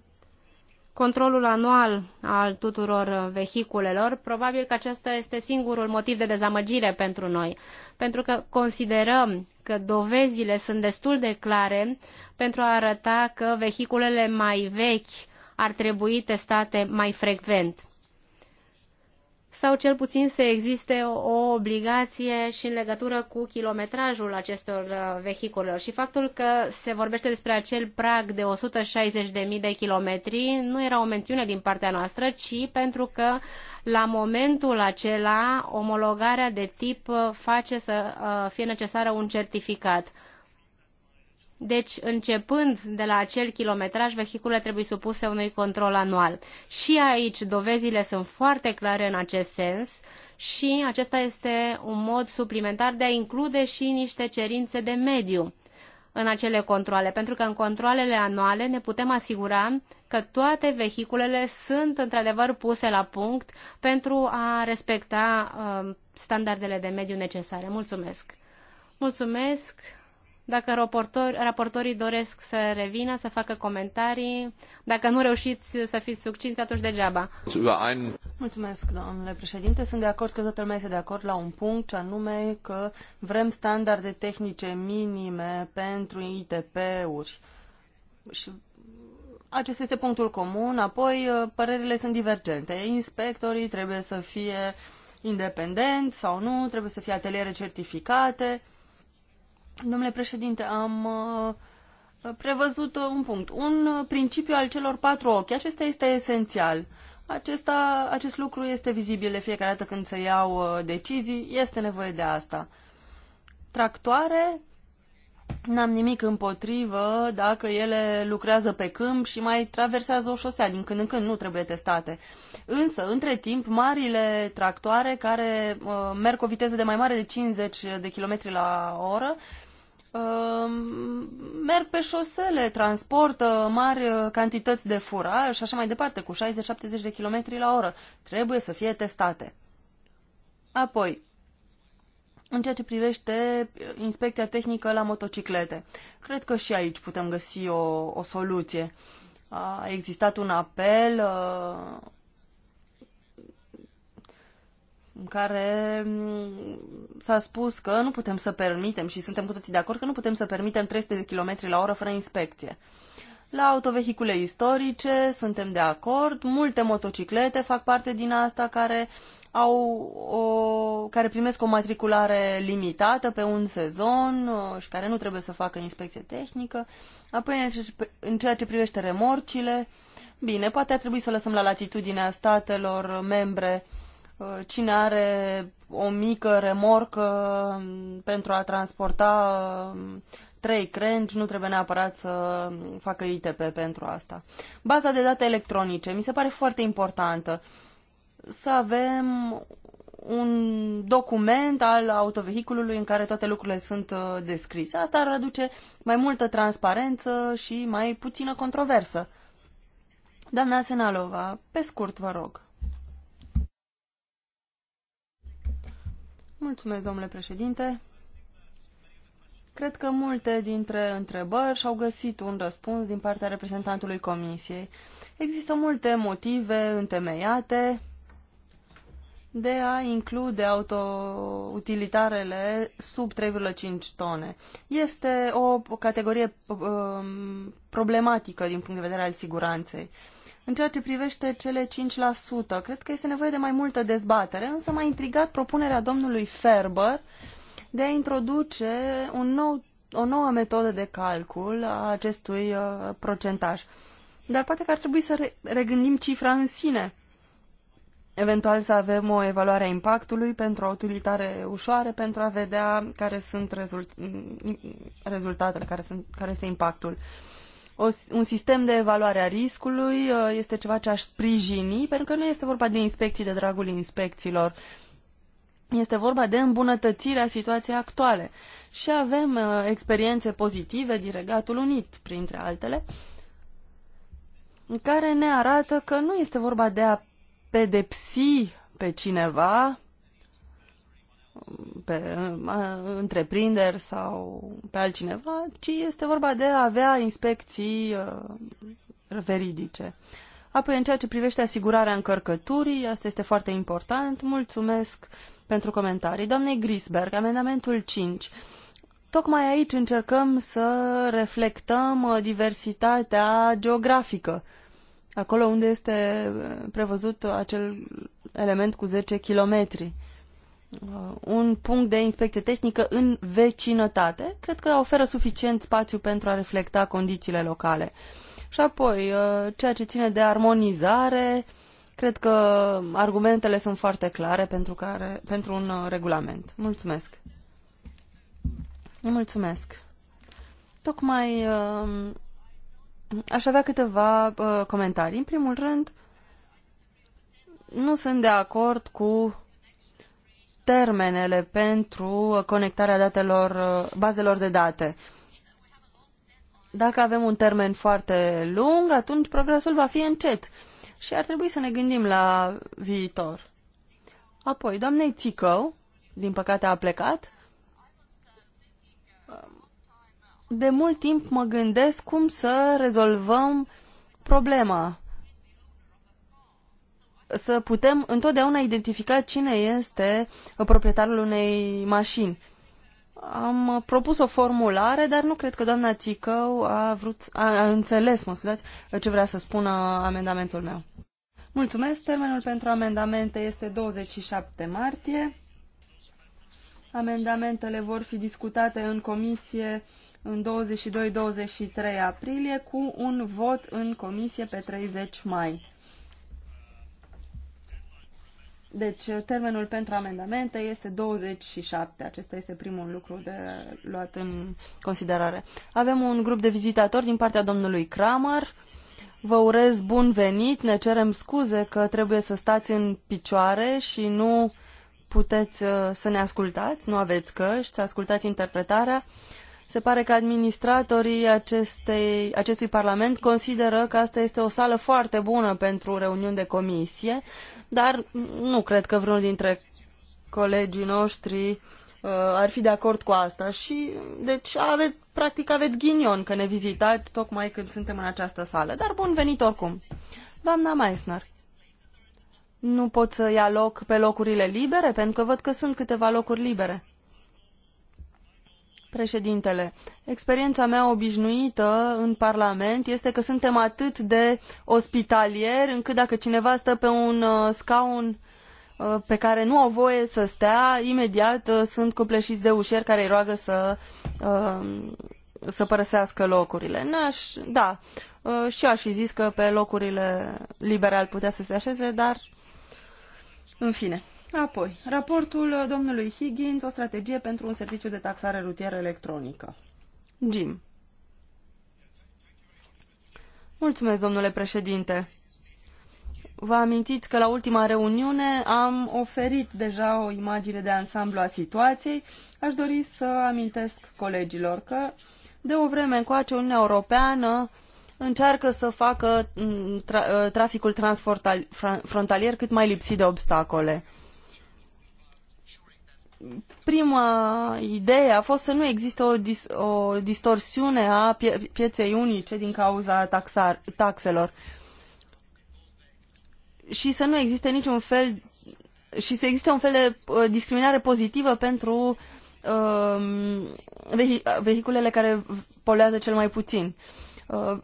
controlul anual al tuturor vehiculelor, probabil că acesta este singurul motiv de dezamăgire pentru noi, pentru că considerăm că dovezile sunt destul de clare pentru a arăta că vehiculele mai vechi ar trebui testate mai frecvent sau cel puțin să existe o obligație și în legătură cu kilometrajul acestor uh, vehiculelor. Și faptul că se vorbește despre acel prag de 160.000 de kilometri nu era o mențiune din partea noastră, ci pentru că la momentul acela omologarea de tip uh, face să uh, fie necesară un certificat. Deci, începând de la acel kilometraj, vehiculele trebuie supuse unui control anual. Și aici dovezile sunt foarte clare în acest sens și acesta este un mod suplimentar de a include și niște cerințe de mediu în acele controle, pentru că în controlele anuale ne putem asigura că toate vehiculele sunt într-adevăr puse la punct pentru a respecta uh, standardele de mediu necesare. Mulțumesc! Mulțumesc! Dacă raportorii doresc să revină, să facă comentarii, dacă nu reușiți să fiți succinți, atunci degeaba. Mulțumesc, domnule președinte. Sunt de acord că toată lumea este de acord la un punct, ce anume că vrem standarde tehnice minime pentru ITP-uri. Și acesta este punctul comun, apoi părerile sunt divergente. Inspectorii trebuie să fie independenți sau nu, trebuie să fie ateliere certificate Domnule președinte, am uh, prevăzut uh, un punct, un uh, principiu al celor patru ochi. Acesta este esențial. Acesta, acest lucru este vizibil de fiecare dată când se iau decizii. Este nevoie de asta. Tractoare, n-am nimic împotrivă dacă ele lucrează pe câmp și mai traversează o șosea din când în când, nu trebuie testate. Însă, între timp, marile tractoare care uh, merg cu o viteză de mai mare de 50 de km la oră Ehm, merg pe șosele, transportă mari uh, cantități de furaj și așa mai departe, cu 60-70 de km la oră. Trebuie să fie testate. Apoi, în ceea ce privește uh, inspecția tehnică la motociclete, cred că și aici putem găsi o, o soluție. A existat un apel uh, în care mm, s-a spus că nu putem să permitem și suntem cu toții de acord că nu putem să permitem 300 de km la oră fără inspecție. La autovehicule istorice suntem de acord, multe motociclete fac parte din asta care au o, care primesc o matriculare limitată pe un sezon uh, și care nu trebuie să facă inspecție tehnică. Apoi, în ceea ce privește remorcile, bine, poate ar trebui să lăsăm la latitudinea statelor membre uh, Uh, cine are o mică remorcă um, pentru a transporta um, trei crengi, nu trebuie neapărat să um, facă ITP pentru asta. Baza de date electronice mi se pare foarte importantă. Să avem un document al autovehiculului în care toate lucrurile sunt uh, descrise. Asta ar aduce mai multă transparență și mai puțină controversă. Doamna Senalova, pe scurt, vă rog. Mulțumesc, domnule președinte. Cred că multe dintre întrebări și-au găsit un răspuns din partea reprezentantului Comisiei. Există multe motive întemeiate de a include autoutilitarele sub 3,5 tone. Este o categorie um, problematică din punct de vedere al siguranței. Uh, în ceea ce privește cele 5%, cred că este nevoie de mai multă dezbatere, însă m-a intrigat propunerea domnului Ferber de a introduce un nou, o nouă metodă de calcul a acestui uh, procentaj. Dar poate că ar trebui să re- regândim cifra în sine. Eventual să avem o evaluare a impactului pentru o utilitare ușoară, pentru a vedea care sunt rezult- mm, mm, rezultatele, care, sunt, care este impactul. Uh, o, un sistem de evaluare a riscului uh, este ceva ce aș sprijini, pentru că nu este vorba de inspecții de dragul inspecțiilor. Este vorba de îmbunătățirea situației actuale. Și avem uh, experiențe pozitive din Regatul Unit, printre altele, care ne arată că nu este vorba de a pedepsi pe cineva pe întreprinderi sau pe altcineva, ci este vorba de a avea inspecții uh, veridice. Apoi, în ceea ce privește asigurarea încărcăturii, asta este foarte important. Mulțumesc pentru comentarii. Doamnei Grisberg, amendamentul 5. Tocmai aici încercăm să reflectăm uh, diversitatea geografică. Acolo unde este uh, prevăzut acel element cu 10 kilometri. Uh, un punct de inspecție tehnică în vecinătate, cred că oferă suficient spațiu pentru a reflecta condițiile locale. Și apoi, uh, ceea ce ține de armonizare, cred că argumentele sunt foarte clare pentru, care, pentru un uh, regulament. Mulțumesc! Mulțumesc! Tocmai aș avea câteva comentarii. În primul rând, nu sunt de acord cu termenele pentru conectarea datelor, bazelor de date. Dacă avem un termen foarte lung, atunci progresul va fi încet și ar trebui să ne gândim la viitor. Apoi, doamnei Țicău, din păcate a plecat, de mult timp mă gândesc cum să rezolvăm problema să putem întotdeauna identifica cine este proprietarul unei mașini. Am propus o formulare, dar nu cred că doamna Țicău a, vrut, a, a înțeles, mă scuzați, ce vrea să spună amendamentul meu. Mulțumesc, termenul pentru amendamente este 27 martie. Amendamentele vor fi discutate în comisie în 22-23 aprilie cu un vot în comisie pe 30 mai. Deci, termenul pentru amendamente este 27. Acesta este primul lucru de luat în considerare. Avem un grup de vizitatori din partea domnului Kramer. Vă urez bun venit, ne cerem scuze că trebuie să stați în picioare și nu puteți uh, să ne ascultați, nu aveți căști, să ascultați interpretarea. Se pare că administratorii acestei, acestui parlament consideră că asta este o sală foarte bună pentru reuniuni de comisie dar nu cred că vreunul dintre colegii noștri uh, ar fi de acord cu asta și deci aveți, practic aveți ghinion că ne vizitați tocmai când suntem în această sală, dar bun venit oricum. Doamna Meissner, nu pot să ia loc pe locurile libere? Pentru că văd că sunt câteva locuri libere. Președintele, experiența mea obișnuită în Parlament este că suntem atât de ospitalieri încât dacă cineva stă pe un uh, scaun uh, pe care nu au voie să stea, imediat uh, sunt copleșiți de ușieri care îi roagă să, să părăsească locurile. N-aș, da, și eu aș fi zis că pe locurile libere ar putea să se așeze, dar în fine. Apoi, raportul domnului Higgins, o strategie pentru un serviciu de taxare rutieră electronică. Jim. Mulțumesc, domnule președinte. Vă amintiți că la ultima reuniune am oferit deja o imagine de ansamblu a situației. Aș dori să amintesc colegilor că de o vreme încoace Uniunea Europeană încearcă să facă mm, tra ă, traficul transfrontalier cât mai lipsit de obstacole prima idee a fost să nu există o, dis- o distorsiune a pie- pieței unice din cauza taxar- taxelor și să nu existe niciun fel și să existe un fel de uh, discriminare pozitivă pentru uh, vehiculele care poluează cel mai puțin. Uh,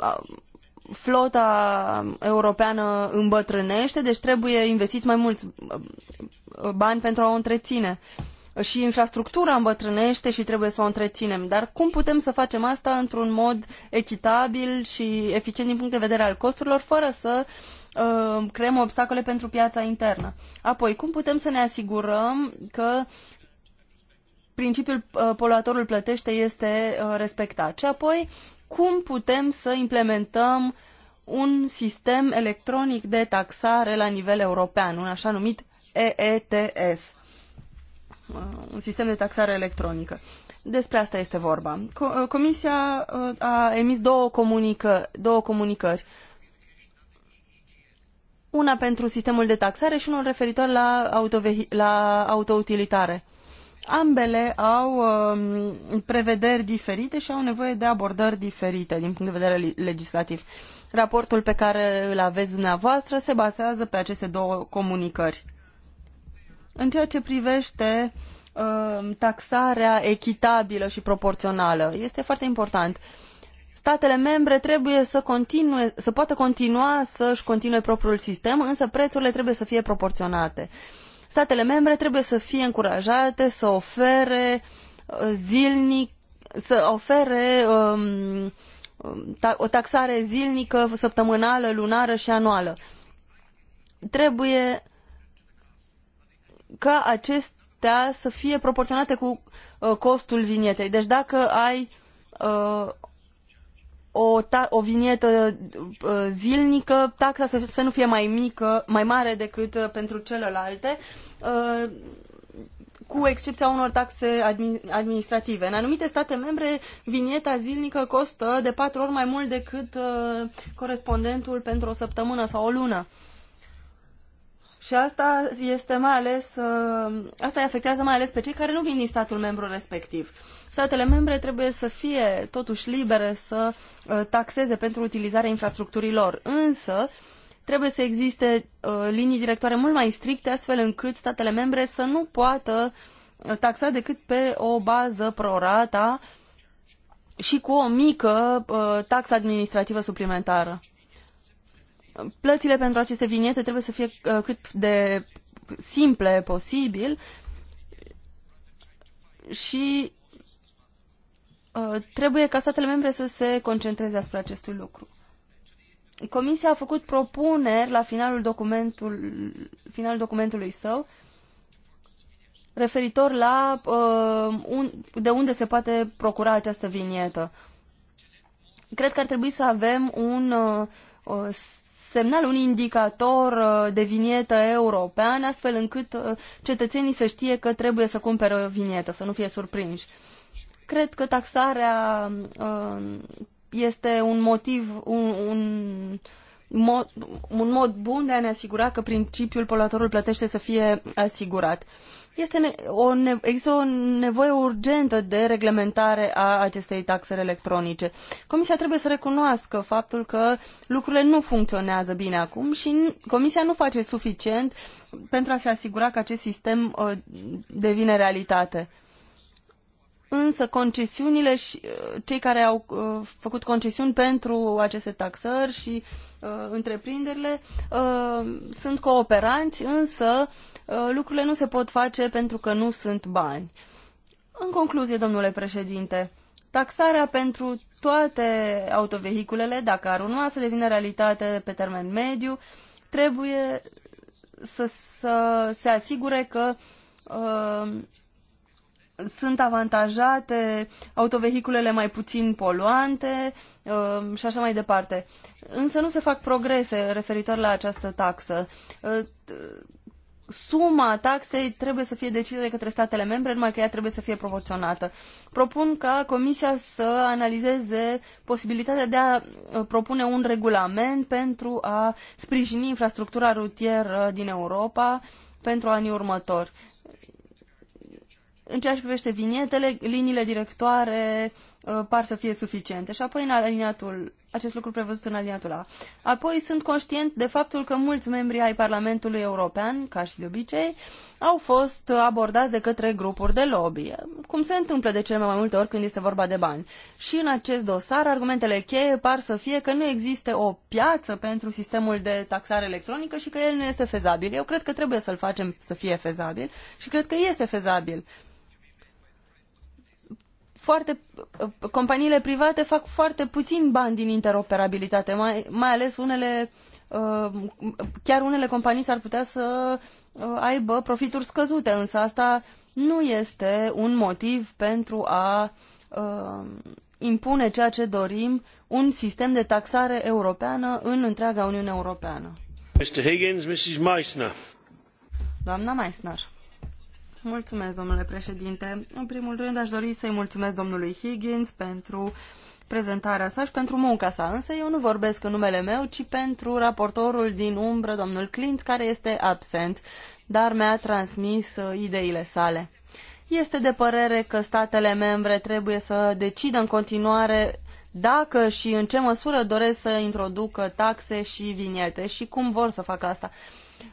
flota europeană îmbătrânește, deci trebuie investiți mai mulți uh, bani pentru a o întreține. Uh, și infrastructura îmbătrânește și trebuie să o întreținem. Dar cum putem să facem asta într-un mod echitabil și eficient din punct de vedere al costurilor, fără să uh, creăm obstacole pentru piața internă? Apoi, cum putem să ne asigurăm că principiul uh, poluatorul plătește este uh, respectat? Și apoi, cum putem să implementăm un sistem electronic de taxare la nivel european, un așa numit EETS? Uh, un sistem de taxare electronică. Despre asta este vorba. Uh, comisia uh, a emis două, comunică, două comunicări. Una pentru sistemul de taxare și unul referitor la, la autoutilitare. Ambele au um, prevederi diferite și au nevoie de abordări diferite din punct de vedere legislativ. Raportul pe care îl aveți dumneavoastră se bazează pe aceste două comunicări în ceea ce privește uh, taxarea echitabilă și proporțională, este foarte important. Statele membre trebuie să, continue, să poată continua să-și continue propriul sistem, însă prețurile trebuie să fie proporționate. Statele membre trebuie să fie încurajate să ofere uh, zilnic, să ofere um, um, ta o taxare zilnică, săptămânală, lunară și anuală. Trebuie ca acestea să fie proporționate cu uh, costul vinietei. Deci dacă ai uh, o, ta- o vinietă uh, zilnică, taxa să, să nu fie mai mică, mai mare decât pentru celelalte, cu excepția unor taxe administrative. În anumite state membre, vinieta zilnică costă de patru ori mai mult decât corespondentul pentru o săptămână sau o lună. Și asta este mai ales, uh, asta îi afectează mai ales pe cei care nu vin din statul membru respectiv. Statele membre trebuie să fie totuși libere să uh, taxeze pentru utilizarea infrastructurii lor, însă trebuie să existe uh, linii directoare mult mai stricte astfel încât statele membre să nu poată taxa decât pe o bază prorata și cu o mică taxă administrativă suplimentară plățile pentru aceste viniete trebuie să fie uh, cât de simple posibil și uh, trebuie ca statele membre să se concentreze asupra acestui lucru. Comisia a făcut propuneri la finalul, documentul, finalul documentului său referitor la uh, un, de unde se poate procura această vinietă. Cred că ar trebui să avem un uh, uh semnal, un indicator uh, de vinietă european, astfel încât uh, cetățenii să știe că trebuie să cumpere o vinietă, să nu fie surprinși. Cred că taxarea uh, este un motiv, un, un, mod, un mod bun de a ne asigura că principiul poluatorul plătește să fie asigurat. Este o există o nevoie urgentă de reglementare a acestei taxe electronice. Comisia trebuie să recunoască faptul că lucrurile nu funcționează bine acum și Comisia nu face suficient pentru a se asigura că acest sistem uh, devine realitate. Însă concesiunile și uh, cei care au uh, făcut concesiuni pentru aceste taxări și uh, întreprinderile uh, sunt cooperanți, însă Uh, lucrurile nu se pot face pentru că nu sunt bani. În concluzie, domnule președinte, taxarea pentru toate autovehiculele, dacă ar urma să devină realitate pe termen mediu, trebuie să, să se asigure că uh, sunt avantajate autovehiculele mai puțin poluante uh, și așa mai departe. Însă nu se fac progrese referitor la această taxă. Uh, suma taxei trebuie să fie decisă de către statele membre, numai că ea trebuie să fie proporționată. Propun ca Comisia să analizeze posibilitatea de a uh, propune un regulament pentru a sprijini infrastructura rutieră din Europa pentru anii următori. În ceea ce privește vinietele, liniile directoare Uh, par să fie suficiente. Și apoi în aliniatul, acest lucru prevăzut în aliniatul A. Apoi sunt conștient de faptul că mulți membri ai Parlamentului European, ca și de obicei, au fost abordați de către grupuri de lobby, cum se întâmplă de cele mai multe ori când este vorba de bani. Și în acest dosar, argumentele cheie par să fie că nu există o piață pentru sistemul de taxare electronică și că el nu este fezabil. Eu cred că trebuie să-l facem să fie fezabil și cred că este fezabil foarte, uh, companiile private fac foarte puțin bani din interoperabilitate, mai, mai ales unele, uh, chiar unele companii s-ar putea să uh, aibă profituri scăzute, însă asta nu este un motiv pentru a impune ceea ce dorim, un sistem de taxare europeană în întreaga Uniune Europeană. Mr. Higgins, Mrs. Meissner. Doamna Meissner. Mulțumesc, domnule președinte. În primul rând, aș dori să-i mulțumesc domnului Higgins pentru prezentarea sa și pentru munca sa, însă eu nu vorbesc în numele meu, ci pentru raportorul din umbră, domnul Clint, care este absent, dar mi-a transmis uh, ideile sale. Este de părere că statele membre trebuie să decidă în continuare dacă și în ce măsură doresc să introducă taxe și viniete și cum vor să facă asta.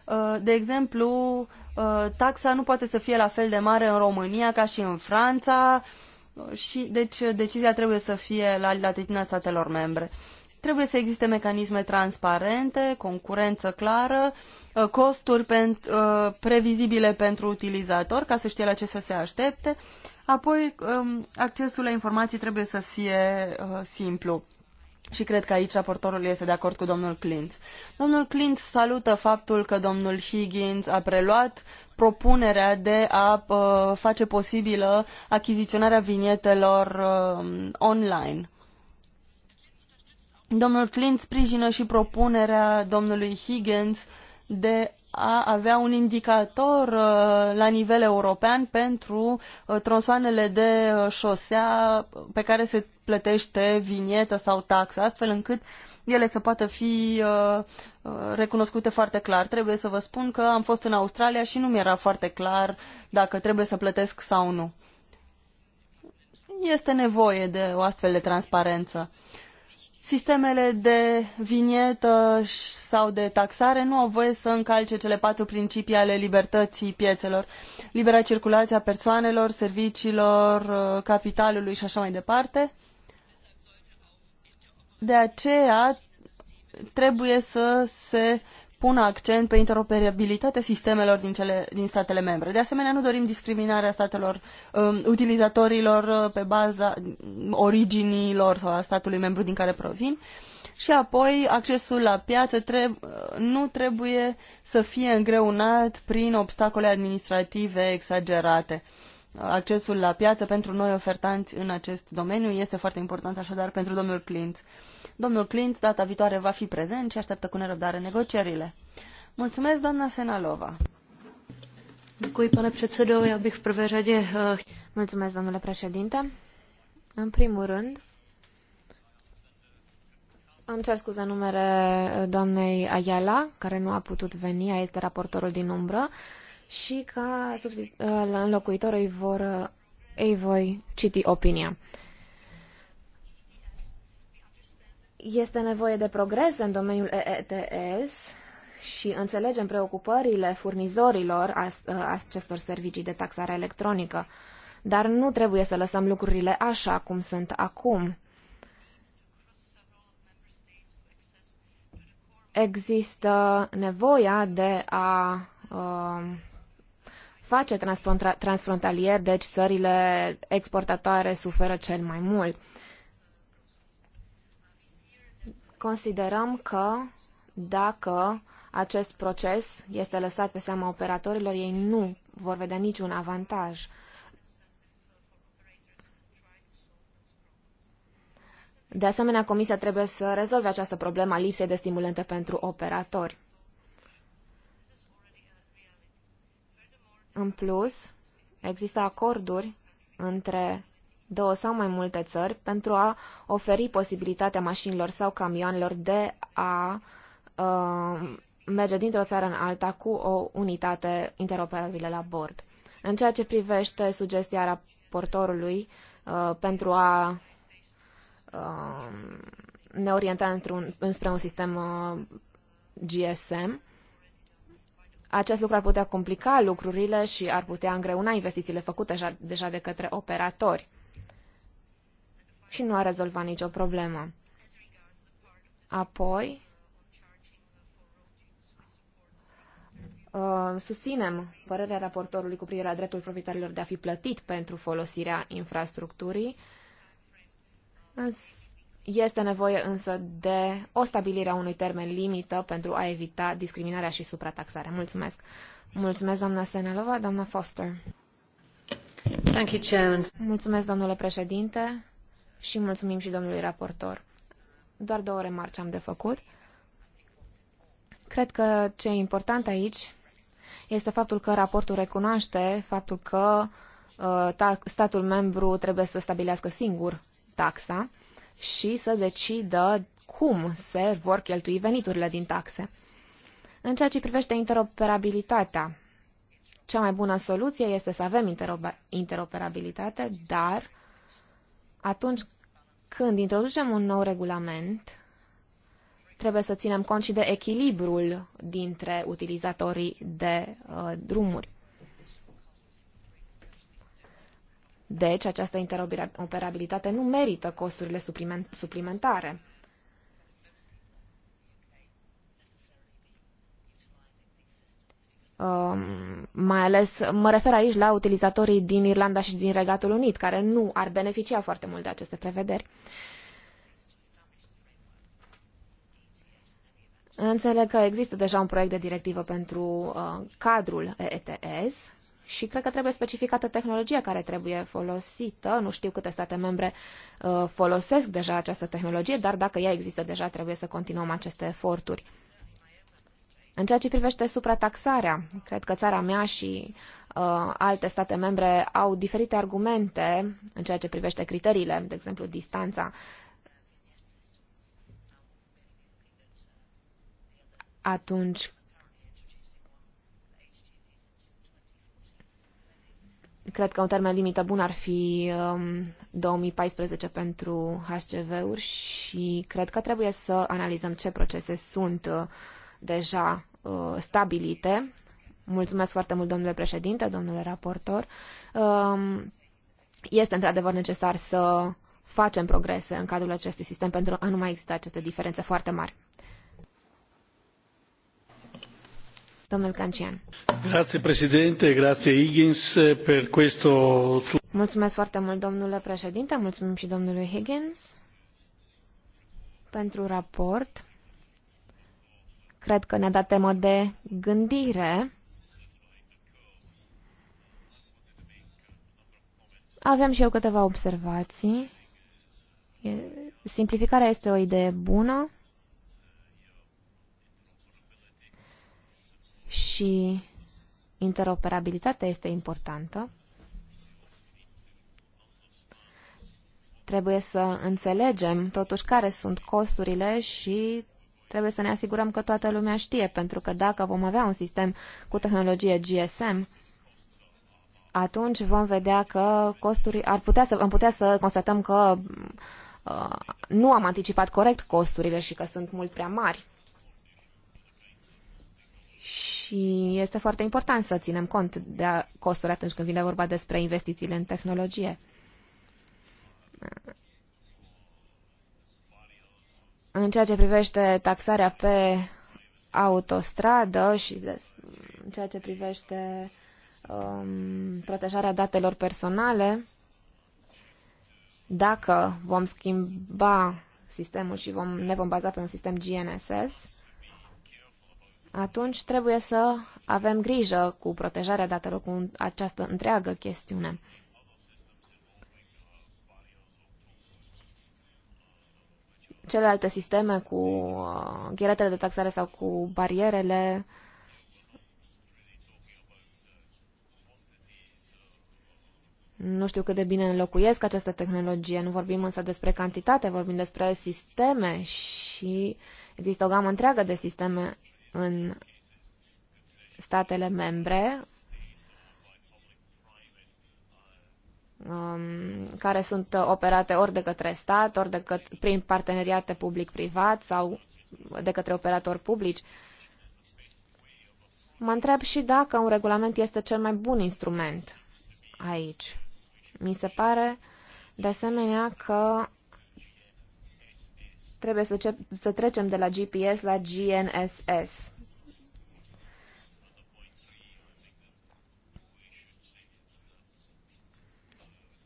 Uh, de exemplu, uh, taxa nu poate să fie la fel de mare în România ca și în Franța uh, și deci decizia trebuie să fie la latitudinea statelor membre. Trebuie să existe mecanisme transparente, concurență clară, costuri previzibile pentru utilizator ca să știe la ce să se aștepte. Apoi, um, accesul la informații trebuie să fie simplu. Și cred că aici raportorul este de acord cu domnul Clint. Domnul Clint salută faptul că domnul Higgins a preluat propunerea de a uh, face posibilă achiziționarea vinietelor uh, online. Domnul Clint sprijină și propunerea domnului Higgins de a avea un indicator uh, la nivel european pentru uh, tronsoanele de uh, șosea pe care se plătește vinietă sau taxă, astfel încât ele să poată fi recunoscute foarte clar. Trebuie să vă spun că am fost în Australia și nu mi-era foarte clar dacă trebuie să plătesc sau nu. Este nevoie de o astfel de transparență. Sistemele de vinietă sau de taxare nu au voie să încalce cele patru principii ale libertății piețelor. Libera circulație a persoanelor, serviciilor, uh, capitalului și așa mai departe. De aceea trebuie să se pună accent pe interoperabilitatea sistemelor din, cele, din statele membre. De asemenea, nu dorim discriminarea statelor um, utilizatorilor uh, pe baza originilor sau a statului membru din care provin. Și apoi, accesul la piață treb- uh, nu trebuie să fie îngreunat prin obstacole administrative exagerate. Uh, accesul la piață pentru noi ofertanți în acest domeniu este foarte important așadar pentru domnul Clint. Domnul Clint data viitoare va fi prezent și așteaptă cu nerăbdare negocierile. Mulțumesc, doamna Senalova. Dăcui, pane předsedo. Já bych v prvé eh, Mulțumesc, domnule președinte. În primul rând, îmi cer scuze numere doamnei Ayala, care nu a putut veni, a este raportorul din umbră. Uh, și ca uh, înlocuitor îi, vor, uh, îi voi citi opinia. Este nevoie de progres în domeniul EETS și înțelegem preocupările furnizorilor uh, acestor servicii de taxare electronică, dar nu trebuie să lăsăm lucrurile așa cum sunt acum. Există nevoia de a face transfrontalier, deci țările exportatoare suferă cel mai mult. Considerăm că dacă acest proces este lăsat pe seama operatorilor, ei nu vor vedea niciun avantaj. De asemenea, Comisia trebuie să rezolve această problemă a lipsei de stimulente pentru operatori. În plus, există acorduri între două sau mai multe țări pentru a oferi posibilitatea mașinilor sau camioanelor de a uh, merge dintr-o țară în alta cu o unitate interoperabilă la bord. În ceea ce privește sugestia raportorului uh, pentru a uh, ne orienta într-un, înspre un sistem uh, GSM, acest lucru ar putea complica lucrurile și ar putea îngreuna investițiile făcute deja de către operatori și nu a rezolva nicio problemă. Apoi, uh, susținem părerea raportorului cu privire la dreptul proprietarilor de a fi plătit pentru folosirea infrastructurii, însă este nevoie însă de o stabilire a unui termen limită pentru a evita discriminarea și suprataxarea. Mulțumesc! Mulțumesc, doamna Senelova, doamna Foster. Thank you, Chairman. Mulțumesc, domnule președinte, și mulțumim și domnului raportor. Doar două remarci am de făcut. Cred că ce e important aici este faptul că raportul recunoaște faptul că uh, statul membru trebuie să stabilească singur taxa și să decidă cum se vor cheltui veniturile din taxe. În ceea ce privește interoperabilitatea, cea mai bună soluție este să avem interoperabilitate, dar atunci când introducem un nou regulament, trebuie să ținem cont și de echilibrul dintre utilizatorii de uh, drumuri. Deci, această interoperabilitate nu merită costurile suplimentare. Uh, mai ales mă refer aici la utilizatorii din Irlanda și din Regatul Unit, care nu ar beneficia foarte mult de aceste prevederi. Înțeleg că există deja un proiect de directivă pentru uh, cadrul ETS și cred că trebuie specificată tehnologia care trebuie folosită. Nu știu câte state membre uh, folosesc deja această tehnologie, dar dacă ea există deja, trebuie să continuăm aceste eforturi. În ceea ce privește suprataxarea, cred că țara mea și uh, alte state membre au diferite argumente în ceea ce privește criteriile, de exemplu distanța. Atunci Cred că un termen limită bun ar fi 2014 um, pentru HCV-uri și cred că trebuie să analizăm ce procese sunt uh, deja uh, stabilite. Mulțumesc foarte mult, domnule președinte, domnule raportor. Um, este într-adevăr necesar să facem progrese în cadrul acestui sistem pentru a nu mai exista aceste diferențe foarte mari. Domnul Cancian. Grazie, președinte, grazie, Higgins, per questo... Mulțumesc foarte mult, domnule președinte, mulțumim și domnului Higgins pentru raport. Cred că ne-a dat temă de gândire. Aveam și eu câteva observații. Simplificarea este o idee bună. și interoperabilitatea este importantă. Trebuie să înțelegem totuși care sunt costurile și trebuie să ne asigurăm că toată lumea știe, pentru că dacă vom avea un sistem cu tehnologie GSM, atunci vom vedea că costuri ar putea să, am putea să constatăm că uh, nu am anticipat corect costurile și că sunt mult prea mari și este foarte important să ținem cont de costuri atunci când vine vorba despre investițiile în tehnologie. În ceea ce privește taxarea pe autostradă și în ceea ce privește um, protejarea datelor personale, dacă vom schimba sistemul și vom, ne vom baza pe un sistem GNSS, atunci trebuie să avem grijă cu protejarea datelor, cu această întreagă chestiune. Celelalte sisteme cu uh, ghiretele de taxare sau cu barierele Nu știu cât de bine înlocuiesc această tehnologie, nu vorbim însă despre cantitate, vorbim despre sisteme și există o gamă întreagă de sisteme în statele membre um, care sunt operate ori de către stat, ori de cât prin parteneriate public-privat sau de către operatori publici. Mă întreb și dacă un regulament este cel mai bun instrument aici. Mi se pare de asemenea că Trebuie să, ce- să trecem de la GPS la GNSS.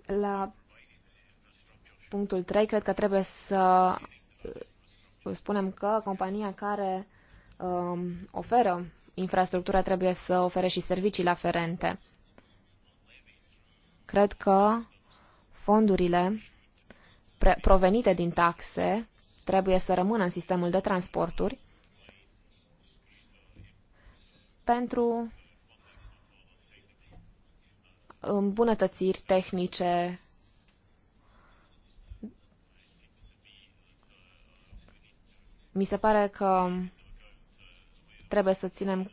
La punctul 3, cred că trebuie să uh, spunem că compania care um, oferă infrastructura trebuie să ofere și serviciile aferente. Cred că fondurile provenite din taxe trebuie să rămână în sistemul de transporturi pentru îmbunătățiri tehnice mi se pare că trebuie să ținem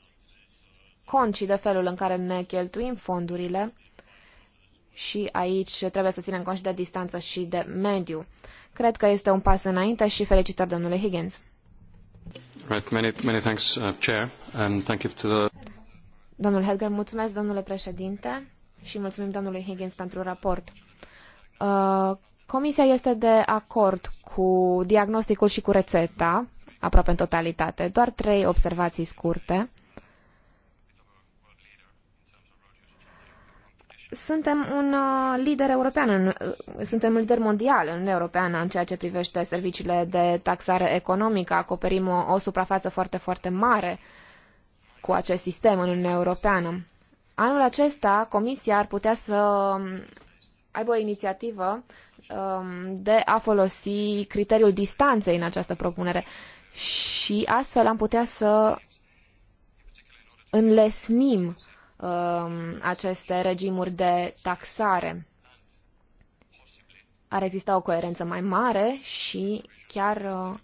cont și de felul în care ne cheltuim fondurile și aici trebuie să ținem cont și de distanță și de mediu. Cred că este un pas înainte și felicitări domnule Higgins. Right, many, many thanks, uh, Chair, and thank you to the... Domnul Helger, mulțumesc domnule președinte și mulțumim domnului Higgins pentru raport. Uh, comisia este de acord cu diagnosticul și cu rețeta, aproape în totalitate. Doar trei observații scurte. suntem un uh, lider european, în, uh, suntem un lider mondial în europeană în ceea ce privește serviciile de taxare economică. Acoperim o, o suprafață foarte, foarte mare cu acest sistem în Uniunea Europeană. Anul acesta, Comisia ar putea să um, aibă o inițiativă um, de a folosi criteriul distanței în această propunere și astfel am putea să înlesnim uh, Um, aceste regimuri de taxare. Ar exista o coerență mai mare și chiar uh,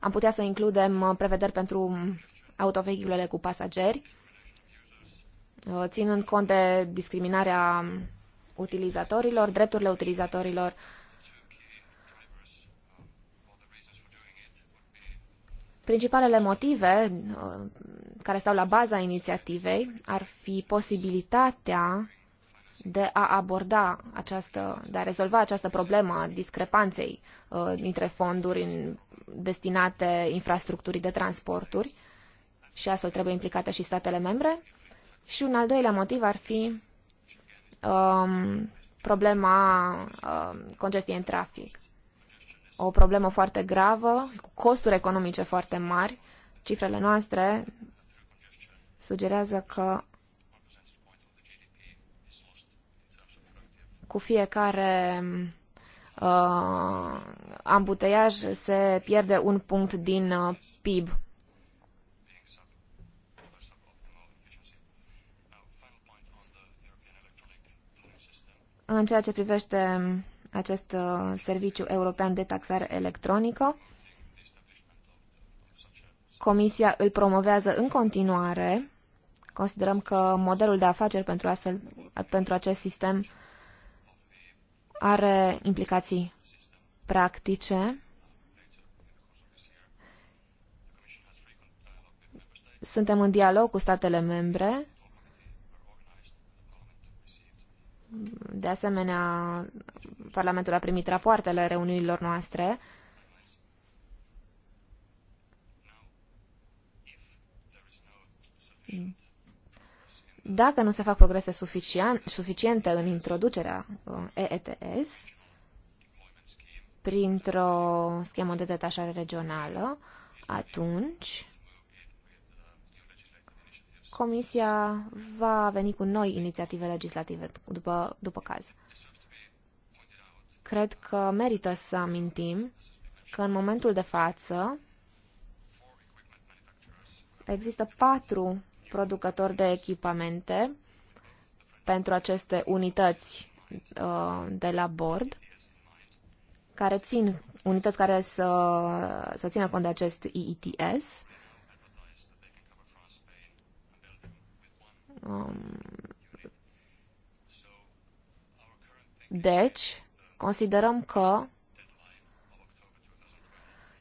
am putea să includem uh, prevederi pentru autovehiculele cu pasageri, uh, ținând cont de discriminarea utilizatorilor, drepturile utilizatorilor Principalele motive uh, care stau la baza inițiativei ar fi posibilitatea de a aborda această, de a rezolva această problemă a discrepanței uh, dintre fonduri destinate infrastructurii de transporturi și astfel trebuie implicate și statele membre. Și un al doilea motiv ar fi um, problema um, congestiei în trafic o problemă foarte gravă, cu costuri economice foarte mari. Cifrele noastre sugerează că cu fiecare uh, ambuteiaj se pierde un punct din uh, PIB. În ceea ce privește acest uh, serviciu european de taxare electronică. Comisia îl promovează în continuare. Considerăm că modelul de afaceri pentru, astfel, pentru acest sistem are implicații practice. Suntem în dialog cu statele membre De asemenea, Parlamentul a primit rapoartele reuniunilor noastre. Dacă nu se fac progrese suficiente în introducerea uh, EETS printr-o schemă de detașare regională, atunci Comisia va veni cu noi inițiative legislative după, după caz. Cred că merită să amintim că în momentul de față există patru producători de echipamente pentru aceste unități uh, de la bord care țin unități care să, să țină cont de acest IETS Um, deci, considerăm că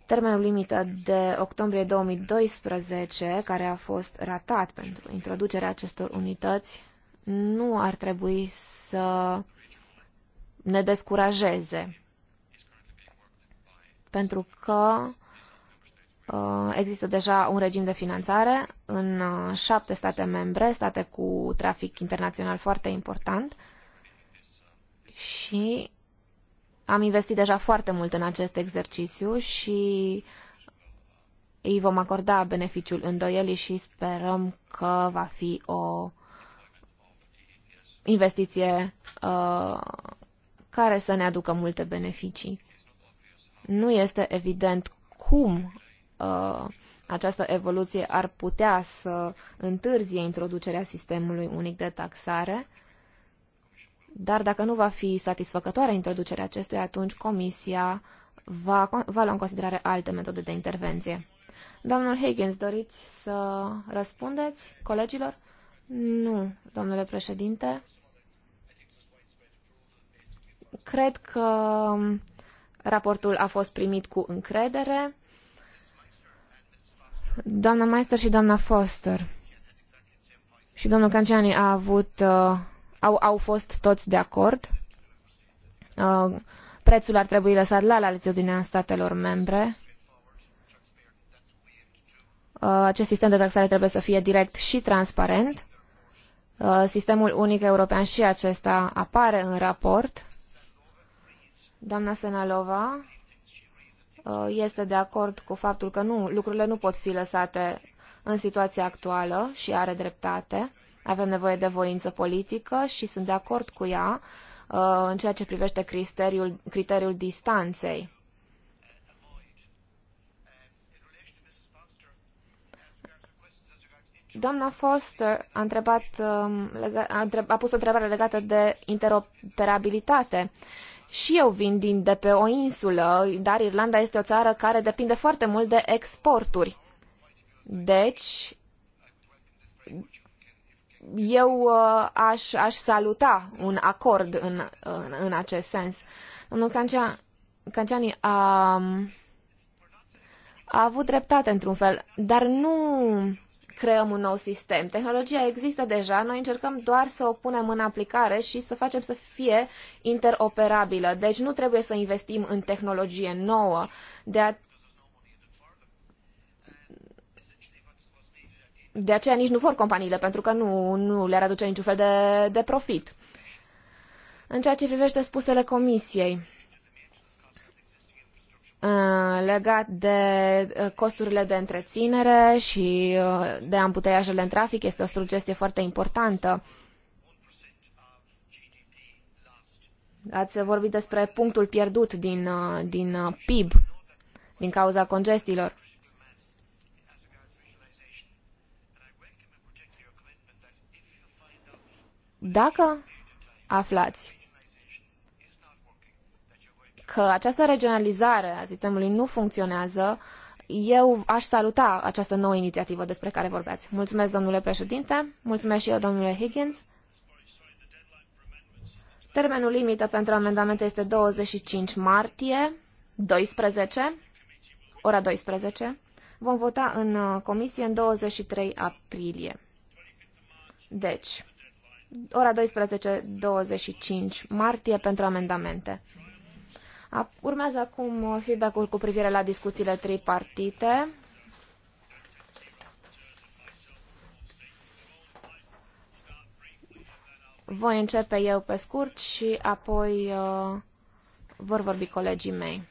termenul limită de octombrie 2012, care a fost ratat pentru introducerea acestor unități, nu ar trebui să ne descurajeze. Pentru că Uh, există deja un regim de finanțare în uh, șapte state membre, state cu trafic internațional foarte important și am investit deja foarte mult în acest exercițiu și îi vom acorda beneficiul îndoielii și sperăm că va fi o investiție uh, care să ne aducă multe beneficii. Nu este evident cum Uh, această evoluție ar putea să întârzie introducerea sistemului unic de taxare, dar dacă nu va fi satisfăcătoare introducerea acestuia, atunci Comisia va, va lua în considerare alte metode de intervenție. Domnul Higgins, doriți să răspundeți colegilor? Nu, domnule președinte. Cred că raportul a fost primit cu încredere Doamna Meister și doamna Foster și domnul Canciani a avut, uh, au, au fost toți de acord. Uh, prețul ar trebui lăsat la latitudinea statelor membre. Uh, acest sistem de taxare trebuie să fie direct și transparent. Uh, sistemul unic european și acesta apare în raport. Doamna Senalova Uh, este de acord cu faptul că nu, lucrurile nu pot fi lăsate în situația actuală și are dreptate. Avem nevoie de voință politică și sunt de acord cu ea uh, în ceea ce privește criteriul, criteriul distanței. Doamna Foster a, întrebat, um, a pus o întrebare legată de interoperabilitate. Și eu vin din, de pe o insulă, dar Irlanda este o țară care depinde foarte mult de exporturi. Deci, eu uh, aș, aș saluta un acord în, în, în acest sens. Domnul Cancea, Canceani a, um, a avut dreptate într-un fel, dar nu creăm un nou sistem. Tehnologia există deja, noi încercăm doar să o punem în aplicare și să facem să fie interoperabilă. Deci nu trebuie să investim în tehnologie nouă. De, a... de aceea nici nu vor companiile, pentru că nu, nu le-ar aduce niciun fel de, de profit. În ceea ce privește spusele comisiei, Uh, legat de uh, costurile de întreținere și uh, de amputeriajele în trafic este o sugestie foarte importantă. Ați vorbit despre punctul pierdut din, din PIB din cauza congestiilor. Dacă aflați că această regionalizare a sistemului nu funcționează, eu aș saluta această nouă inițiativă despre care vorbeați. Mulțumesc, domnule președinte, mulțumesc și eu, domnule Higgins. Termenul limită pentru amendamente este 25 martie, 12, ora 12. Vom vota în uh, comisie în 23 aprilie. Deci, ora 12, 25 martie pentru amendamente. Urmează acum feedback-ul cu privire la discuțiile tripartite. Voi începe eu pe scurt și apoi uh, vor vorbi colegii mei.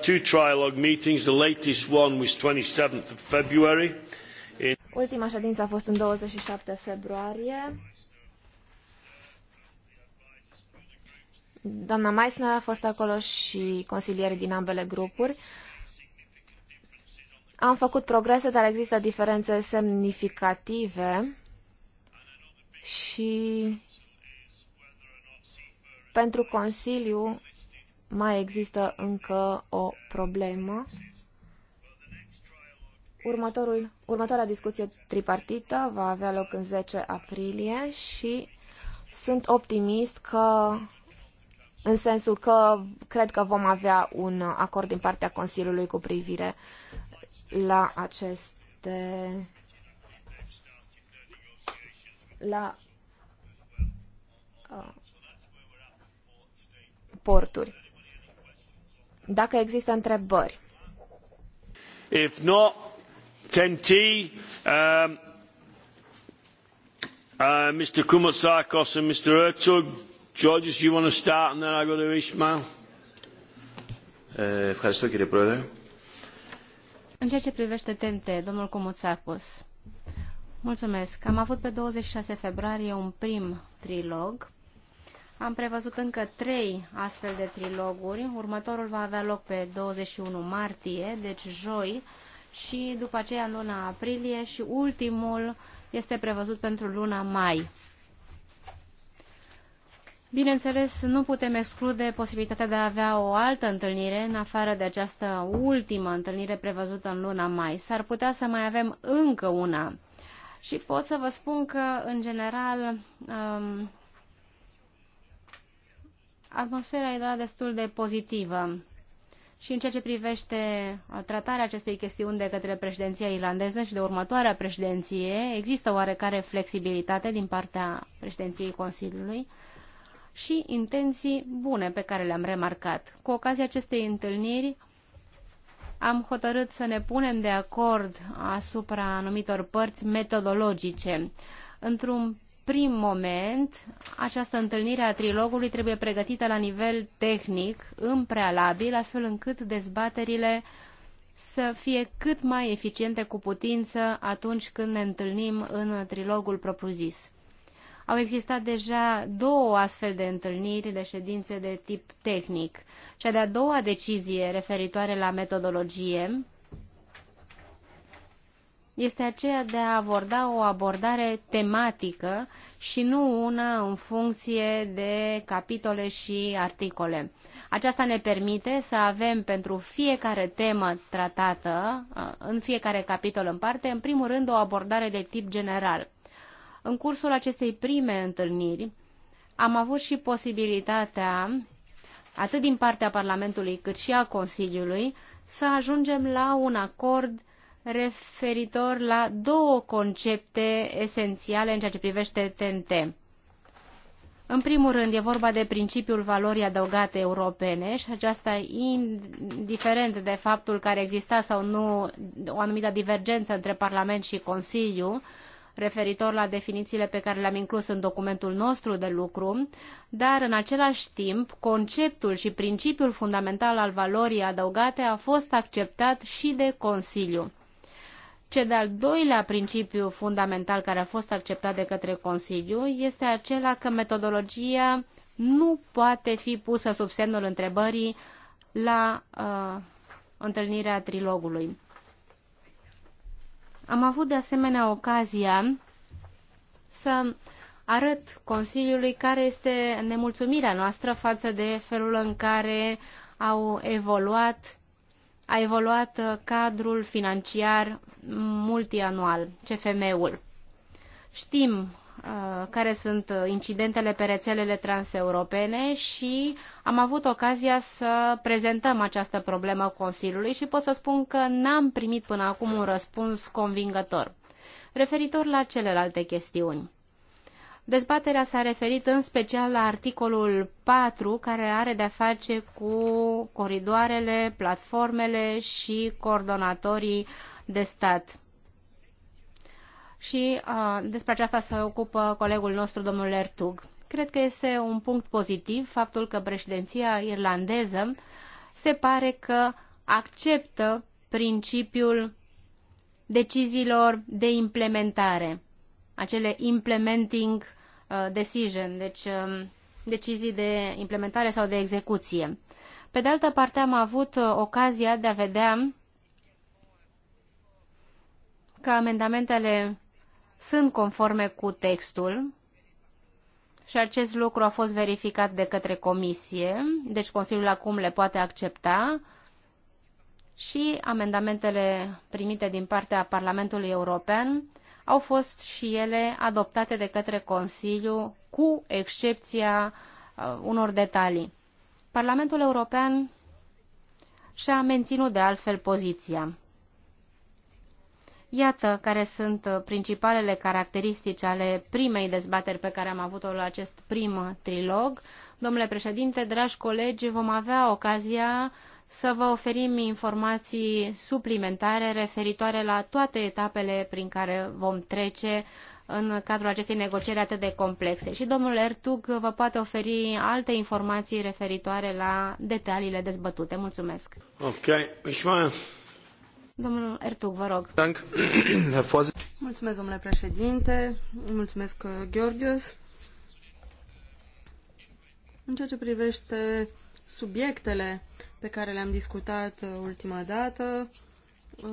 Two trilogue meetings, the latest one was 27th of February. In... Ultima ședință a fost în 27 februarie Doamna Meissner a fost acolo și consilieri din ambele grupuri. Am făcut progrese, dar există diferențe semnificative și pentru Consiliu mai există încă o problemă. Următorul, următoarea discuție tripartită va avea loc în 10 aprilie și sunt optimist că în sensul că cred că vom avea un acord din partea Consiliului cu privire la aceste la uh, porturi. Dacă există întrebări. If not, TNT, um, uh, Mr. Kumasakos and Mr. Ertug George, you want to start and then I go to Ismail. Eh, ευχαριστώ κύριε Πρόεδρε. În ceea ce privește TNT, domnul Comuțacos, mulțumesc. Am avut pe 26 februarie un prim trilog. Am prevăzut încă trei astfel de triloguri. Următorul va avea loc pe 21 martie, deci joi, și după aceea în luna aprilie și ultimul este prevăzut pentru luna mai. Bineînțeles, nu putem exclude posibilitatea de a avea o altă întâlnire în afară de această ultimă întâlnire prevăzută în luna mai. S-ar putea să mai avem încă una. Și pot să vă spun că, în general, um, atmosfera era destul de pozitivă. Și în ceea ce privește tratarea acestei chestiuni de către președinția irlandeză și de următoarea președinție, există oarecare flexibilitate din partea președinției Consiliului și intenții bune pe care le-am remarcat. Cu ocazia acestei întâlniri am hotărât să ne punem de acord asupra anumitor părți metodologice. Într-un prim moment, această întâlnire a trilogului trebuie pregătită la nivel tehnic, în prealabil, astfel încât dezbaterile să fie cât mai eficiente cu putință atunci când ne întâlnim în trilogul propriu-zis. Au existat deja două astfel de întâlniri de ședințe de tip tehnic. Cea de-a doua decizie referitoare la metodologie este aceea de a aborda o abordare tematică și nu una în funcție de capitole și articole. Aceasta ne permite să avem pentru fiecare temă tratată, în fiecare capitol în parte, în primul rând o abordare de tip general. În cursul acestei prime întâlniri am avut și posibilitatea, atât din partea Parlamentului cât și a Consiliului, să ajungem la un acord referitor la două concepte esențiale în ceea ce privește TNT. În primul rând, e vorba de principiul valorii adăugate europene și aceasta indiferent de faptul că ar exista sau nu o anumită divergență între Parlament și Consiliu, referitor la definițiile pe care le-am inclus în documentul nostru de lucru, dar în același timp conceptul și principiul fundamental al valorii adăugate a fost acceptat și de Consiliu. Cel de-al doilea principiu fundamental care a fost acceptat de către Consiliu este acela că metodologia nu poate fi pusă sub semnul întrebării la uh, întâlnirea trilogului. Am avut de asemenea ocazia să arăt Consiliului care este nemulțumirea noastră față de felul în care au evoluat, a evoluat uh, cadrul financiar multianual, CFM-ul. Știm Uh, care sunt incidentele pe rețelele transeuropene și am avut ocazia să prezentăm această problemă Consiliului și pot să spun că n-am primit până acum un răspuns convingător. Referitor la celelalte chestiuni. Dezbaterea s-a referit în special la articolul 4, care are de-a face cu coridoarele, platformele și coordonatorii de stat și uh, despre aceasta se ocupă colegul nostru, domnul Ertug. Cred că este un punct pozitiv faptul că președinția irlandeză se pare că acceptă principiul deciziilor de implementare, acele implementing uh, decision, deci uh, decizii de implementare sau de execuție. Pe de altă parte, am avut ocazia de a vedea că amendamentele sunt conforme cu textul și acest lucru a fost verificat de către comisie, deci Consiliul acum le poate accepta și amendamentele primite din partea Parlamentului European au fost și ele adoptate de către Consiliu, cu excepția uh, unor detalii. Parlamentul European și-a menținut de altfel poziția. Iată care sunt uh, principalele caracteristici ale primei dezbateri pe care am avut-o la acest prim uh, trilog. Domnule președinte, dragi colegi, vom avea ocazia să vă oferim informații suplimentare referitoare la toate etapele prin care vom trece în cadrul acestei negocieri atât de complexe. Și domnul Ertug vă poate oferi alte informații referitoare la detaliile dezbătute. Mulțumesc. Ok. Păi Mulțumesc, domnule președinte. Mulțumesc, uh, În ceea ce privește subiectele pe care le-am discutat uh, ultima dată, uh,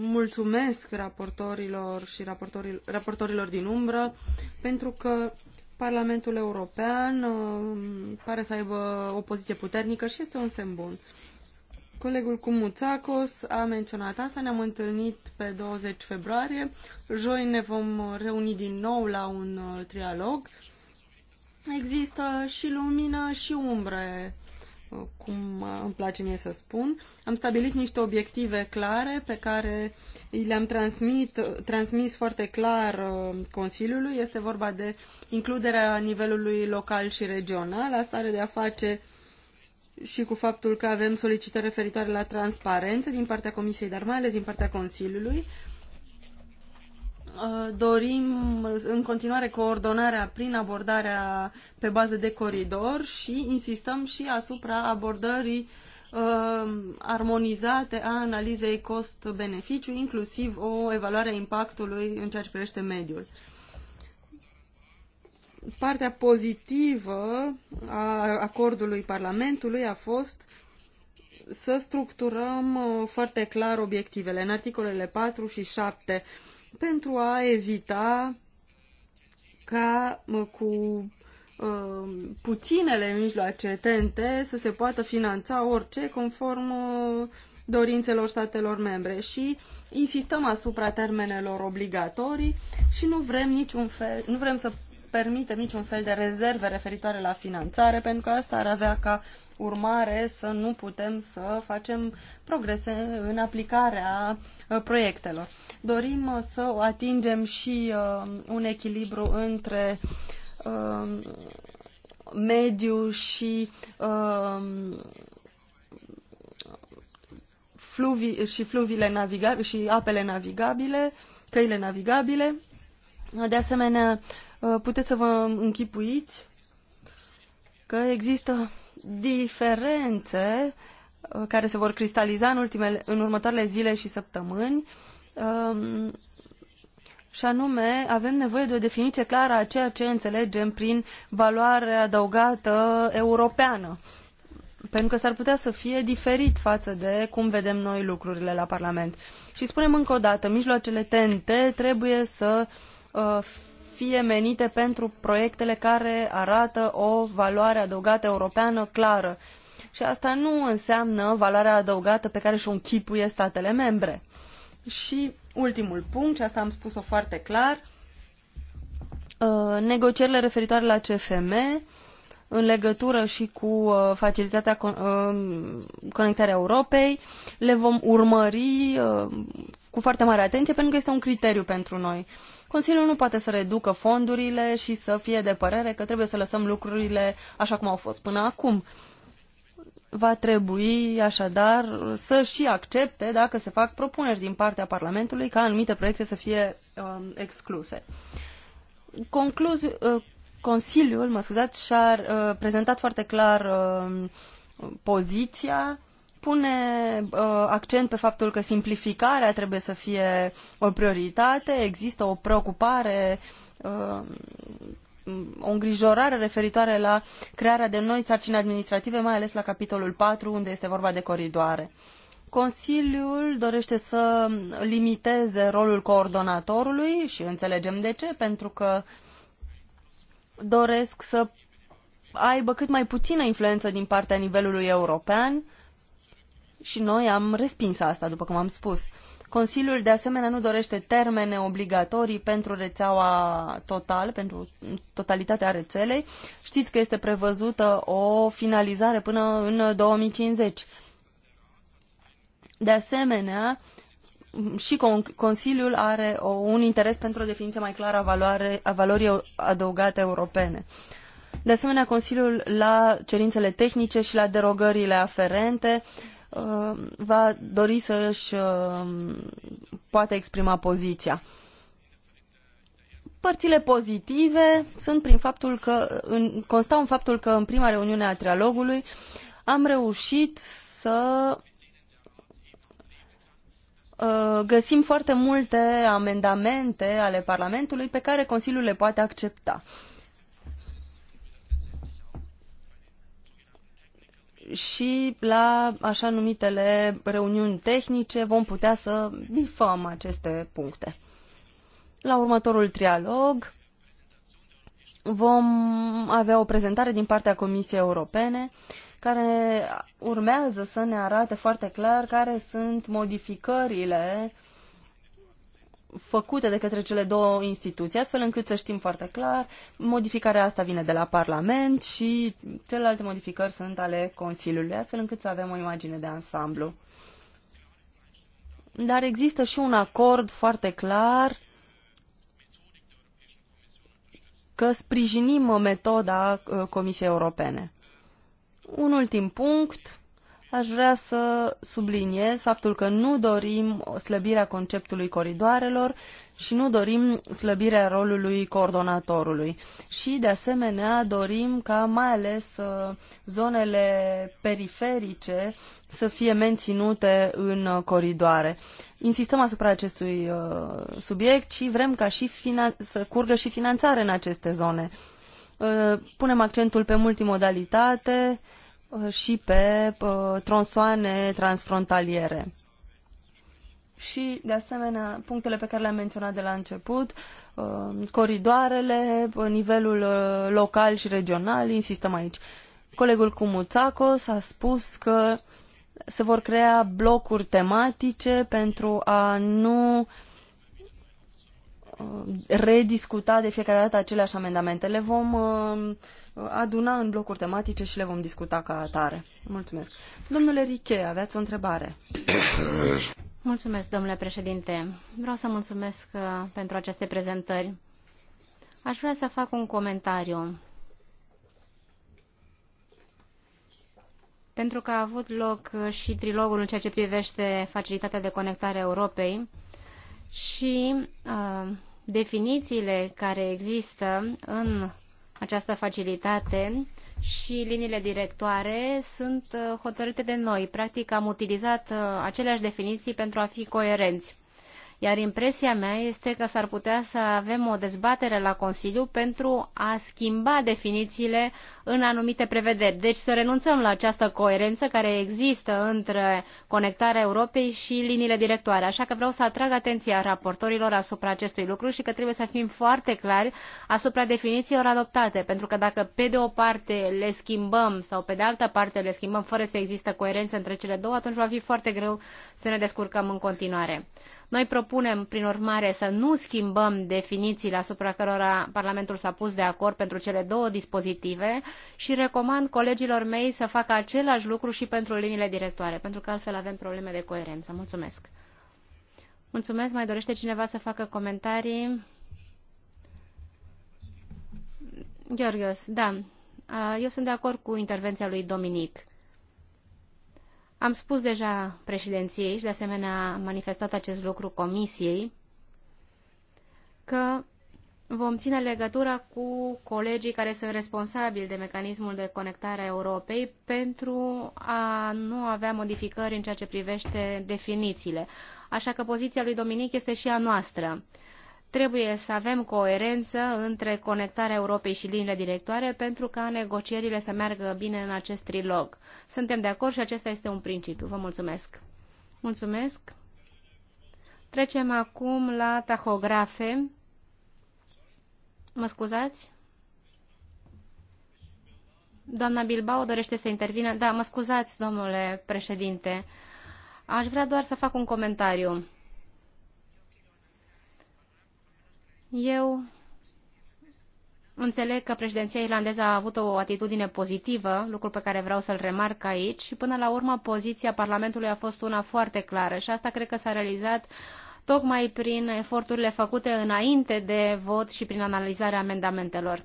mulțumesc raportorilor și raportorilor, raportorilor din umbră pentru că Parlamentul European pare să aibă o poziție puternică și este un semn bun. Colegul Cumuțacos a menționat asta, ne-am întâlnit pe 20 februarie, joi ne vom reuni din nou la un uh, trialog. Există și lumină și umbre, uh, cum uh, îmi place mie să spun. Am stabilit niște obiective clare pe care le-am transmis foarte clar Consiliului. Este vorba de includerea nivelului local și regional. Asta are de a face uh, și cu faptul că avem solicitări referitoare la transparență din partea Comisiei, dar mai ales din partea Consiliului. Uh, dorim uh, în continuare coordonarea prin abordarea pe bază de coridor și insistăm și asupra abordării uh, armonizate a analizei cost-beneficiu, inclusiv o evaluare a impactului în ceea ce privește mediul partea pozitivă a acordului Parlamentului a fost să structurăm uh, foarte clar obiectivele în articolele 4 și 7 pentru a evita ca uh, cu uh, puținele mijloace tente să se poată finanța orice conform dorințelor statelor membre și insistăm asupra termenelor obligatorii și nu vrem niciun fel, nu vrem să permite niciun fel de rezerve referitoare la finanțare, pentru că asta ar avea ca urmare să nu putem să facem progrese în aplicarea uh, proiectelor. Dorim uh, să atingem și uh, un echilibru între mediu și fluvi, și fluviile navigabile și apele navigabile, căile navigabile. De asemenea, Uh, puteți să vă închipuiți că există diferențe uh, care se vor cristaliza în, ultimele, în următoarele zile și săptămâni um, și anume avem nevoie de o definiție clară a ceea ce înțelegem prin valoare adăugată europeană. Pentru că s-ar putea să fie diferit față de cum vedem noi lucrurile la Parlament. Și spunem încă o dată, mijloacele TNT trebuie să uh, fie menite pentru proiectele care arată o valoare adăugată europeană clară. Și asta nu înseamnă valoarea adăugată pe care și-o închipuie statele membre. Și ultimul punct, și asta am spus-o foarte clar, uh, negocierile referitoare la CFM în legătură și cu uh, facilitatea uh, conectarea Europei le vom urmări cu foarte mare atenție pentru că este un criteriu pentru noi. Consiliul nu poate să reducă fondurile și să fie de părere că trebuie să lăsăm lucrurile așa cum au fost până acum. Va trebui așadar să și accepte dacă se fac propuneri din partea Parlamentului ca anumite proiecte să fie uh, excluse. Concluz, uh, Consiliul, mă scuzați, și-a uh, prezentat foarte clar uh, poziția pune uh, accent pe faptul că simplificarea trebuie să fie o prioritate, există o preocupare, uh, o îngrijorare referitoare la crearea de noi sarcini administrative, mai ales la capitolul 4, unde este vorba de coridoare. Consiliul dorește să limiteze rolul coordonatorului și înțelegem de ce, pentru că doresc să aibă cât mai puțină influență din partea nivelului european și noi am respins asta, după cum am spus. Consiliul, de asemenea, nu dorește termene obligatorii pentru rețeaua total, pentru totalitatea rețelei. Știți că este prevăzută o finalizare până în 2050. De asemenea, și Consiliul are un interes pentru o definiție mai clară a, valoare, a valorii adăugate europene. De asemenea, Consiliul la cerințele tehnice și la derogările aferente uh, Uh, va dori să își uh, poată exprima poziția. Părțile pozitive sunt prin faptul că, în, constau în faptul că în prima reuniune a trialogului am reușit să uh, găsim foarte multe amendamente ale Parlamentului pe care Consiliul le poate accepta. Uh, și la așa numitele reuniuni tehnice vom putea să bifăm aceste puncte. La următorul trialog vom avea o prezentare din partea Comisiei Europene care urmează să ne arate foarte clar care sunt modificările făcute de către cele două instituții, astfel încât să știm foarte clar, modificarea asta vine de la Parlament și celelalte modificări sunt ale Consiliului, astfel încât să avem o imagine de ansamblu. Dar există și un acord foarte clar că sprijinim metoda uh, Comisiei Europene. Un ultim punct, aș vrea să subliniez faptul că nu dorim slăbirea conceptului coridoarelor și nu dorim slăbirea rolului coordonatorului. Și, de asemenea, dorim ca mai ales uh, zonele periferice să fie menținute în uh, coridoare. Insistăm asupra acestui uh, subiect și vrem ca și să curgă și finanțare în aceste zone. Punem accentul pe multimodalitate, și pe uh, tronsoane transfrontaliere. Și, de asemenea, punctele pe care le-am menționat de la început, uh, coridoarele, uh, nivelul local și regional, insistăm aici. Colegul s a spus că se vor crea blocuri tematice pentru a nu uh, Uh, rediscuta de fiecare dată aceleași amendamente. Le vom uh, aduna în blocuri tematice și le vom discuta ca atare. Mulțumesc. Domnule Riche, aveați o întrebare. Mulțumesc, domnule președinte. Vreau să mulțumesc uh, pentru aceste prezentări. Aș vrea să fac un comentariu. Pentru că a avut loc și trilogul în ceea ce privește facilitatea de conectare a Europei, și uh, definițiile care există în această facilitate și liniile directoare sunt uh, hotărâte de noi. Practic am utilizat uh, aceleași definiții pentru a fi coerenți. Iar impresia mea este că s-ar putea să avem o dezbatere la Consiliu pentru a schimba definițiile în anumite prevederi. Deci să renunțăm la această coerență care există între conectarea Europei și liniile directoare. Așa că vreau să atrag atenția raportorilor asupra acestui lucru și că trebuie să fim foarte clari asupra definițiilor adoptate, pentru că dacă pe de o parte le schimbăm sau pe de altă parte le schimbăm fără să există coerență între cele două, atunci va fi foarte greu să ne descurcăm în continuare. Noi propunem, prin urmare, să nu schimbăm definițiile asupra cărora Parlamentul s-a pus de acord pentru cele două dispozitive, și recomand colegilor mei să facă același lucru și pentru liniile directoare, pentru că altfel avem probleme de coerență. Mulțumesc! Mulțumesc! Mai dorește cineva să facă comentarii? Gheorghios, da, eu sunt de acord cu intervenția lui Dominic. Am spus deja președinției și de asemenea am manifestat acest lucru comisiei că Vom ține legătura cu colegii care sunt responsabili de mecanismul de conectare a Europei pentru a nu avea modificări în ceea ce privește definițiile. Așa că poziția lui Dominic este și a noastră. Trebuie să avem coerență între conectarea Europei și liniile directoare pentru ca negocierile să meargă bine în acest trilog. Suntem de acord și acesta este un principiu. Vă mulțumesc. Mulțumesc. Trecem acum la tahografe. Mă scuzați? Doamna Bilbao dorește să intervină. Da, mă scuzați, domnule președinte. Aș vrea doar să fac un comentariu. Eu înțeleg că președinția irlandeză a avut o atitudine pozitivă, lucru pe care vreau să-l remarc aici, și până la urmă poziția Parlamentului a fost una foarte clară și asta cred că s-a realizat uh, tocmai prin eforturile făcute înainte de vot și prin analizarea amendamentelor.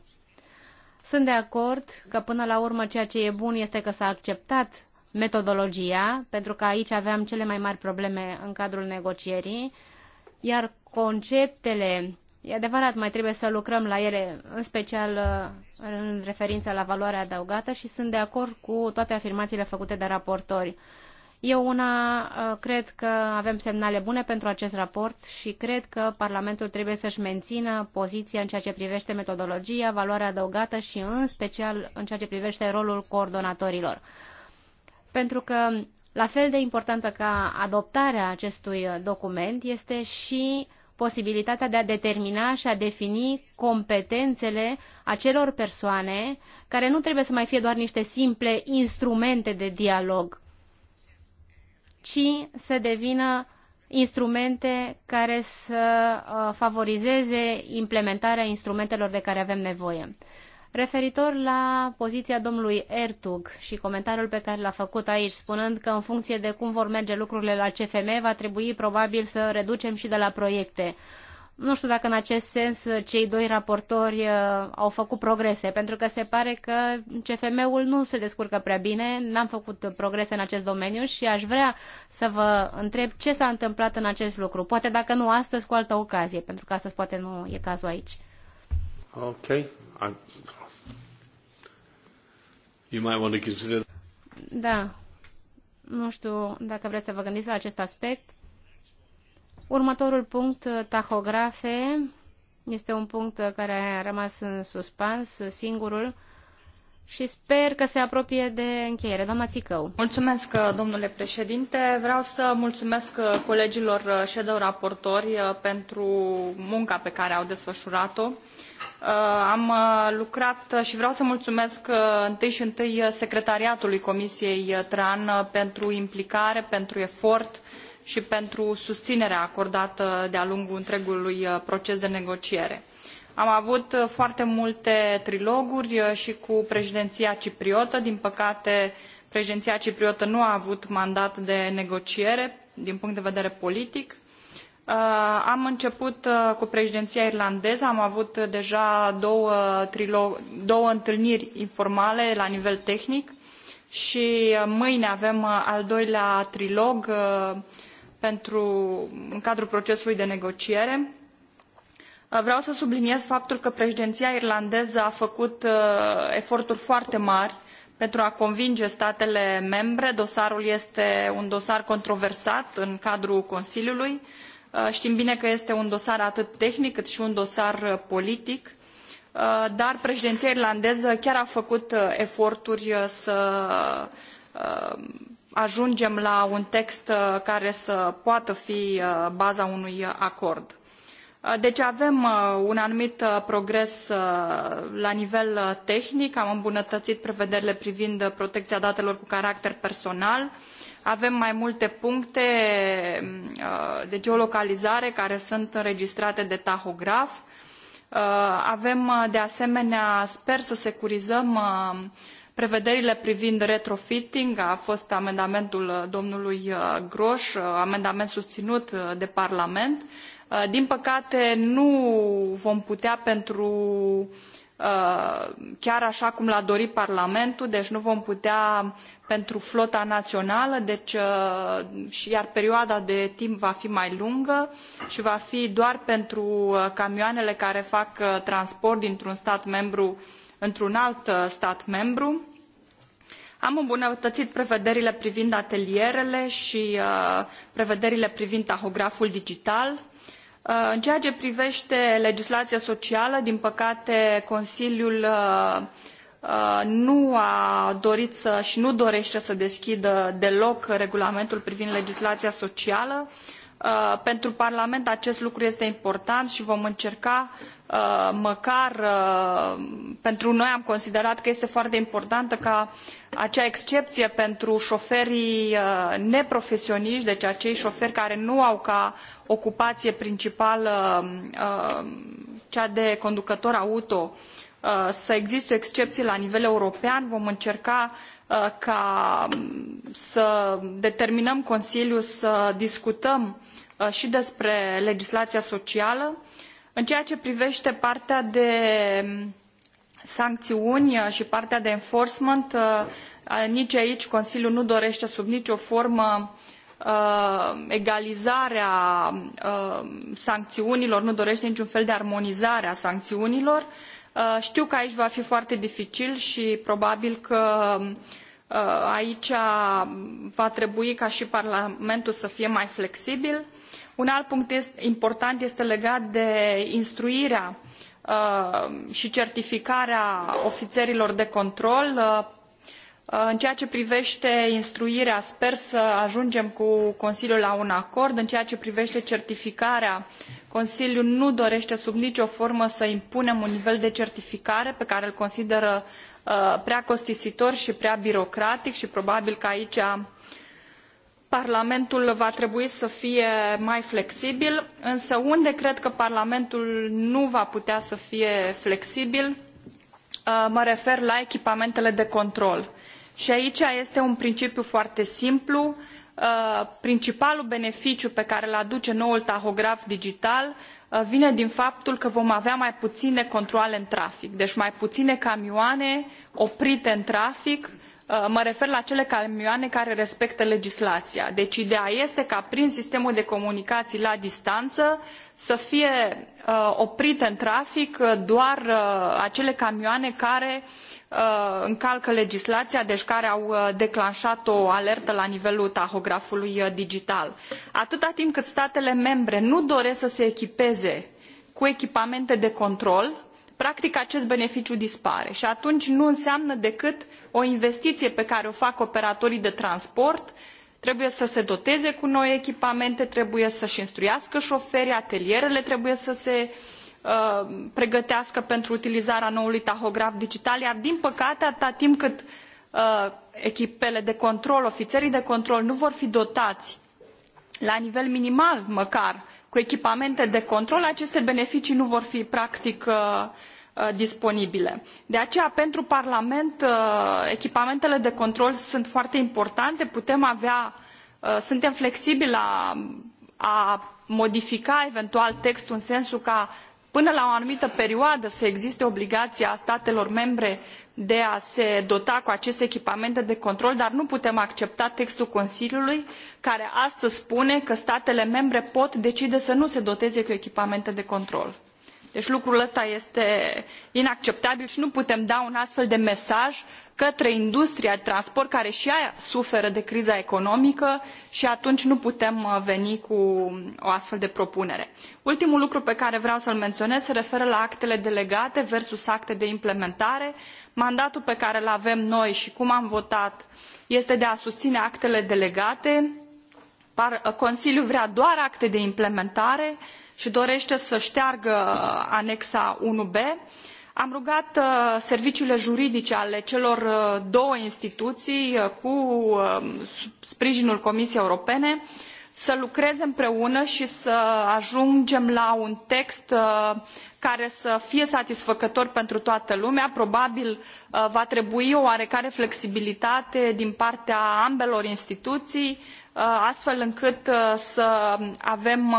Sunt de acord că până la urmă ceea ce e bun este că s-a acceptat metodologia, pentru că aici aveam cele mai mari probleme în cadrul negocierii, iar conceptele, e adevărat, mai trebuie să lucrăm la ele, în special în referință la valoarea adăugată și sunt de acord cu toate afirmațiile făcute de raportori. Eu una uh, cred că avem semnale bune pentru acest raport și cred că Parlamentul trebuie să-și mențină poziția în ceea ce privește metodologia, valoarea adăugată și în special în ceea ce privește rolul coordonatorilor. Pentru că la fel de importantă ca adoptarea acestui document este și posibilitatea de a determina și a defini competențele acelor persoane care nu trebuie să mai fie doar niște simple instrumente de dialog, ci să devină instrumente care să uh, favorizeze implementarea instrumentelor de care avem nevoie. Referitor la poziția domnului Ertug și comentariul pe care l-a făcut aici, spunând că în funcție de cum vor merge lucrurile la CFM, va trebui probabil să reducem și de la proiecte. Uh, nu știu dacă în acest sens uh, cei doi raportori uh, au făcut progrese, pentru că se pare că CFM-ul nu se descurcă prea bine, n-am făcut uh, progrese în acest domeniu și aș vrea să vă întreb ce s-a întâmplat în acest lucru. Poate dacă nu astăzi, cu altă ocazie, pentru că astăzi poate nu e cazul aici. Ok. I'm... You might want to consider... Da. Nu știu dacă vreți să vă gândiți la acest aspect, Următorul punct, uh, tahografe, este un punct uh, care a rămas în suspans, uh, singurul, și sper că se apropie de încheiere. Doamna Țicău. Mulțumesc, domnule președinte. Vreau să mulțumesc colegilor shadow raportori pentru munca pe care au desfășurat-o. Am lucrat și vreau să mulțumesc întâi și întâi secretariatului Comisiei TRAN pentru implicare, pentru efort, și pentru susținerea acordată de-a lungul întregului uh, proces de negociere. Am avut uh, foarte multe triloguri uh, și cu președinția cipriotă. Din păcate, președinția cipriotă nu a avut mandat de negociere din punct de vedere politic. Am început cu președinția irlandeză, am avut deja două, trilog, două întâlniri informale la nivel tehnic și mâine avem al doilea trilog pentru, în cadrul procesului de negociere. Uh, vreau să subliniez faptul că președinția irlandeză a făcut uh, eforturi foarte mari pentru a convinge statele membre. Dosarul este un dosar controversat în cadrul Consiliului. Uh, știm bine că este un dosar atât tehnic cât și un dosar politic, dar președinția irlandeză chiar a făcut eforturi să ajungem la un text uh, care să poată fi uh, baza unui acord. Uh, deci avem un anumit progres la nivel tehnic, am îmbunătățit prevederile privind protecția datelor cu caracter personal, avem mai multe puncte mm, de geolocalizare care sunt înregistrate de tahograf, avem de asemenea, sper să securizăm prevederile privind retrofitting a fost amendamentul uh, domnului uh, grosch uh, amendament susinut de parlament din păcate nu vom putea pentru chiar așa cum l a dorit parlamentul deci nu vom putea pentru flota națională deci, iar perioada de timp va fi mai lungă și va fi doar pentru camioanele care fac transport dintr un stat membru într un alt stat membru am îmbunătăit prevederile privind atelierele și uh, prevederile privind tahograful digital. Uh, în ceea ce privește legislația socială, din păcate, Consiliul uh, nu a dorit i și nu dorește să deschidă deloc regulamentul privind legislația socială. Uh, pentru Parlament acest lucru este important și vom încerca uh, măcar uh, pentru noi am considerat că este foarte importantă ca acea excepție pentru oferii neprofesioniști, deci acei șoferi care nu au ca ocupaie principală cea de conducător auto, să existe o excepție la nivel european. Vom încerca ca să determinăm Consiliul să discutăm Uh, și despre legislația socială. În ceea ce privește partea de um, sancțiuni uh, și partea de enforcement, uh, nici aici Consiliul nu dorește sub nicio formă egalizarea sancțiunilor, nu dorește niciun fel de armonizare a sancțiunilor. Știu că aici va fi foarte dificil și probabil că um, aici va trebui ca și Parlamentul să fie mai flexibil. Un alt punct important este legat de instruirea i uh, și certificarea ofițerilor de control. Uh, uh, în ceea ce privește instruirea, sper să ajungem cu Consiliul la un acord. În ceea ce privește certificarea, Consiliul nu dorește sub nicio formă să impunem un nivel de certificare pe care îl consideră prea costisitor și prea birocratic și probabil că aici Parlamentul va trebui să fie mai flexibil, însă unde cred că Parlamentul nu va putea să fie flexibil, uh, mă refer la echipamentele de control. Și aici este un principiu foarte simplu. Uh, principalul beneficiu pe care îl aduce noul tahograf digital uh, vine din faptul că vom avea mai puține controale în trafic, deci mai puține camioane oprite în trafic, Uh, mă refer la cele camioane care respectă legislaia deci ideea este ca prin sistemul de comunicaii la distană să fie uh, oprite în trafic uh, doar acele camioane care încalcă legislaia deci care au declanat o alertă la nivelul tahografului digital. atâta timp cât statele membre nu doresc să se echipeze cu echipamente de control practic acest beneficiu dispare i atunci nu înseamnă decât o investiie pe care o fac operatorii de transport trebuie să se doteze cu noi echipamente trebuie să i instruiască oferii atelierele trebuie să se uh, pregătească pentru utilizarea noului tahograf digital iar din păcate atâta timp cât uh, echipele de control ofițerii de control nu vor fi dotați la nivel minimal măcar cu echipamente de control aceste beneficii nu vor fi practic uh, Uh, disponibile. de aceea pentru parlament uh, echipamentele de control sunt foarte importante putem avea uh, suntem flexibili la a modifica eventual textul în sensul ca până la o anumită perioadă să existe obligaia statelor membre de a se dota cu aceste echipamente de control dar nu putem accepta textul consiliului care astăzi spune că statele membre pot decide să nu se doteze cu echipamente de control deci lucrul acesta este inacceptabil i nu putem da un astfel de mesaj către industria de transport care i ea suferă de criza economică i atunci nu putem uh, veni cu o astfel de propunere. ultimul lucru pe care vreau să l menionez se referă la actele delegate versus acte de implementare. mandatul pe care îl avem noi i cum am votat este de a susine actele delegate consiliul vrea doar acte de implementare i și dorește să teargă uh, anexa 1B. Am rugat uh, serviciile juridice ale celor uh, două instituții cu sprijinul Comisiei Europene să lucreze împreună și să ajungem la un text care să fie satisfăcător pentru toată lumea. Probabil va trebui o oarecare flexibilitate din partea ambelor instituții, astfel încât să avem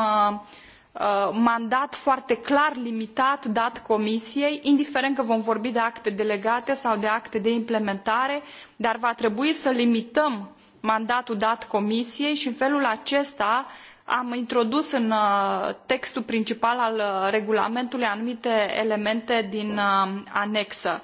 Uh, mandat foarte clar limitat dat comisiei indiferent că vom vorbi de acte delegate sau de acte de implementare dar va trebui să limităm mandatul dat comisiei i în felul acesta am introdus în uh, textul principal al uh, regulamentului anumite elemente din anexă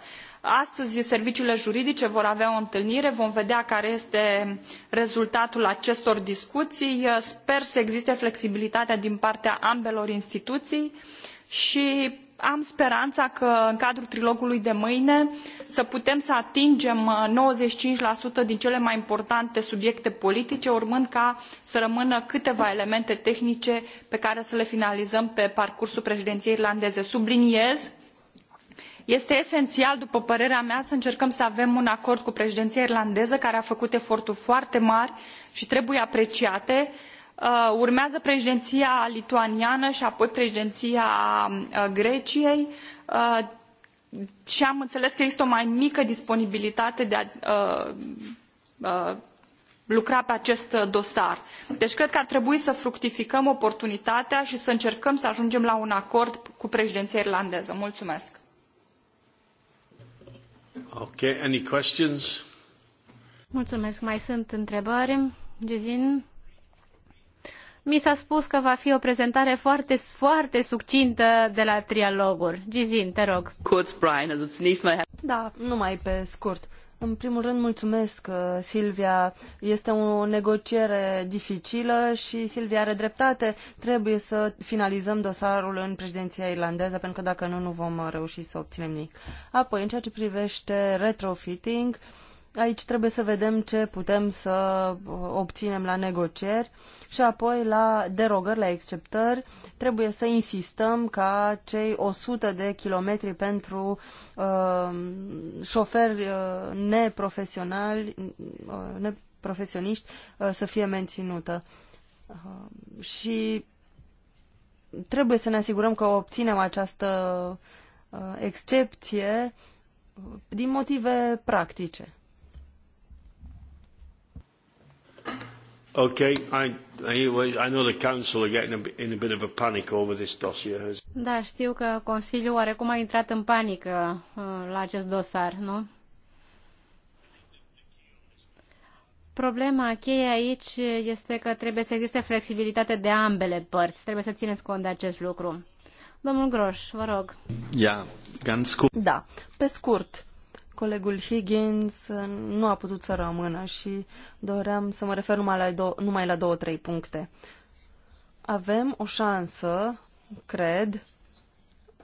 astăzi serviciile juridice vor avea o întâlnire vom vedea care este rezultatul acestor discuii sper să existe flexibilitatea din partea ambelor instituii i am sperana că în cadrul trilogului de mâine să putem să atingem uh, nouăzeci și cinci din cele mai importante subiecte politice urmând ca să rămână câteva elemente tehnice pe care să le finalizăm pe parcursul preediniei irlandeze. subliniez este esenial după părerea mea să încercăm să avem un acord cu preedinia irlandeză care a făcut eforturi foarte mari i trebuie apreciate uh, urmează preedinia lituaniană i apoi preedinia uh, greciei uh, i am îneles că există o mai mică disponibilitate de a lucra pe acest dosar. Deci cred că ar trebui să fructificăm oportunitatea și să încercăm să ajungem la un acord cu președinția irlandeză. Mulțumesc! Ok, any questions? Mulțumesc. Mai sunt întrebări? Gezin? Mi s-a spus că va fi o prezentare foarte, foarte succintă de la trialoguri. Gizin, te rog. Kurz, Brian, also zunächst mal... Da, numai pe scurt. În primul rând, mulțumesc, uh, Silvia. Este o negociere dificilă și Silvia are dreptate. Trebuie să finalizăm dosarul în președinția irlandeză, pentru că dacă nu, nu vom reuși să obținem nimic. Apoi, în ceea ce privește retrofitting, uh, Aici trebuie să vedem ce putem să uh, obținem la negocieri și apoi la derogări, la exceptări. Trebuie să insistăm ca cei 100 de kilometri pentru uh, șoferi uh, neprofesionali, uh, neprofesioniști uh, să fie menținută. Uh, și trebuie să ne asigurăm că obținem această uh, excepție uh, din motive practice. Okay, I, anyway, I know the council are getting a, in a bit of a panic over this dossier. Da, știu că Consiliul oarecum a intrat în panică uh, la acest dosar, nu? Problema cheie aici este că trebuie să existe flexibilitate de ambele părți. Trebuie să țineți cont de acest lucru. Domnul Groș, vă rog. Ja, ganz Da, pe scurt Colegul Higgins uh, nu a putut să rămână și doream să mă refer numai la, do, numai la două, trei puncte. Avem o șansă, cred,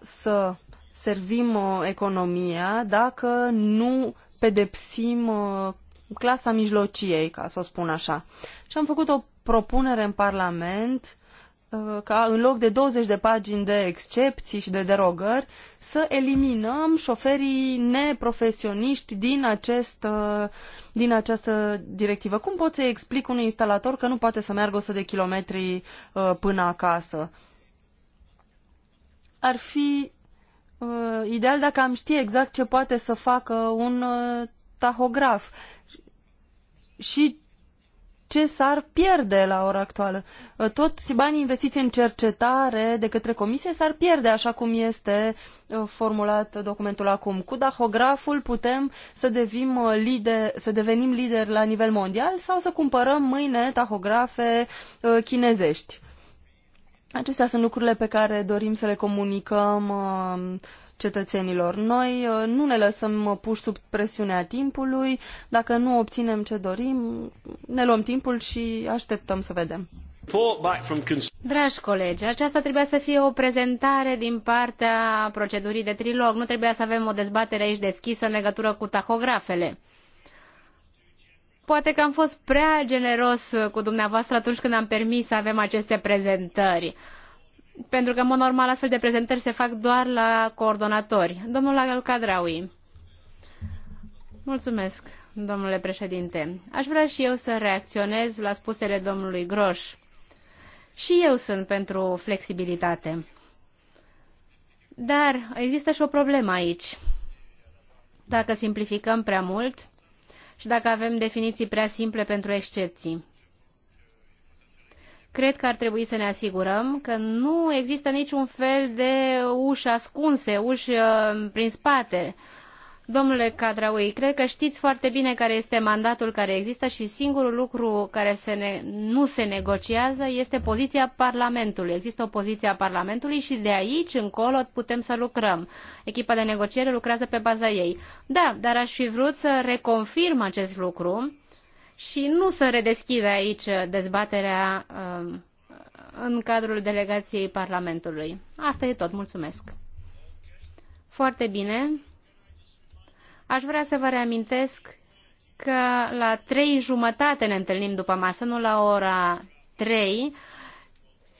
să servim uh, economia dacă nu pedepsim uh, clasa mijlociei, ca să o spun așa. Și am făcut o propunere în Parlament Uh, ca în loc de 20 de pagini de excepții și de derogări să eliminăm șoferii neprofesioniști din, acest, uh, din această directivă. Cum pot să-i explic unui instalator că nu poate să meargă 100 de kilometri uh, până acasă? Ar fi ideal dacă am ști exact ce poate să facă un tahograf și ce s-ar pierde la ora actuală. Ă, toți banii investiți în cercetare de către comisie s-ar pierde, așa cum este ă, formulat documentul acum. Cu dahograful putem să, devim ă, lider, să devenim lideri la nivel mondial sau să cumpărăm mâine tahografe chinezești. Acestea sunt lucrurile pe care dorim să le comunicăm uh, cetățenilor. Noi uh, nu ne lăsăm puși sub presiunea timpului. Dacă nu obținem ce dorim, ne luăm timpul și așteptăm să vedem. Dragi colegi, aceasta trebuia să fie o prezentare din partea procedurii de trilog. Nu trebuia să avem o dezbatere aici deschisă în legătură cu tahografele. Poate că am fost prea generos cu dumneavoastră atunci când am permis să avem aceste prezentări pentru că, în mod normal, astfel de prezentări se fac doar la coordonatori. Domnul Cadraui. Mulțumesc, domnule președinte. Aș vrea și eu să reacționez la spusele domnului Groș. Și eu sunt pentru flexibilitate. Dar există și o problemă aici. Dacă simplificăm prea mult și dacă avem definiții prea simple pentru excepții. Cred că ar trebui să ne asigurăm că nu există niciun fel de uși ascunse, uși uh, prin spate. Domnule Cadraui, cred că știți foarte bine care este mandatul care există și singurul lucru care se ne, nu se negociază este poziția Parlamentului. Există o poziție a Parlamentului și de aici încolo putem să lucrăm. Echipa de negociere lucrează pe baza ei. Da, dar aș fi vrut să reconfirm acest lucru și nu să redeschide aici dezbaterea um, în cadrul delegației Parlamentului. Asta e tot. Mulțumesc. Foarte bine. Aș vrea să vă reamintesc că la trei jumătate ne întâlnim după masă, nu la ora trei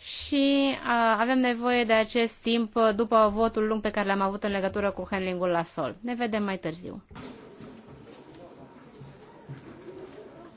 și uh, avem nevoie de acest timp după votul lung pe care l-am avut în legătură cu handling-ul la sol. Ne vedem mai târziu.